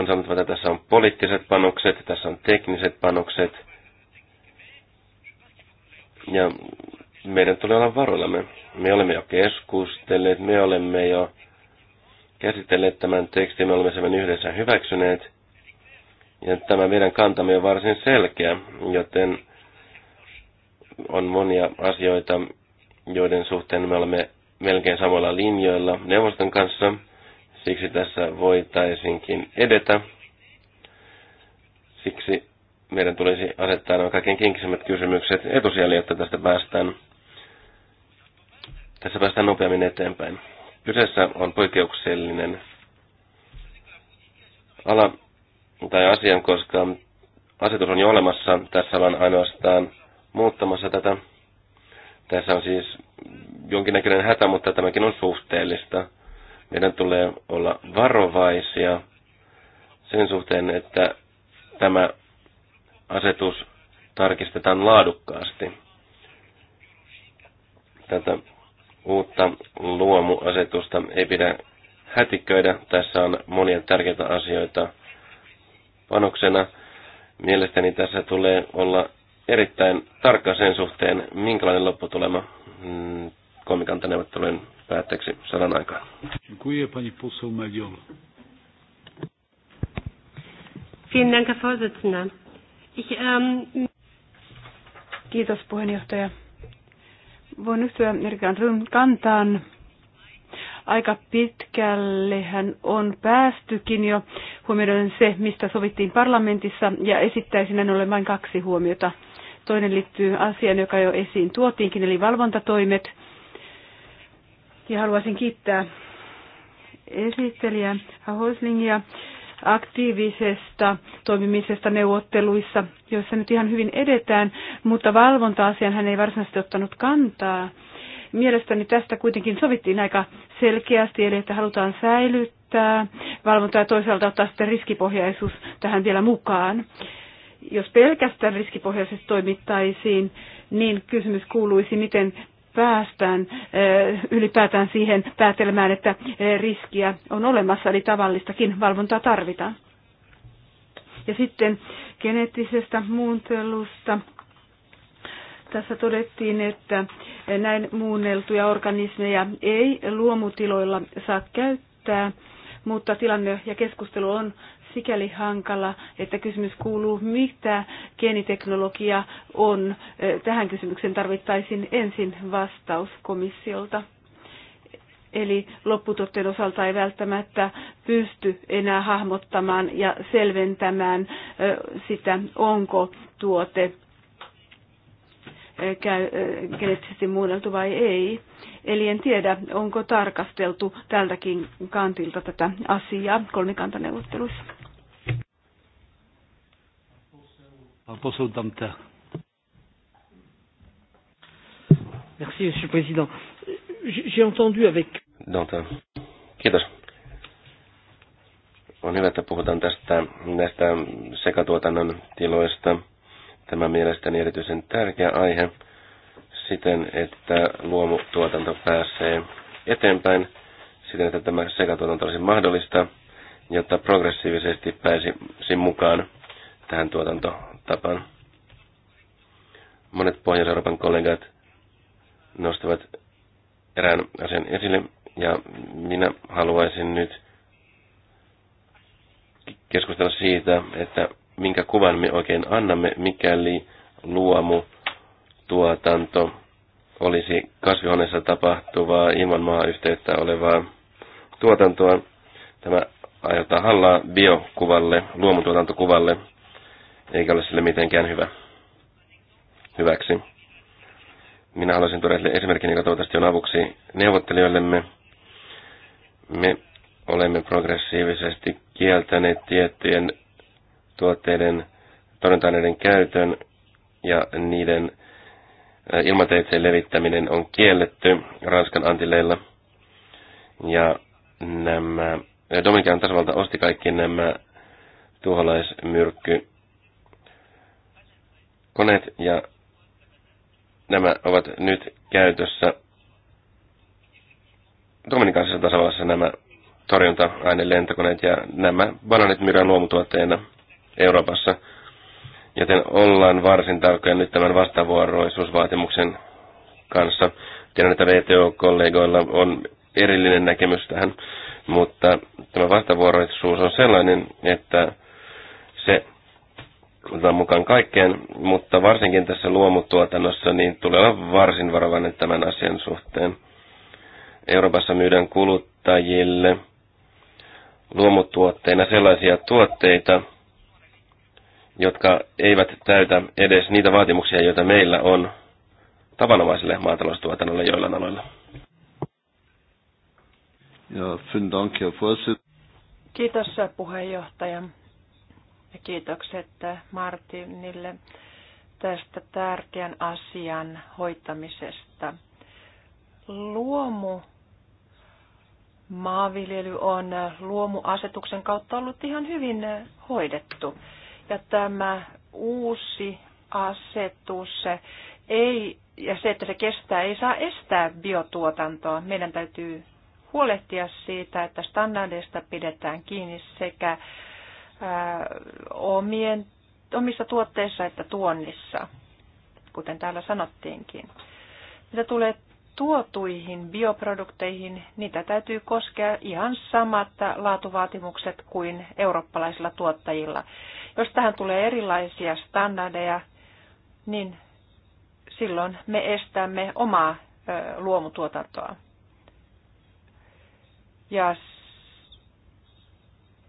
on sanottava, että tässä on poliittiset panokset, tässä on tekniset panokset. Ja meidän tulee olla varoillamme. Me olemme jo keskustelleet, me olemme jo käsitelleet tämän tekstin, me olemme sen yhdessä hyväksyneet. Ja tämä meidän kantamme on varsin selkeä, joten on monia asioita, joiden suhteen me olemme melkein samoilla linjoilla neuvoston kanssa – Siksi tässä voitaisinkin edetä. Siksi meidän tulisi asettaa nämä kaikkein kinkisemmät kysymykset etusijalle, jotta tästä päästään, tässä päästään nopeammin eteenpäin. Kyseessä on poikkeuksellinen ala tai asian, koska asetus on jo olemassa. Tässä ollaan ainoastaan muuttamassa tätä. Tässä on siis jonkinnäköinen hätä, mutta tämäkin on suhteellista. Meidän tulee olla varovaisia sen suhteen, että tämä asetus tarkistetaan laadukkaasti. Tätä uutta luomuasetusta ei pidä hätiköidä. Tässä on monia tärkeitä asioita panoksena. Mielestäni tässä tulee olla erittäin tarkka sen suhteen, minkälainen lopputulema mm, kolmikantaneuvottelujen päätteeksi sadan aikaan. Dziękuję pani poseł Mediol. Vielen Dank, Herr Vorsitzender. Ich, ähm... Kiitos puheenjohtaja. Voin yhtyä Rym kantaan. Aika pitkälle hän on päästykin jo huomioiden se, mistä sovittiin parlamentissa, ja esittäisin näin ollen vain kaksi huomiota. Toinen liittyy asiaan, joka jo esiin tuotiinkin, eli valvontatoimet – ja haluaisin kiittää esittelijä Hoslingia aktiivisesta toimimisesta neuvotteluissa, joissa nyt ihan hyvin edetään, mutta valvonta-asian hän ei varsinaisesti ottanut kantaa. Mielestäni tästä kuitenkin sovittiin aika selkeästi, eli että halutaan säilyttää valvontaa ja toisaalta ottaa sitten riskipohjaisuus tähän vielä mukaan. Jos pelkästään riskipohjaisesti toimittaisiin, niin kysymys kuuluisi, miten päästään eh, ylipäätään siihen päätelmään, että eh, riskiä on olemassa, eli tavallistakin valvontaa tarvitaan. Ja sitten geneettisestä muuntelusta. Tässä todettiin, että eh, näin muunneltuja organismeja ei luomutiloilla saa käyttää, mutta tilanne ja keskustelu on sikäli hankala, että kysymys kuuluu, mitä geeniteknologia on. Tähän kysymykseen tarvittaisiin ensin vastaus komissiolta. Eli lopputuotteen osalta ei välttämättä pysty enää hahmottamaan ja selventämään sitä, onko tuote geneettisesti muunneltu vai ei. Eli en tiedä, onko tarkasteltu tältäkin kantilta tätä asiaa kolmikantaneuvotteluissa. Pan poseł Merci, monsieur le président. J'ai entendu avec... Dante. Kiitos. On hyvä, että puhutaan tästä, näistä sekatuotannon tiloista. Tämä mielestäni erityisen tärkeä aihe siten, että luomutuotanto pääsee eteenpäin siten, että tämä sekatuotanto olisi mahdollista, jotta progressiivisesti pääsisi mukaan tähän tuotanto tapaan. Monet Pohjois-Euroopan kollegat nostavat erään asian esille, ja minä haluaisin nyt keskustella siitä, että minkä kuvan me oikein annamme, mikäli luomu tuotanto olisi kasvihuoneessa tapahtuvaa ilman maayhteyttä olevaa tuotantoa. Tämä aiheuttaa hallaa biokuvalle, luomutuotantokuvalle, eikä ole sille mitenkään hyvä. hyväksi. Minä haluaisin tuoda esimerkin, joka toivottavasti on avuksi neuvottelijoillemme. Me olemme progressiivisesti kieltäneet tiettyjen tuotteiden torjunta käytön ja niiden äh, ilmateitseen levittäminen on kielletty Ranskan antilleilla. Ja nämä, äh, Dominikan tasavalta osti kaikki nämä tuholaismyrkky koneet ja nämä ovat nyt käytössä Dominikaanisessa tasavallassa nämä torjunta lentokoneet ja nämä bananit myydään luomutuotteena Euroopassa. Joten ollaan varsin tarkkoja nyt tämän vastavuoroisuusvaatimuksen kanssa. Tiedän, että VTO-kollegoilla on erillinen näkemys tähän, mutta tämä vastavuoroisuus on sellainen, että se otetaan mukaan kaikkeen, mutta varsinkin tässä luomutuotannossa niin tulee olla varsin varovainen tämän asian suhteen. Euroopassa myydään kuluttajille luomutuotteina sellaisia tuotteita, jotka eivät täytä edes niitä vaatimuksia, joita meillä on tavanomaiselle maataloustuotannolle joillain aloilla. Ja, Kiitos puheenjohtaja. Ja kiitokset Martinille tästä tärkeän asian hoitamisesta. Luomu maanviljely on luomuasetuksen kautta ollut ihan hyvin hoidettu. Ja tämä uusi asetus ei, ja se, että se kestää, ei saa estää biotuotantoa. Meidän täytyy huolehtia siitä, että standardeista pidetään kiinni sekä omien, omissa tuotteissa että tuonnissa, kuten täällä sanottiinkin. Mitä tulee tuotuihin bioprodukteihin, niitä täytyy koskea ihan samat laatuvaatimukset kuin eurooppalaisilla tuottajilla. Jos tähän tulee erilaisia standardeja, niin silloin me estämme omaa luomutuotantoa. Ja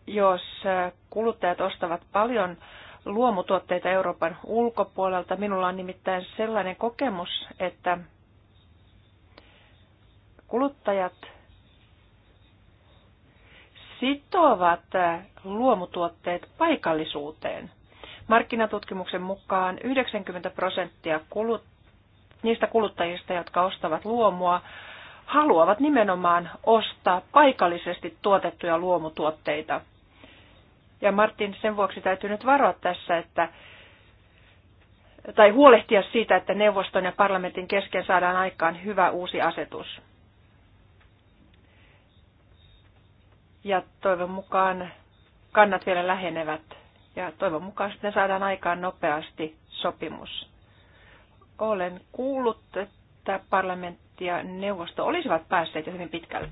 jos äh, kuluttajat ostavat paljon luomutuotteita Euroopan ulkopuolelta. Minulla on nimittäin sellainen kokemus, että kuluttajat sitovat äh, luomutuotteet paikallisuuteen. Markkinatutkimuksen mukaan 90 prosenttia kulut, niistä kuluttajista, jotka ostavat luomua, haluavat nimenomaan ostaa paikallisesti tuotettuja luomutuotteita – ja Martin, sen vuoksi täytyy nyt varoa tässä, että, tai huolehtia siitä, että neuvoston ja parlamentin kesken saadaan aikaan hyvä uusi asetus. Ja toivon mukaan kannat vielä lähenevät ja toivon mukaan sitten saadaan aikaan nopeasti sopimus. Olen kuullut, että parlamentti ja neuvosto olisivat päässeet jo hyvin pitkälle.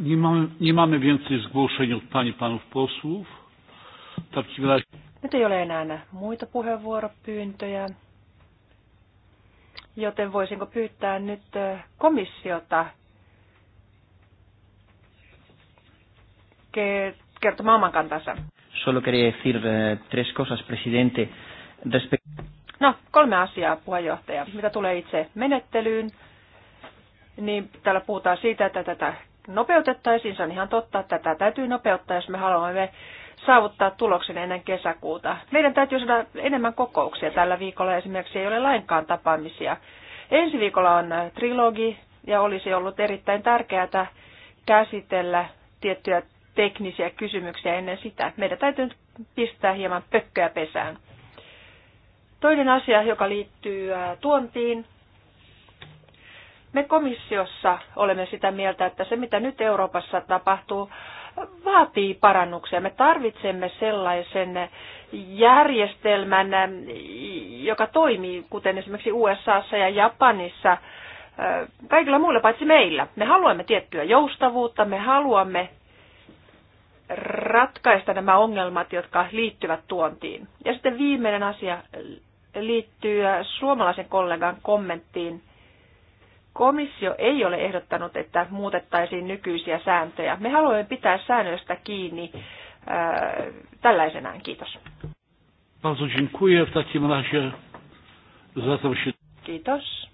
Nie mamy, nie mamy więcej zgłoszeń od pani panów posłów. razie... Nyt ei ole enää muita puheenvuoropyyntöjä, joten voisinko pyytää nyt komissiota kertomaan oman kantansa? Solo quería decir eh, tres cosas, presidente. no, kolme asiaa, puheenjohtaja. Mitä tulee itse menettelyyn, niin täällä puhutaan siitä, että tätä nopeutettaisiin. Se on ihan totta, että tätä täytyy nopeuttaa, jos me haluamme saavuttaa tuloksen ennen kesäkuuta. Meidän täytyy saada enemmän kokouksia. Tällä viikolla esimerkiksi ei ole lainkaan tapaamisia. Ensi viikolla on trilogi ja olisi ollut erittäin tärkeää käsitellä tiettyjä teknisiä kysymyksiä ennen sitä. Meidän täytyy nyt pistää hieman pökköä pesään. Toinen asia, joka liittyy tuontiin, me komissiossa olemme sitä mieltä, että se mitä nyt Euroopassa tapahtuu, vaatii parannuksia. Me tarvitsemme sellaisen järjestelmän, joka toimii, kuten esimerkiksi USAssa ja Japanissa, kaikilla muilla paitsi meillä. Me haluamme tiettyä joustavuutta, me haluamme ratkaista nämä ongelmat, jotka liittyvät tuontiin. Ja sitten viimeinen asia liittyy suomalaisen kollegan kommenttiin Komissio ei ole ehdottanut, että muutettaisiin nykyisiä sääntöjä. Me haluamme pitää säännöistä kiinni ää, äh, tällaisenaan. Kiitos. Kiitos.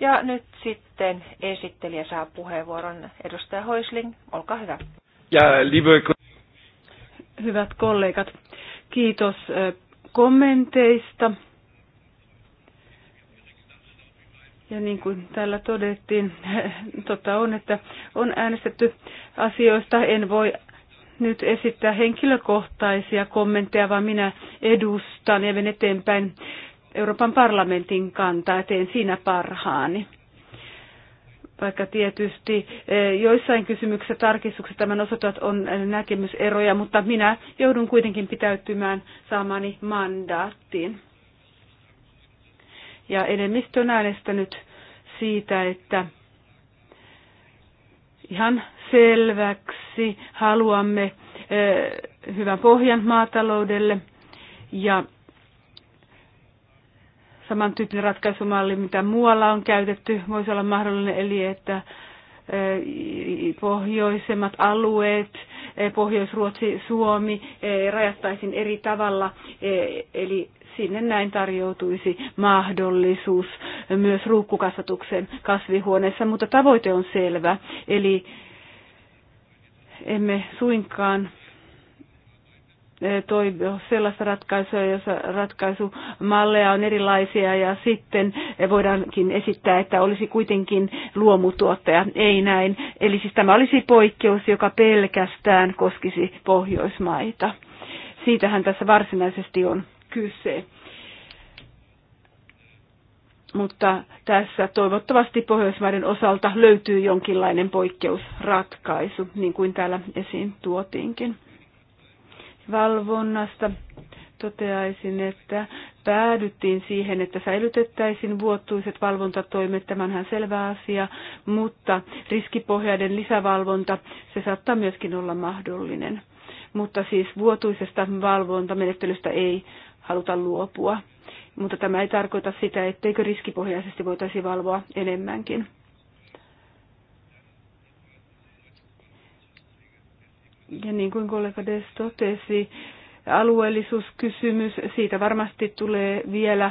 Ja nyt sitten esittelijä saa puheenvuoron. Edustaja Hoisling, olkaa hyvä. Ja, liebe... Hyvät kollegat, kiitos äh, kommenteista Ja niin kuin täällä todettiin, totta on, että on äänestetty asioista. En voi nyt esittää henkilökohtaisia kommentteja, vaan minä edustan ja menen eteenpäin Euroopan parlamentin kantaa ja teen siinä parhaani. Vaikka tietysti eh, joissain kysymyksissä tarkistuksissa tämän osoittavat on näkemyseroja, mutta minä joudun kuitenkin pitäytymään saamani mandaattiin ja enemmistö on äänestänyt siitä, että ihan selväksi haluamme eh, hyvän pohjan maataloudelle ja samantyyppinen ratkaisumalli, mitä muualla on käytetty, voisi olla mahdollinen, eli että eh, pohjoisemmat alueet Eh, Pohjois-Ruotsi, Suomi eh, rajattaisiin eri tavalla, eh, eli sinne näin tarjoutuisi mahdollisuus myös ruukkukasvatuksen kasvihuoneessa, mutta tavoite on selvä, eli emme suinkaan toi sellaista ratkaisua, jossa ratkaisumalleja on erilaisia ja sitten voidaankin esittää, että olisi kuitenkin luomutuottaja. Ei näin. Eli siis tämä olisi poikkeus, joka pelkästään koskisi Pohjoismaita. Siitähän tässä varsinaisesti on kyse mutta tässä toivottavasti Pohjoismaiden osalta löytyy jonkinlainen poikkeusratkaisu, niin kuin täällä esiin tuotiinkin valvonnasta toteaisin, että päädyttiin siihen, että säilytettäisiin vuotuiset valvontatoimet, tämähän selvä asia, mutta riskipohjaiden lisävalvonta, se saattaa myöskin olla mahdollinen. Mutta siis vuotuisesta valvontamenettelystä ei haluta luopua. Mutta tämä ei tarkoita sitä, etteikö riskipohjaisesti voitaisi valvoa enemmänkin. Ja niin kuin kollega Des totesi, alueellisuuskysymys, siitä varmasti tulee vielä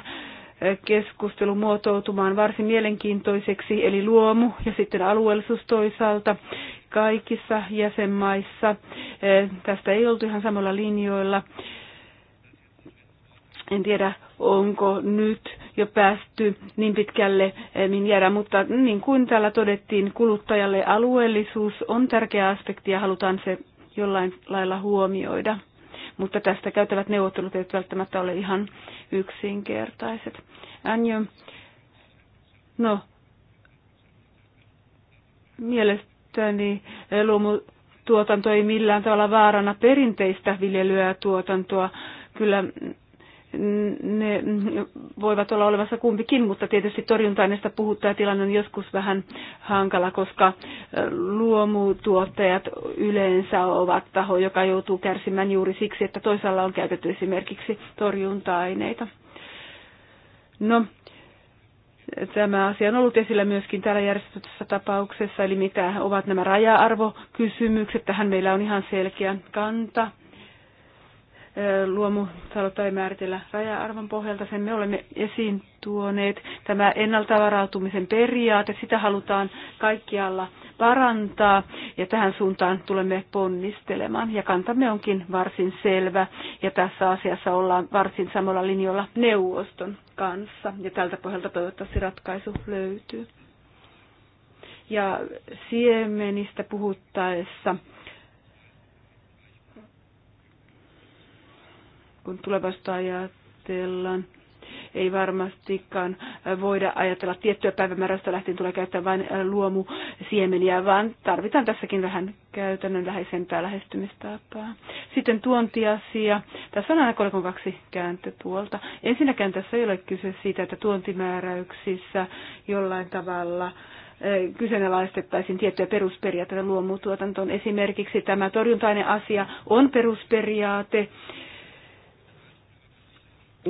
eh, keskustelu muotoutumaan varsin mielenkiintoiseksi, eli luomu ja sitten alueellisuus toisaalta kaikissa jäsenmaissa. Eh, tästä ei oltu ihan samalla linjoilla. En tiedä, onko nyt jo päästy niin pitkälle, niin eh, jäädä, mutta niin kuin täällä todettiin, kuluttajalle alueellisuus on tärkeä aspekti ja halutaan se jollain lailla huomioida. Mutta tästä käytävät neuvottelut eivät välttämättä ole ihan yksinkertaiset. Anjo, no, mielestäni luomutuotanto ei millään tavalla vaarana perinteistä viljelyä ja tuotantoa. Kyllä ne voivat olla olemassa kumpikin, mutta tietysti torjunta-aineista puhuttaa tilanne on joskus vähän hankala, koska luomutuottajat yleensä ovat taho, joka joutuu kärsimään juuri siksi, että toisaalla on käytetty esimerkiksi torjunta-aineita. No, tämä asia on ollut esillä myöskin täällä järjestetyssä tapauksessa, eli mitä ovat nämä raja-arvokysymykset. Tähän meillä on ihan selkeä kanta luomutaloutta ei määritellä raja-arvon pohjalta, sen me olemme esiin tuoneet. Tämä ennalta varautumisen periaate, sitä halutaan kaikkialla parantaa ja tähän suuntaan tulemme ponnistelemaan ja kantamme onkin varsin selvä ja tässä asiassa ollaan varsin samalla linjalla neuvoston kanssa ja tältä pohjalta toivottavasti ratkaisu löytyy. Ja siemenistä puhuttaessa kun tulevaisuutta ajatellaan, ei varmastikaan voida ajatella tiettyä päivämäärästä lähtien tulee käyttää vain luomusiemeniä, vaan tarvitaan tässäkin vähän käytännönläheisempää lähestymistapaa. Sitten tuontiasia. Tässä on aina kolikon kaksi kääntöpuolta. Ensinnäkään tässä ei ole kyse siitä, että tuontimääräyksissä jollain tavalla eh, kyseenalaistettaisiin tiettyjä perusperiaatteita luomutuotantoon. Esimerkiksi tämä torjuntainen asia on perusperiaate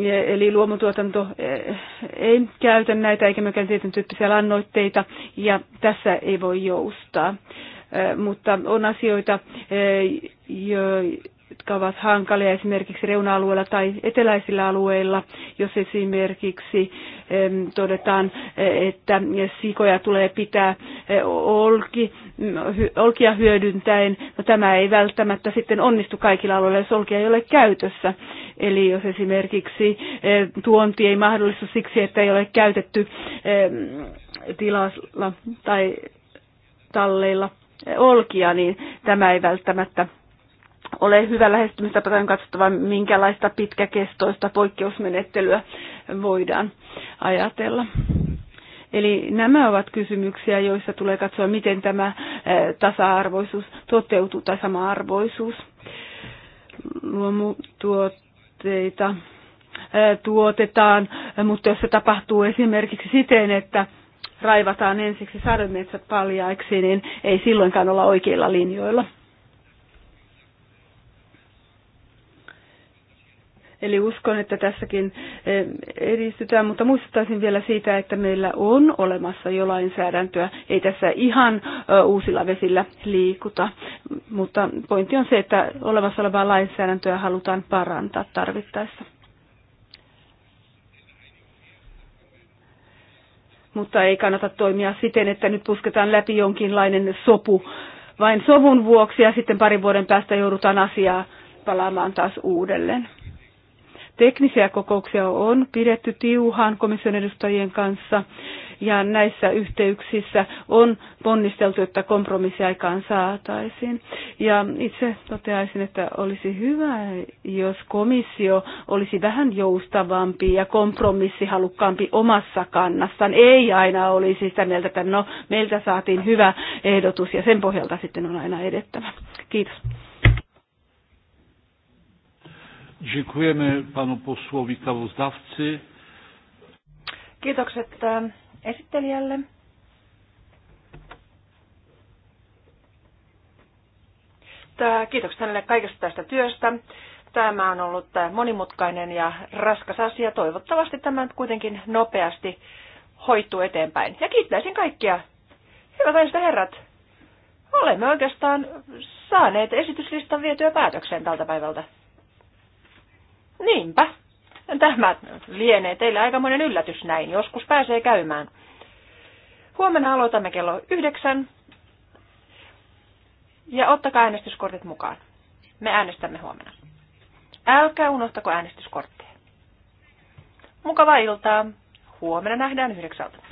Eli luomutuotanto eh, ei käytä näitä eikä myöskään tietyn tyyppisiä lannoitteita ja tässä ei voi joustaa. Eh, mutta on asioita, eh, jotka ovat hankalia esimerkiksi reuna-alueilla tai eteläisillä alueilla, jos esimerkiksi todetaan, eh, että sikoja tulee pitää eh, olki, mm, olkia hyödyntäen. No, tämä ei välttämättä sitten onnistu kaikilla alueilla, jos olkia ei ole käytössä. Eli jos esimerkiksi eh, tuonti ei mahdollista siksi, että ei ole käytetty tilalla tai talleilla olkia, niin tämä ei välttämättä ole hyvä lähestymistapa, on katsottava, minkälaista pitkäkestoista poikkeusmenettelyä voidaan ajatella. Eli nämä ovat kysymyksiä, joissa tulee katsoa, miten tämä tasa-arvoisuus toteutuu tai sama-arvoisuus. Luomutuotteita tuotetaan, mutta jos se tapahtuu esimerkiksi siten, että raivataan ensiksi sademetsät paljaiksi, niin ei silloinkaan olla oikeilla linjoilla. Eli uskon, että tässäkin eh, edistytään, mutta muistuttaisin vielä siitä, että meillä on olemassa jo lainsäädäntöä. Ei tässä ihan eh, uusilla vesillä liikuta, mutta pointti on se, että olemassa olevaa lainsäädäntöä halutaan parantaa tarvittaessa. Mutta ei kannata toimia siten, että nyt pusketaan läpi jonkinlainen sopu vain sovun vuoksi ja sitten parin vuoden päästä joudutaan asiaa palaamaan taas uudelleen. Teknisiä kokouksia on pidetty tiuhaan komission edustajien kanssa ja näissä yhteyksissä on ponnisteltu, että kompromissiaikaan saataisiin. Ja itse toteaisin, että olisi hyvä, jos komissio olisi vähän joustavampi ja kompromissihalukkaampi omassa kannassaan. Ei aina olisi sitä mieltä, että no meiltä saatiin hyvä ehdotus ja sen pohjalta sitten on aina edettävä. Kiitos. Dziękujemy panu posłowi kawozdawcy. Kiitokset e, esittelijälle. Kiitokset hänelle kaikesta tästä työstä. Tämä on ollut e, monimutkainen ja raskas asia. Toivottavasti tämä kuitenkin nopeasti hoituu eteenpäin. Ja kiittäisin kaikkia. Hyvät naiset herrat, olemme oikeastaan saaneet esityslistan vietyä päätökseen tältä päivältä. Niinpä. Tämä lienee teille aikamoinen yllätys näin. Joskus pääsee käymään. Huomenna aloitamme kello yhdeksän. Ja ottakaa äänestyskortit mukaan. Me äänestämme huomenna. Älkää unohtako äänestyskortteja. Mukavaa iltaa. Huomenna nähdään yhdeksältä.